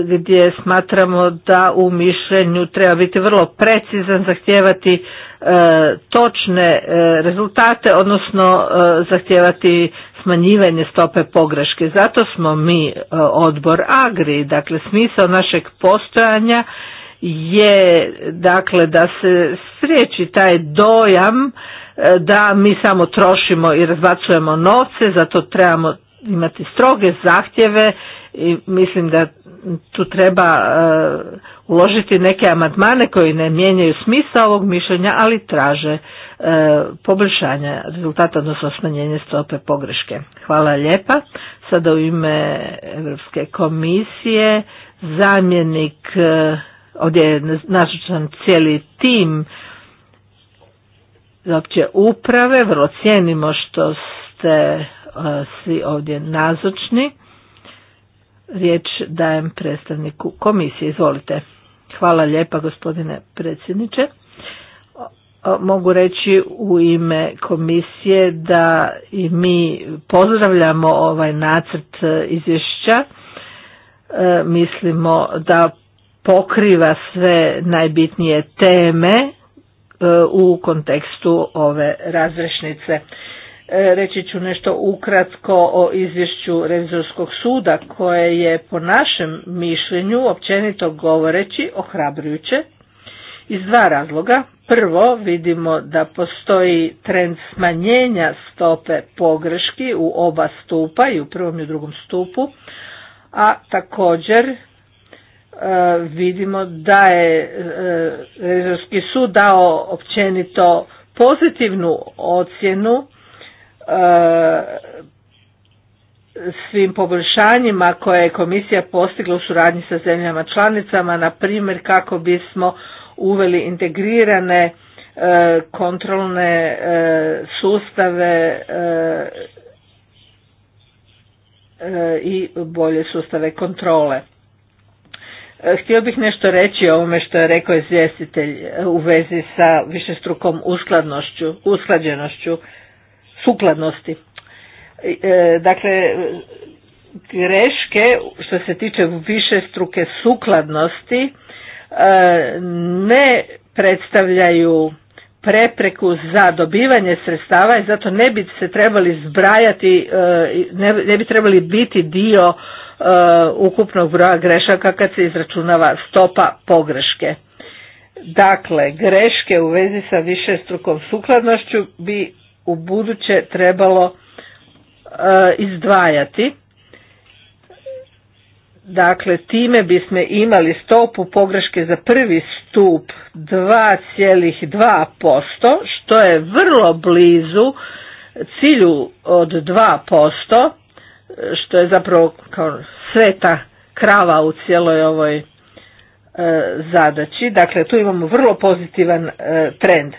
gdje smatramo da u mišljenju treba biti vrlo precizan, zahtijevati e, točne e, rezultate, odnosno e, zahtijevati smanjivanje stope pogreške. Zato smo mi odbor Agri, dakle smisao našeg postojanja je dakle da se spriječi taj dojam da mi samo trošimo i razbacujemo novce, zato trebamo imati stroge zahtjeve i mislim da tu treba e, uložiti neke amandmane koji ne mijenjaju smisla ovog mišljenja, ali traže e, poboljšanja rezultata, odnosno smanjenje stope pogreške. Hvala lijepa. Sada u ime Europske komisije zamjenik, e, ovdje je nazočan cijeli tim uprave, vrlo cijenimo što ste svi ovdje nazočni riječ dajem predstavniku komisije. Izvolite. Hvala lijepa gospodine predsjedniče. Mogu reći u ime komisije da i mi pozdravljamo ovaj nacrt e, izvješća. E, mislimo da pokriva sve najbitnije teme e, u kontekstu ove razrešnice. E, reći ću nešto ukratko o izvješću Revizorskog suda koje je po našem mišljenju općenito govoreći ohrabrujuće iz dva razloga. Prvo vidimo da postoji trend smanjenja stope pogreški u oba stupa i u prvom i drugom stupu, a također e, vidimo da je e, Revizorski sud dao općenito pozitivnu ocjenu E, svim poboljšanjima koje je komisija postigla u suradnji sa zemljama članicama, na primjer kako bismo uveli integrirane e, kontrolne e, sustave i bolje sustave kontrole. Htio bih nešto reći o ovome što je rekao izvjestitelj u vezi sa višestrukom uskladnošću, usklađenošću sukladnosti. E, dakle, greške što se tiče više struke sukladnosti e, ne predstavljaju prepreku za dobivanje sredstava i zato ne bi se trebali zbrajati, e, ne bi trebali biti dio ukupnog broja grešaka kad se izračunava stopa pogreške. Dakle, greške u vezi sa višestrukom sukladnošću bi u buduće trebalo e, izdvajati. Dakle, time bismo imali stopu pogreške za prvi stup 2,2%, što je vrlo blizu cilju od 2%, što je zapravo kao sveta krava u cijeloj ovoj e, zadaći. Dakle, tu imamo vrlo pozitivan e, trend.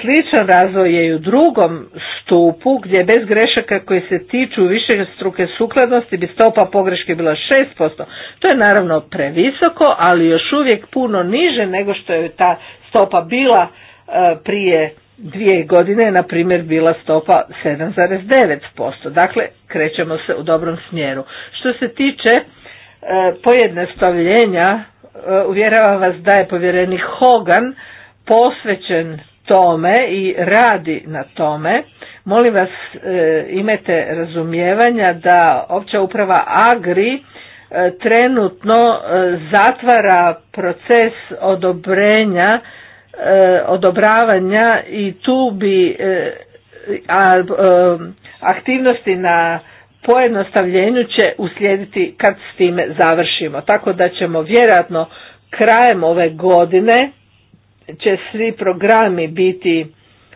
Sličan razvoj je i u drugom stupu gdje bez grešaka koji se tiču više struke sukladnosti bi stopa pogreške bila 6%. To je naravno previsoko, ali još uvijek puno niže nego što je ta stopa bila e, prije dvije godine, na primjer, bila stopa 7,9%. Dakle, krećemo se u dobrom smjeru. Što se tiče e, pojednostavljenja, e, uvjeravam vas da je povjereni Hogan posvećen tome i radi na tome. Molim vas e, imajte razumijevanja da opća uprava Agri e, trenutno e, zatvara proces odobrenja, e, odobravanja i tu bi a, aktivnosti na pojednostavljenju će uslijediti kad s time završimo. Tako da ćemo vjerojatno krajem ove godine će svi programi biti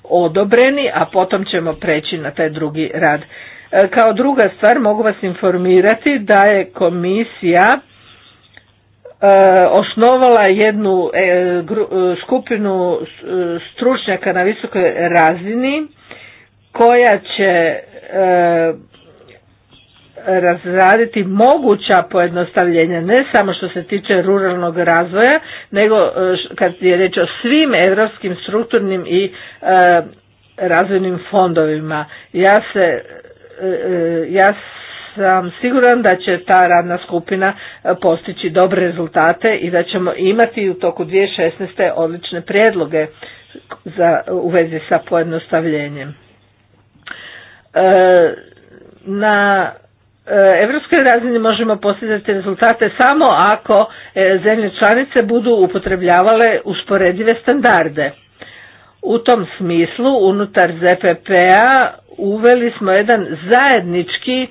odobreni, a potom ćemo preći na taj drugi rad. E, kao druga stvar mogu vas informirati da je komisija e, osnovala jednu e, skupinu stručnjaka na visokoj razini koja će razraditi moguća pojednostavljenja, ne samo što se tiče ruralnog razvoja, nego e, kad je reč o svim europskim strukturnim i e, razvojnim fondovima. Ja se e, ja sam siguran da će ta radna skupina postići dobre rezultate i da ćemo imati u toku 2016. odlične prijedloge za, u vezi sa pojednostavljenjem. na europskoj razini možemo postizati rezultate samo ako e, zemlje članice budu upotrebljavale usporedive standarde. U tom smislu unutar ZPP-a uveli smo jedan zajednički e,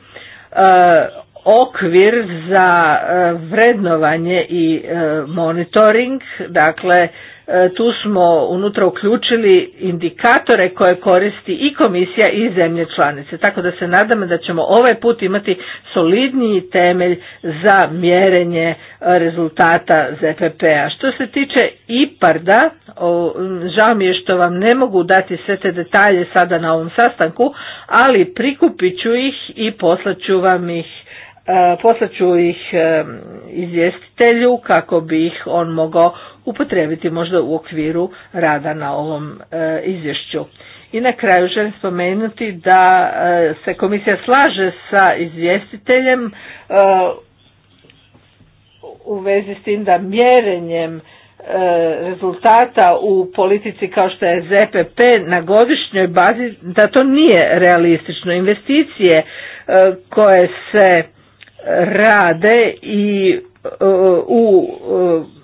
okvir za e, vrednovanje i monitoring, dakle E, tu smo unutra uključili indikatore koje koristi i komisija i zemlje članice. Tako da se nadamo da ćemo ovaj put imati solidniji temelj za mjerenje e, rezultata ZPP-a. Što se tiče IPARDA, žao mi je što vam ne mogu dati sve te detalje sada na ovom sastanku, ali prikupit ću ih i poslat vam ih E, Poslaću ih e, izvjestitelju kako bi ih on mogao upotrijebiti možda u okviru rada na ovom e, izvješću. I na kraju želim spomenuti da se komisija slaže sa izvjestiteljem u vezi s tim da mjerenjem rezultata u politici kao što je ZPP na godišnjoj bazi da to nije realistično. Investicije koje se rade i e, u e,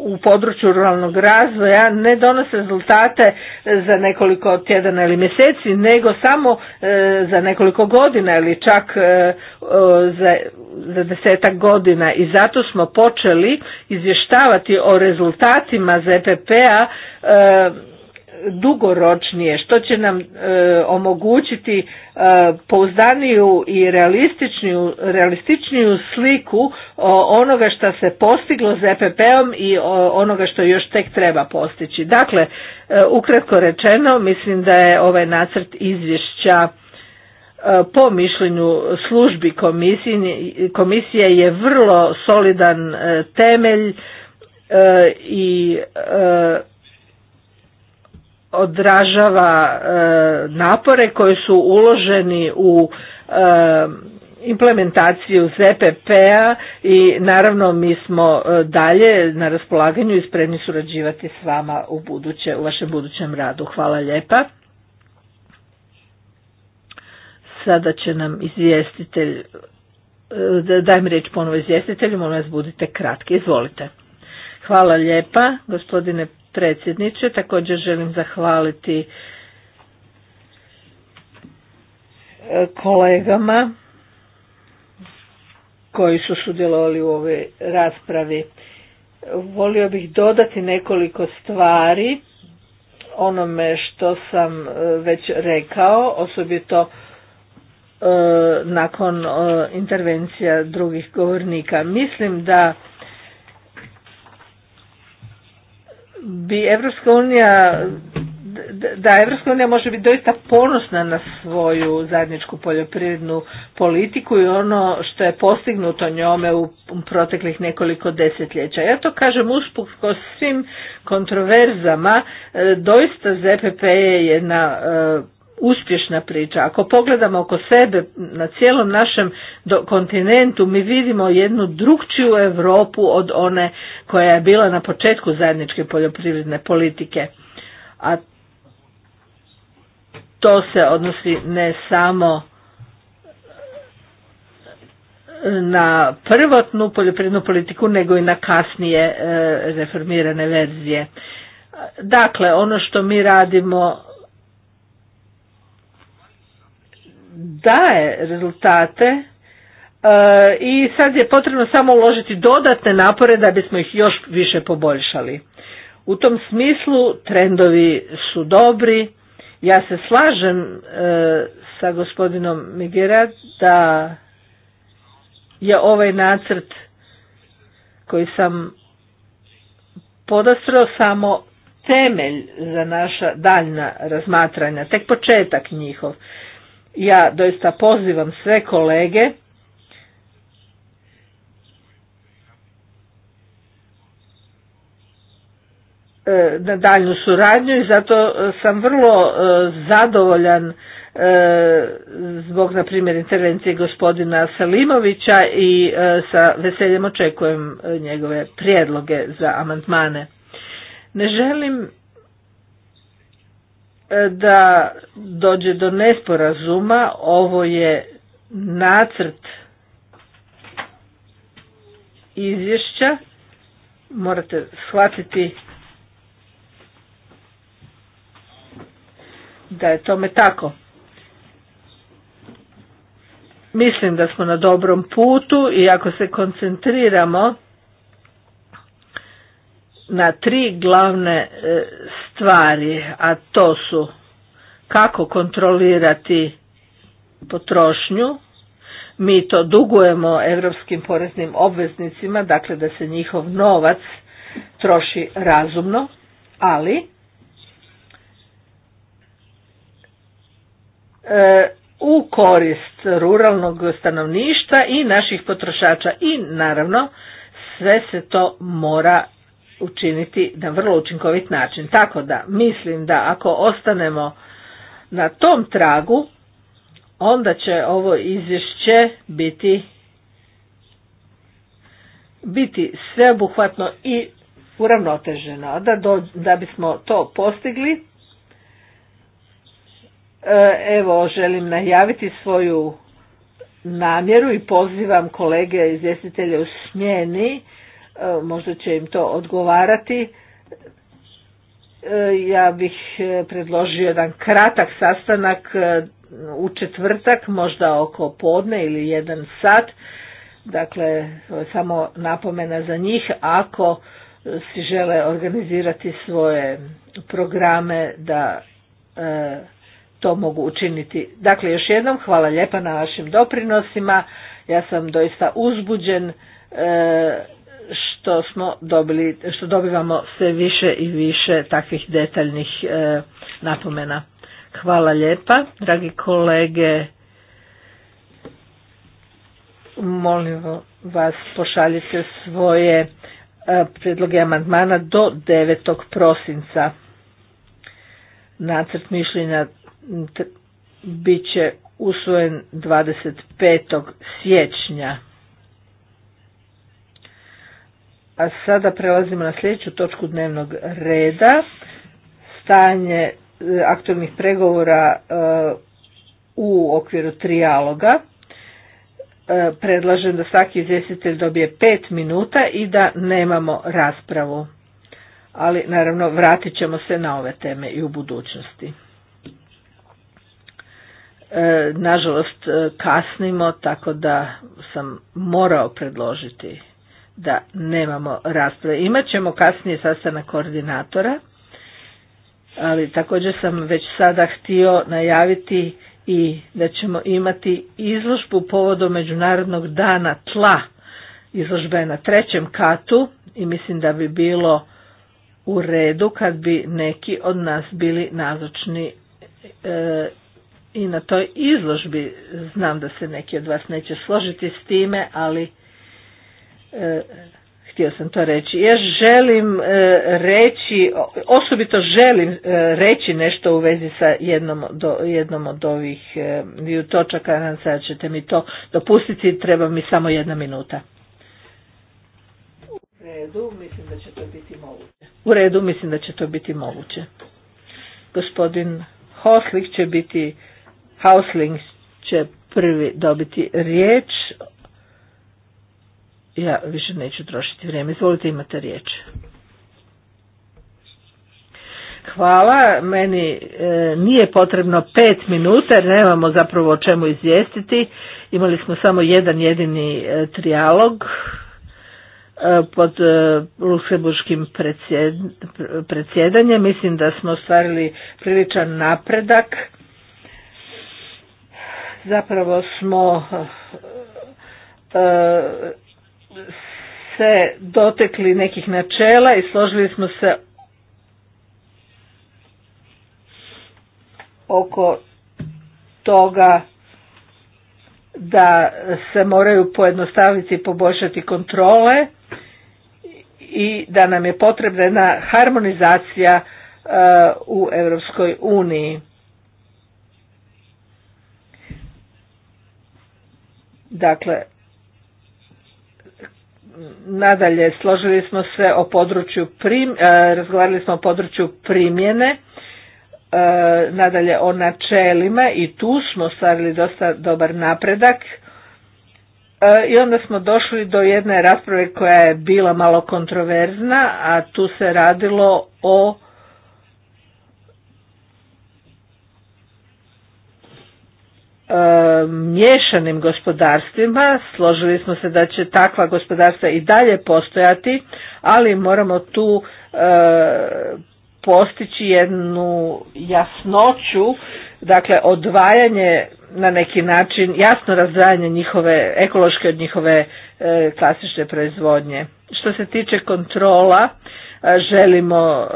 u području ruralnog razvoja ne donose rezultate za nekoliko tjedana ili mjeseci, nego samo e, za nekoliko godina ili čak za, za desetak godina. I zato smo počeli izvještavati o rezultatima ZPP-a dugoročnije, što će nam e, omogućiti e, pouzdaniju i realističniju, realističniju sliku o, e, onoga što se postiglo s EPP-om i onoga što još tek treba postići. Dakle, ukratko rečeno, mislim da je ovaj nacrt izvješća po mišljenju službi komisije, komisije je vrlo solidan temelj i odražava e, napore koji su uloženi u e, implementaciju ZPP-a i naravno mi smo e, dalje na raspolaganju i spremni surađivati s vama u, buduće, u vašem budućem radu. Hvala lijepa. Sada će nam izvjestitelj, dajem riječ ponovo izvjestitelju, molim vas budite kratki, izvolite. Hvala lijepa gospodine predsjedniče. Također želim zahvaliti e, kolegama koji su sudjelovali u ovoj raspravi. Volio bih dodati nekoliko stvari onome što sam e, već rekao, osobito e, nakon intervencija drugih govornika. Mislim da bi Evropska unija da Evropska unija može biti doista ponosna na svoju zajedničku poljoprivrednu politiku i ono što je postignuto njome u proteklih nekoliko desetljeća. Ja to kažem usprkos svim kontroverzama, e, doista ZPP je jedna e, uspješna priča. Ako pogledamo oko sebe na cijelom našem kontinentu mi vidimo jednu drugčiju Europu od one koja je bila na početku zajedničke poljoprivredne politike. A to se odnosi ne samo na prvotnu poljoprivrednu politiku nego i na kasnije e, reformirane verzije. Dakle, ono što mi radimo daje rezultate e, i sad je potrebno samo uložiti dodatne napore da bismo ih još više poboljšali. U tom smislu trendovi su dobri. Ja se slažem e, sa gospodinom Migera da je ovaj nacrt koji sam podastrao samo temelj za naša daljna razmatranja, tek početak njihov ja doista pozivam sve kolege e, na daljnju suradnju i zato e, sam vrlo e, zadovoljan zbog na primjer intervencije gospodina Salimovića i sa veseljem očekujem njegove prijedloge za amandmane. Ne želim da dođe do nesporazuma. Ovo je nacrt izvješća. Morate shvatiti da je tome tako. Mislim da smo na dobrom putu i ako se koncentriramo na tri glavne e, stvari, a to su kako kontrolirati potrošnju, mi to dugujemo europskim poreznim obveznicima, dakle da se njihov novac troši razumno, ali e, u korist ruralnog stanovništva i naših potrošača i naravno sve se to mora učiniti na vrlo učinkovit način. Tako da mislim da ako ostanemo na tom tragu, onda će ovo izvješće biti biti sveobuhvatno i uravnoteženo. Da, da bismo to postigli, e, evo želim najaviti svoju namjeru i pozivam kolege izvjestitelje u smjeni E, možda će im to odgovarati. E, ja bih e, predložio jedan kratak sastanak u četvrtak, možda oko podne ili jedan sat. Dakle, samo napomena za njih ako si žele organizirati svoje programe da to mogu učiniti. Dakle, još jednom hvala lijepa na vašim doprinosima. Ja sam doista uzbuđen što smo dobili, što dobivamo sve više i više takvih detaljnih e, napomena. Hvala lijepa, dragi kolege. Molim vas pošaljite svoje e, predloge amandmana do 9. prosinca. Nacrt mišljenja bit će usvojen 25. siječnja. A sada prelazimo na sljedeću točku dnevnog reda. Stanje e, aktualnih pregovora e, u okviru trijaloga. E, predlažem da svaki izvjestitelj dobije pet minuta i da nemamo raspravu. Ali naravno vratit ćemo se na ove teme i u budućnosti. Nažalost kasnimo tako da sam morao predložiti da nemamo rasprave. Imaćemo kasnije sastanak koordinatora, ali također sam već sada htio najaviti i da ćemo imati izložbu povodom Međunarodnog dana tla. Izložba je na trećem katu i mislim da bi bilo u redu kad bi neki od nas bili nazočni e, i na toj izložbi. Znam da se neki od vas neće složiti s time, ali E, htio sam to reći. Ja želim e, reći, osobito želim e, reći nešto u vezi sa jednom, do, jednom od ovih točaka, nadam se ćete mi to dopustiti, treba mi samo jedna minuta. U redu, mislim da će to biti moguće. U redu, mislim da će to biti moguće. Gospodin Hoslik će biti, Hausling će prvi dobiti riječ, ja više neću trošiti vrijeme. Izvolite, imate riječ. Hvala, meni e, nije potrebno pet minuta jer nemamo zapravo o čemu izvijestiti. Imali smo samo jedan jedini e, trijalog e, pod e, luksemburškim predsjedanjem. Mislim da smo ostvarili priličan napredak. Zapravo smo se dotekli nekih načela i složili smo se oko toga da se moraju pojednostaviti i poboljšati kontrole i da nam je potrebna jedna harmonizacija e, u Europskoj uniji. Dakle, nadalje složili smo se o području prim, e, razgovarali smo o području primjene e, nadalje o načelima i tu smo ostvarili dosta dobar napredak e, i onda smo došli do jedne rasprave koja je bila malo kontroverzna a tu se radilo o miješanim gospodarstvima. Složili smo se da će takva gospodarstva i dalje postojati, ali moramo tu e, postići jednu jasnoću, dakle odvajanje na neki način, jasno razdvajanje njihove, ekološke od njihove e, klasične proizvodnje. Što se tiče kontrola, e, želimo,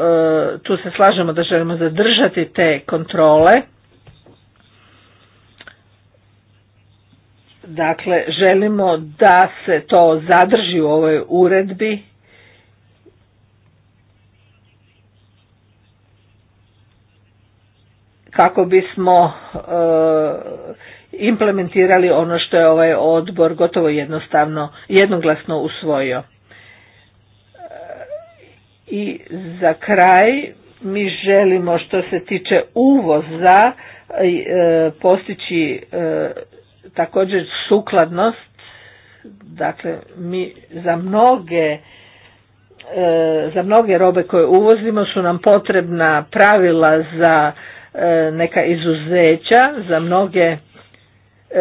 tu se slažemo da želimo zadržati te kontrole, Dakle, želimo da se to zadrži u ovoj uredbi. kako bismo e, implementirali ono što je ovaj odbor gotovo jednostavno, jednoglasno usvojio. E, I za kraj mi želimo što se tiče uvoza e, postići također sukladnost, dakle mi za mnoge e, za mnoge robe koje uvozimo su nam potrebna pravila za e, neka izuzeća, za mnoge e,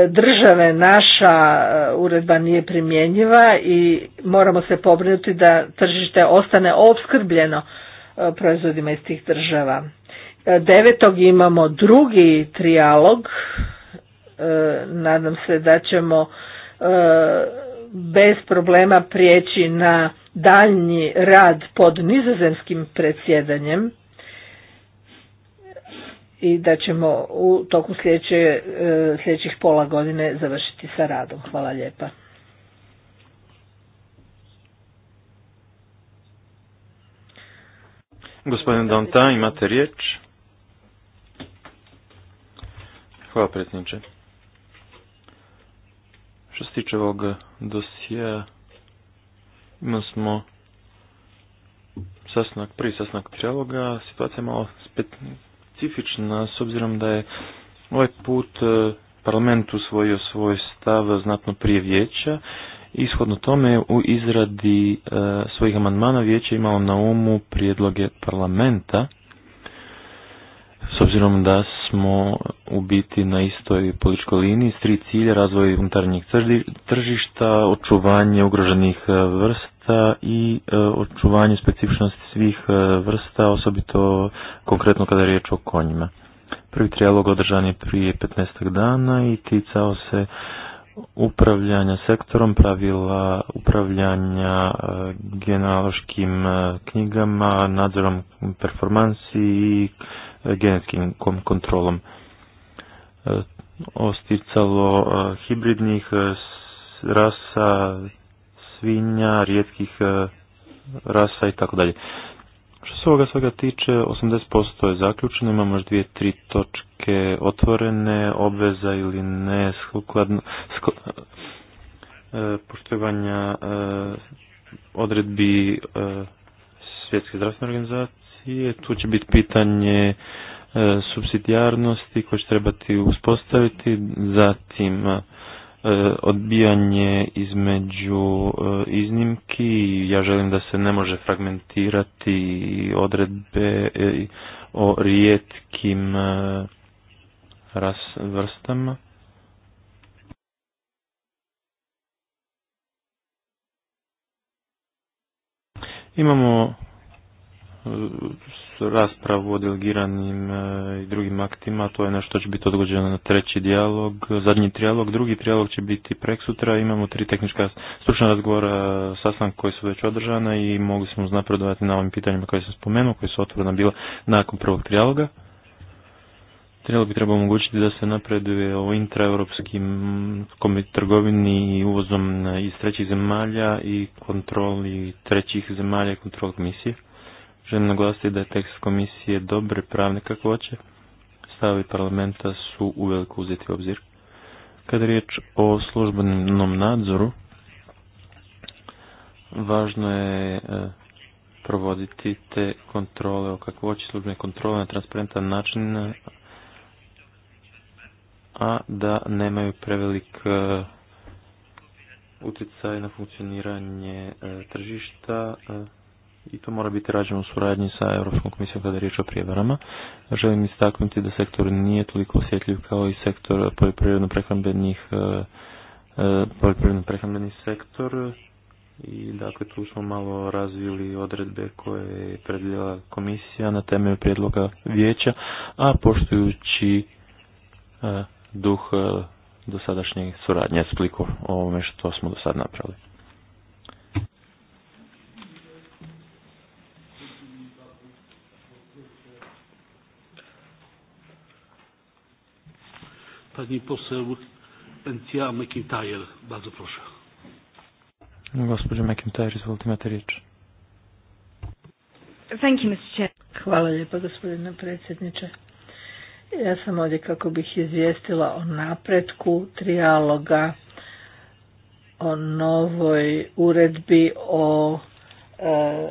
države naša uredba nije primjenjiva i moramo se pobrinuti da tržište ostane opskrbljeno proizvodima iz tih država. Devetog imamo drugi trijalog E, nadam se da ćemo e, bez problema prijeći na daljnji rad pod nizozemskim predsjedanjem i da ćemo u toku sljedeće, e, sljedećih pola godine završiti sa radom. Hvala lijepa. Gospodin Donta, imate riječ? Hvala predsjedniče. Što se tiče ovog dosija, imali smo sasnak, prvi sasnak trijaloga, situacija je malo specifična s obzirom da je ovaj put e, parlament usvojio svoj stav znatno prije vijeća Ishodno tome u izradi e, svojih amandmana vijeća imalo na umu prijedloge parlamenta s obzirom da smo u biti na istoj političkoj liniji s tri cilje, razvoj unutarnjih tržišta, očuvanje ugroženih e, vrsta i e, očuvanje specifičnosti svih e, vrsta, osobito konkretno kada je riječ o konjima. Prvi trijalog održan je prije 15. dana i ticao se upravljanja sektorom, pravila upravljanja genealoškim knjigama, nadzorom performansi i genetskim kontrolom. E, osticalo e, hibridnih e, rasa svinja, rijetkih rasa i tako dalje. Što se ovoga svega tiče, 80% je zaključeno, imamo još dvije, tri točke otvorene, obveza ili ne, skladno, poštovanja odredbi svjetske zdravstvene organizacije, i Tu će biti pitanje e, subsidijarnosti koje će trebati uspostaviti, zatim e, odbijanje između e, iznimki. Ja želim da se ne može fragmentirati odredbe o rijetkim ras, vrstama. Imamo raspravu o delegiranim e, i drugim aktima, to je nešto će biti odgođeno na treći dijalog, zadnji trijalog, drugi trijalog će biti preksutra, imamo tri tehnička stručna razgovora, sastanka koji su već održane i mogli smo uznapredovati na ovim pitanjima koje sam spomenuo, koje su otvorena bila nakon prvog trijaloga. Trijalog bi trebao omogućiti da se napreduje o intraeuropskim trgovini i uvozom iz trećih zemalja i kontroli trećih zemalja i kontroli komisije. Želim naglasiti da je tekst komisije dobre pravne kakvoće. Stavi parlamenta su uveliko uzeti u obzir. Kada je riječ o službenom nadzoru, važno je e, provoditi te kontrole o kakvoći službene kontrole na transparentan način, a da nemaju prevelik e, utjecaj na funkcioniranje e, tržišta i to mora biti rađeno u suradnji sa Europskom komisijom kada je riječ o prijevarama. Želim istaknuti da sektor nije toliko osjetljiv kao i sektor poljoprivredno-prehrambenih e, e, poljoprivredno-prehrambeni sektor i dakle tu smo malo razvili odredbe koje je predvidjela komisija na temelju prijedloga vijeća, a poštujući e, duh dosadašnje suradnje s o ovome što smo do sad napravili. Pani poseł Encia McIntyre, bardzo proszę. Gospodin McIntyre, izvolite imate riječ. Thank you, Mr. Chair. Hvala lijepa gospodine predsjedniče. Ja sam ovdje kako bih izvijestila o napretku trijaloga o novoj uredbi o e,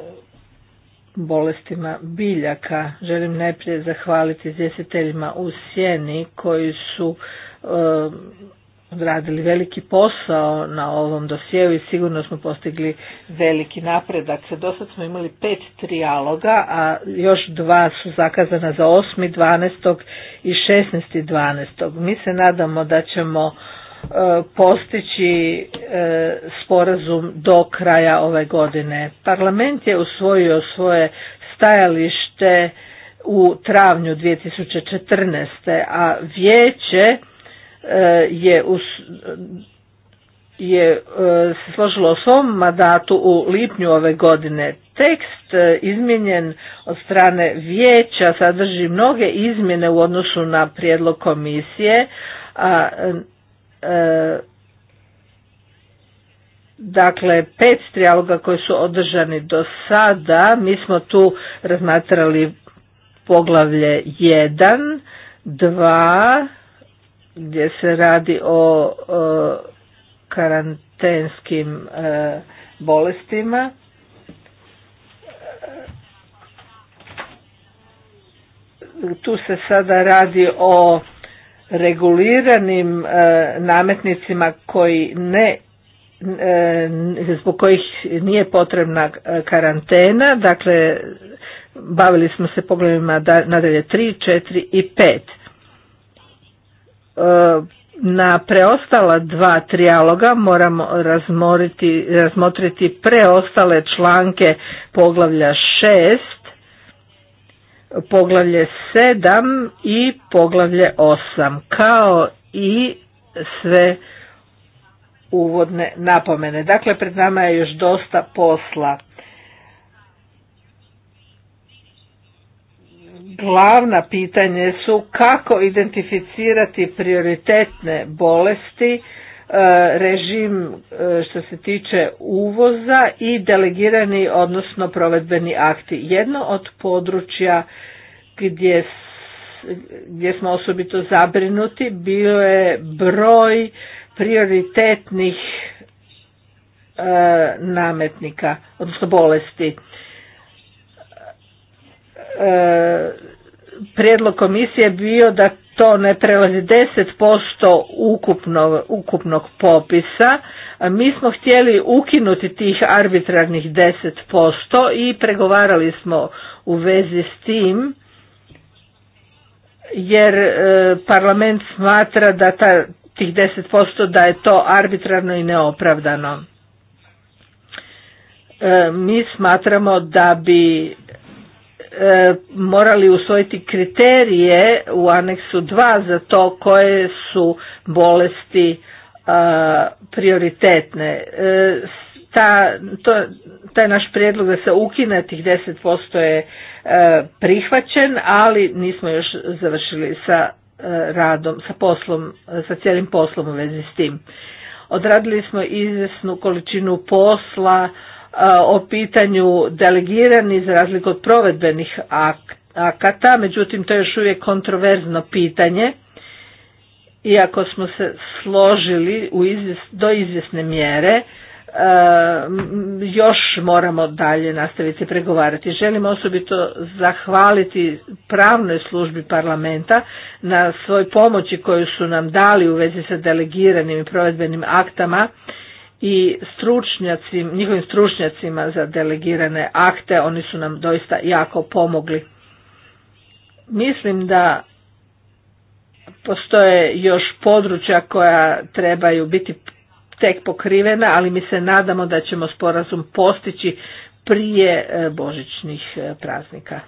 bolestima biljaka. Želim najprije zahvaliti izvjestiteljima u Sjeni koji su um, radili veliki posao na ovom dosjeu i sigurno smo postigli veliki napredak. Do sad smo imali pet trijaloga, a još dva su zakazana za 8.12. i 16.12. Mi se nadamo da ćemo postići e, sporazum do kraja ove godine. Parlament je usvojio svoje stajalište u travnju 2014. a vijeće e, je je e, se složilo o svom mandatu u lipnju ove godine. Tekst izmijenjen od strane vijeća sadrži mnoge izmjene u odnosu na prijedlog komisije, a E, dakle, pet strijaloga koji su održani do sada, mi smo tu razmatrali poglavlje 1, 2, gdje se radi o, karantenskim e, bolestima. E, tu se sada radi o reguliranim e, nametnicima koji ne e, zbog kojih nije potrebna e, karantena, dakle bavili smo se poglavima nadalje 3, 4 i 5. Na preostala dva trijaloga moramo razmotriti preostale članke poglavlja 6 poglavlje 7 i poglavlje 8 kao i sve uvodne napomene. Dakle, pred nama je još dosta posla. Glavna pitanje su kako identificirati prioritetne bolesti, E, režim e, što se tiče uvoza i delegirani odnosno provedbeni akti. Jedno od područja gdje, gdje smo osobito zabrinuti bio je broj prioritetnih e, nametnika, odnosno bolesti. E, prijedlog komisije bio da to ne prelazi 10% ukupno, ukupnog popisa. Mi smo htjeli ukinuti tih arbitrarnih 10% i pregovarali smo u vezi s tim jer e, parlament smatra da ta, tih 10% da je to arbitrarno i neopravdano. E, mi smatramo da bi E, morali usvojiti kriterije u aneksu 2 za to koje su bolesti e, prioritetne. E, ta, to, taj naš prijedlog da se ukine tih 10% je prihvaćen, ali nismo još završili sa radom, sa poslom, sa cijelim poslom u vezi s tim. Odradili smo izvjesnu količinu posla o pitanju delegirani za razliku od provedbenih akata, međutim to je još uvijek kontroverzno pitanje, iako smo se složili u izvjes, do izvjesne mjere, još moramo dalje nastaviti pregovarati. Želim osobito zahvaliti pravnoj službi parlamenta na svoj pomoći koju su nam dali u vezi sa delegiranim i provedbenim aktama i stručnjacim, njihovim stručnjacima za delegirane akte, oni su nam doista jako pomogli. Mislim da postoje još područja koja trebaju biti tek pokrivena, ali mi se nadamo da ćemo sporazum postići prije e, božićnih e, praznika.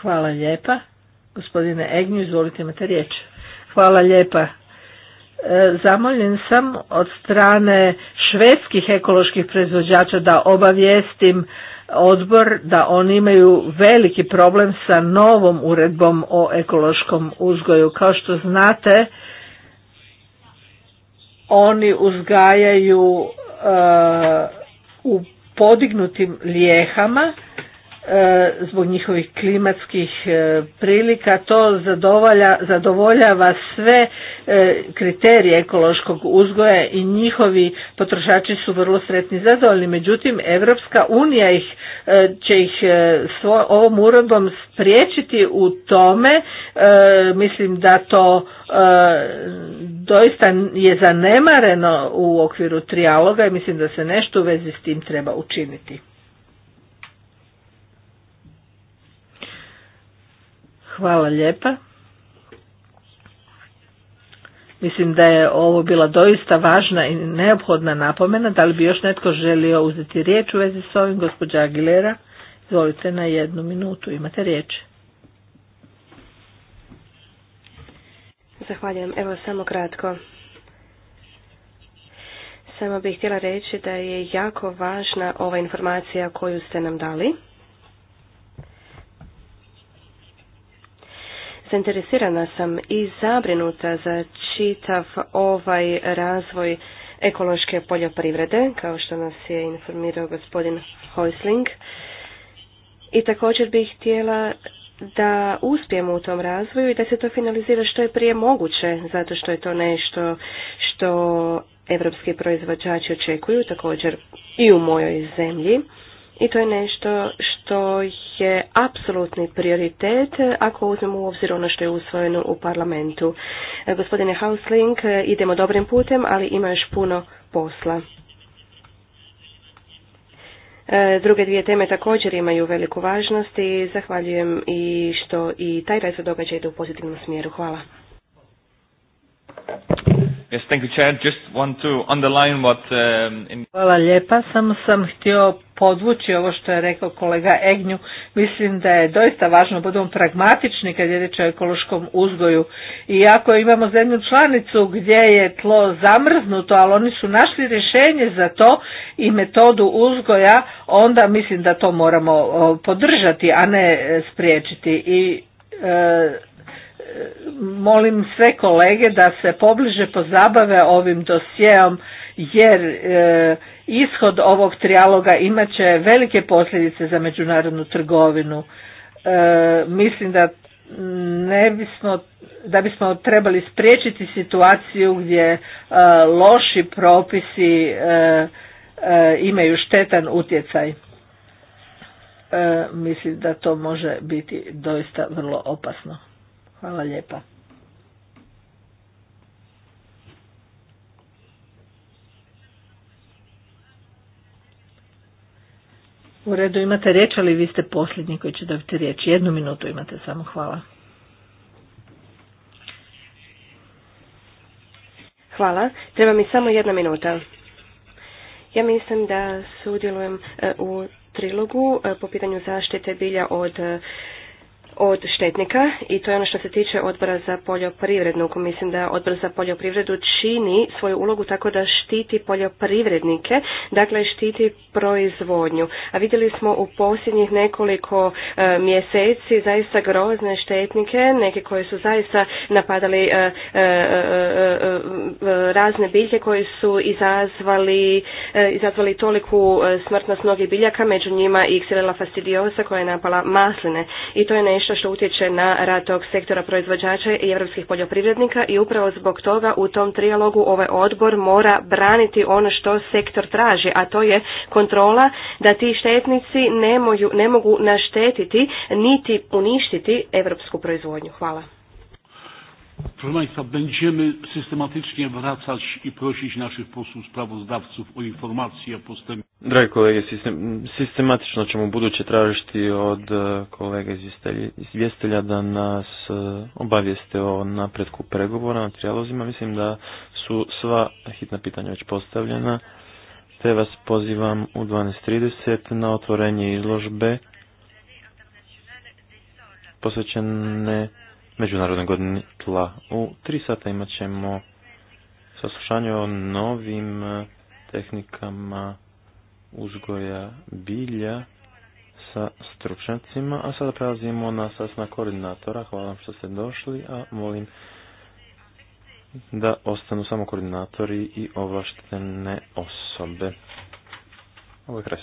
Hvala lijepa. Gospodine Egnju, izvolite imate riječ. Hvala lijepa. E, zamoljen sam od strane švedskih ekoloških proizvođača da obavijestim odbor da oni imaju veliki problem sa novom uredbom o ekološkom uzgoju. Kao što znate, oni uzgajaju e, u podignutim lijehama E, zbog njihovih klimatskih e, prilika to zadovoljava sve e, kriterije ekološkog uzgoja i njihovi potrošači su vrlo sretni zadovoljni. Međutim, Evropska unija ih, će ih svoj, ovom uredbom spriječiti u tome. Mislim da to doista je zanemareno u okviru trijaloga i mislim da se nešto u vezi s tim treba učiniti. Hvala lijepa. Mislim da je ovo bila doista važna i neophodna napomena. Da li bi još netko želio uzeti riječ u vezi s ovim, gospođa Aguilera? Izvolite na jednu minutu, imate riječ. Zahvaljujem. Evo samo kratko. Samo bih htjela reći da je jako važna ova informacija koju ste nam dali. Zainteresirana sam i zabrinuta za čitav ovaj razvoj ekološke poljoprivrede, kao što nas je informirao gospodin Hojsling. I također bih htjela da uspijemo u tom razvoju i da se to finalizira što je prije moguće, zato što je to nešto što evropski proizvođači očekuju također i u mojoj zemlji i to je nešto što je apsolutni prioritet ako uzmemo u obzir ono što je usvojeno u parlamentu. E, gospodine Hausling, idemo dobrim putem, ali ima još puno posla. E, druge dvije teme također imaju veliku važnost i zahvaljujem i što i taj razvoj događa ide u pozitivnom smjeru. Hvala. Yes, thank you, um, Hvala lijepa. Samo sam htio podvući ovo što je rekao kolega Egnju. Mislim da je doista važno budemo pragmatični kad je riječ o ekološkom uzgoju. I ako imamo zemlju članicu gdje je tlo zamrznuto, ali oni su našli rješenje za to i metodu uzgoja, onda mislim da to moramo podržati, a ne e, spriječiti. I e, molim sve kolege da se pobliže pozabave ovim dosjeom jer e, ishod ovog trijaloga imat će velike posljedice za međunarodnu trgovinu. E, mislim da ne bismo, da bismo trebali spriječiti situaciju gdje e, loši propisi imaju štetan utjecaj. Mislim da to može biti doista vrlo opasno. Hvala lijepa. U redu imate riječ, ali vi ste posljednji koji će dobiti riječ. Jednu minutu imate samo, hvala. Hvala, treba mi samo jedna minuta. Ja mislim da sudjelujem e, u trilogu e, po pitanju zaštite bilja od e, od štetnika i to je ono što se tiče odbora za poljoprivrednu. Mislim da odbor za poljoprivredu čini svoju ulogu tako da štiti poljoprivrednike, dakle štiti proizvodnju. A vidjeli smo u posljednjih nekoliko e, mjeseci zaista grozne štetnike, neke koje su zaista napadali e, e, razne biljke koji su izazvali, izazvali toliku smrtnost mnogih biljaka, među njima i xylella fastidiosa koja je napala masline. I to je nešto što utječe na rad tog sektora proizvođača i europskih poljoprivrednika i upravo zbog toga u tom trialogu ovaj odbor mora braniti ono što sektor traži, a to je kontrola da ti štetnici ne, ne mogu naštetiti niti uništiti europsku proizvodnju. Hvala. Proszę Państwa, będziemy systematycznie wracać i prosić naszych posłów sprawozdawców o informacje o postępie. Drogi kolege, sistem, sistematično ćemo buduće tražiti od e, kolega izvjestelja da nas e, obavijeste o napretku pregovora na trijalozima. Mislim da su sva hitna pitanja već postavljena, te vas pozivam u 12.30 na otvorenje izložbe posvećene Međunarodne godine tla. U tri sata imat ćemo saslušanje o novim e, tehnikama uzgoja bilja sa stručnjacima, a sada prelazimo na sastanak koordinatora. Hvala vam što ste došli, a molim da ostanu samo koordinatori i ovlaštene osobe. Ovo je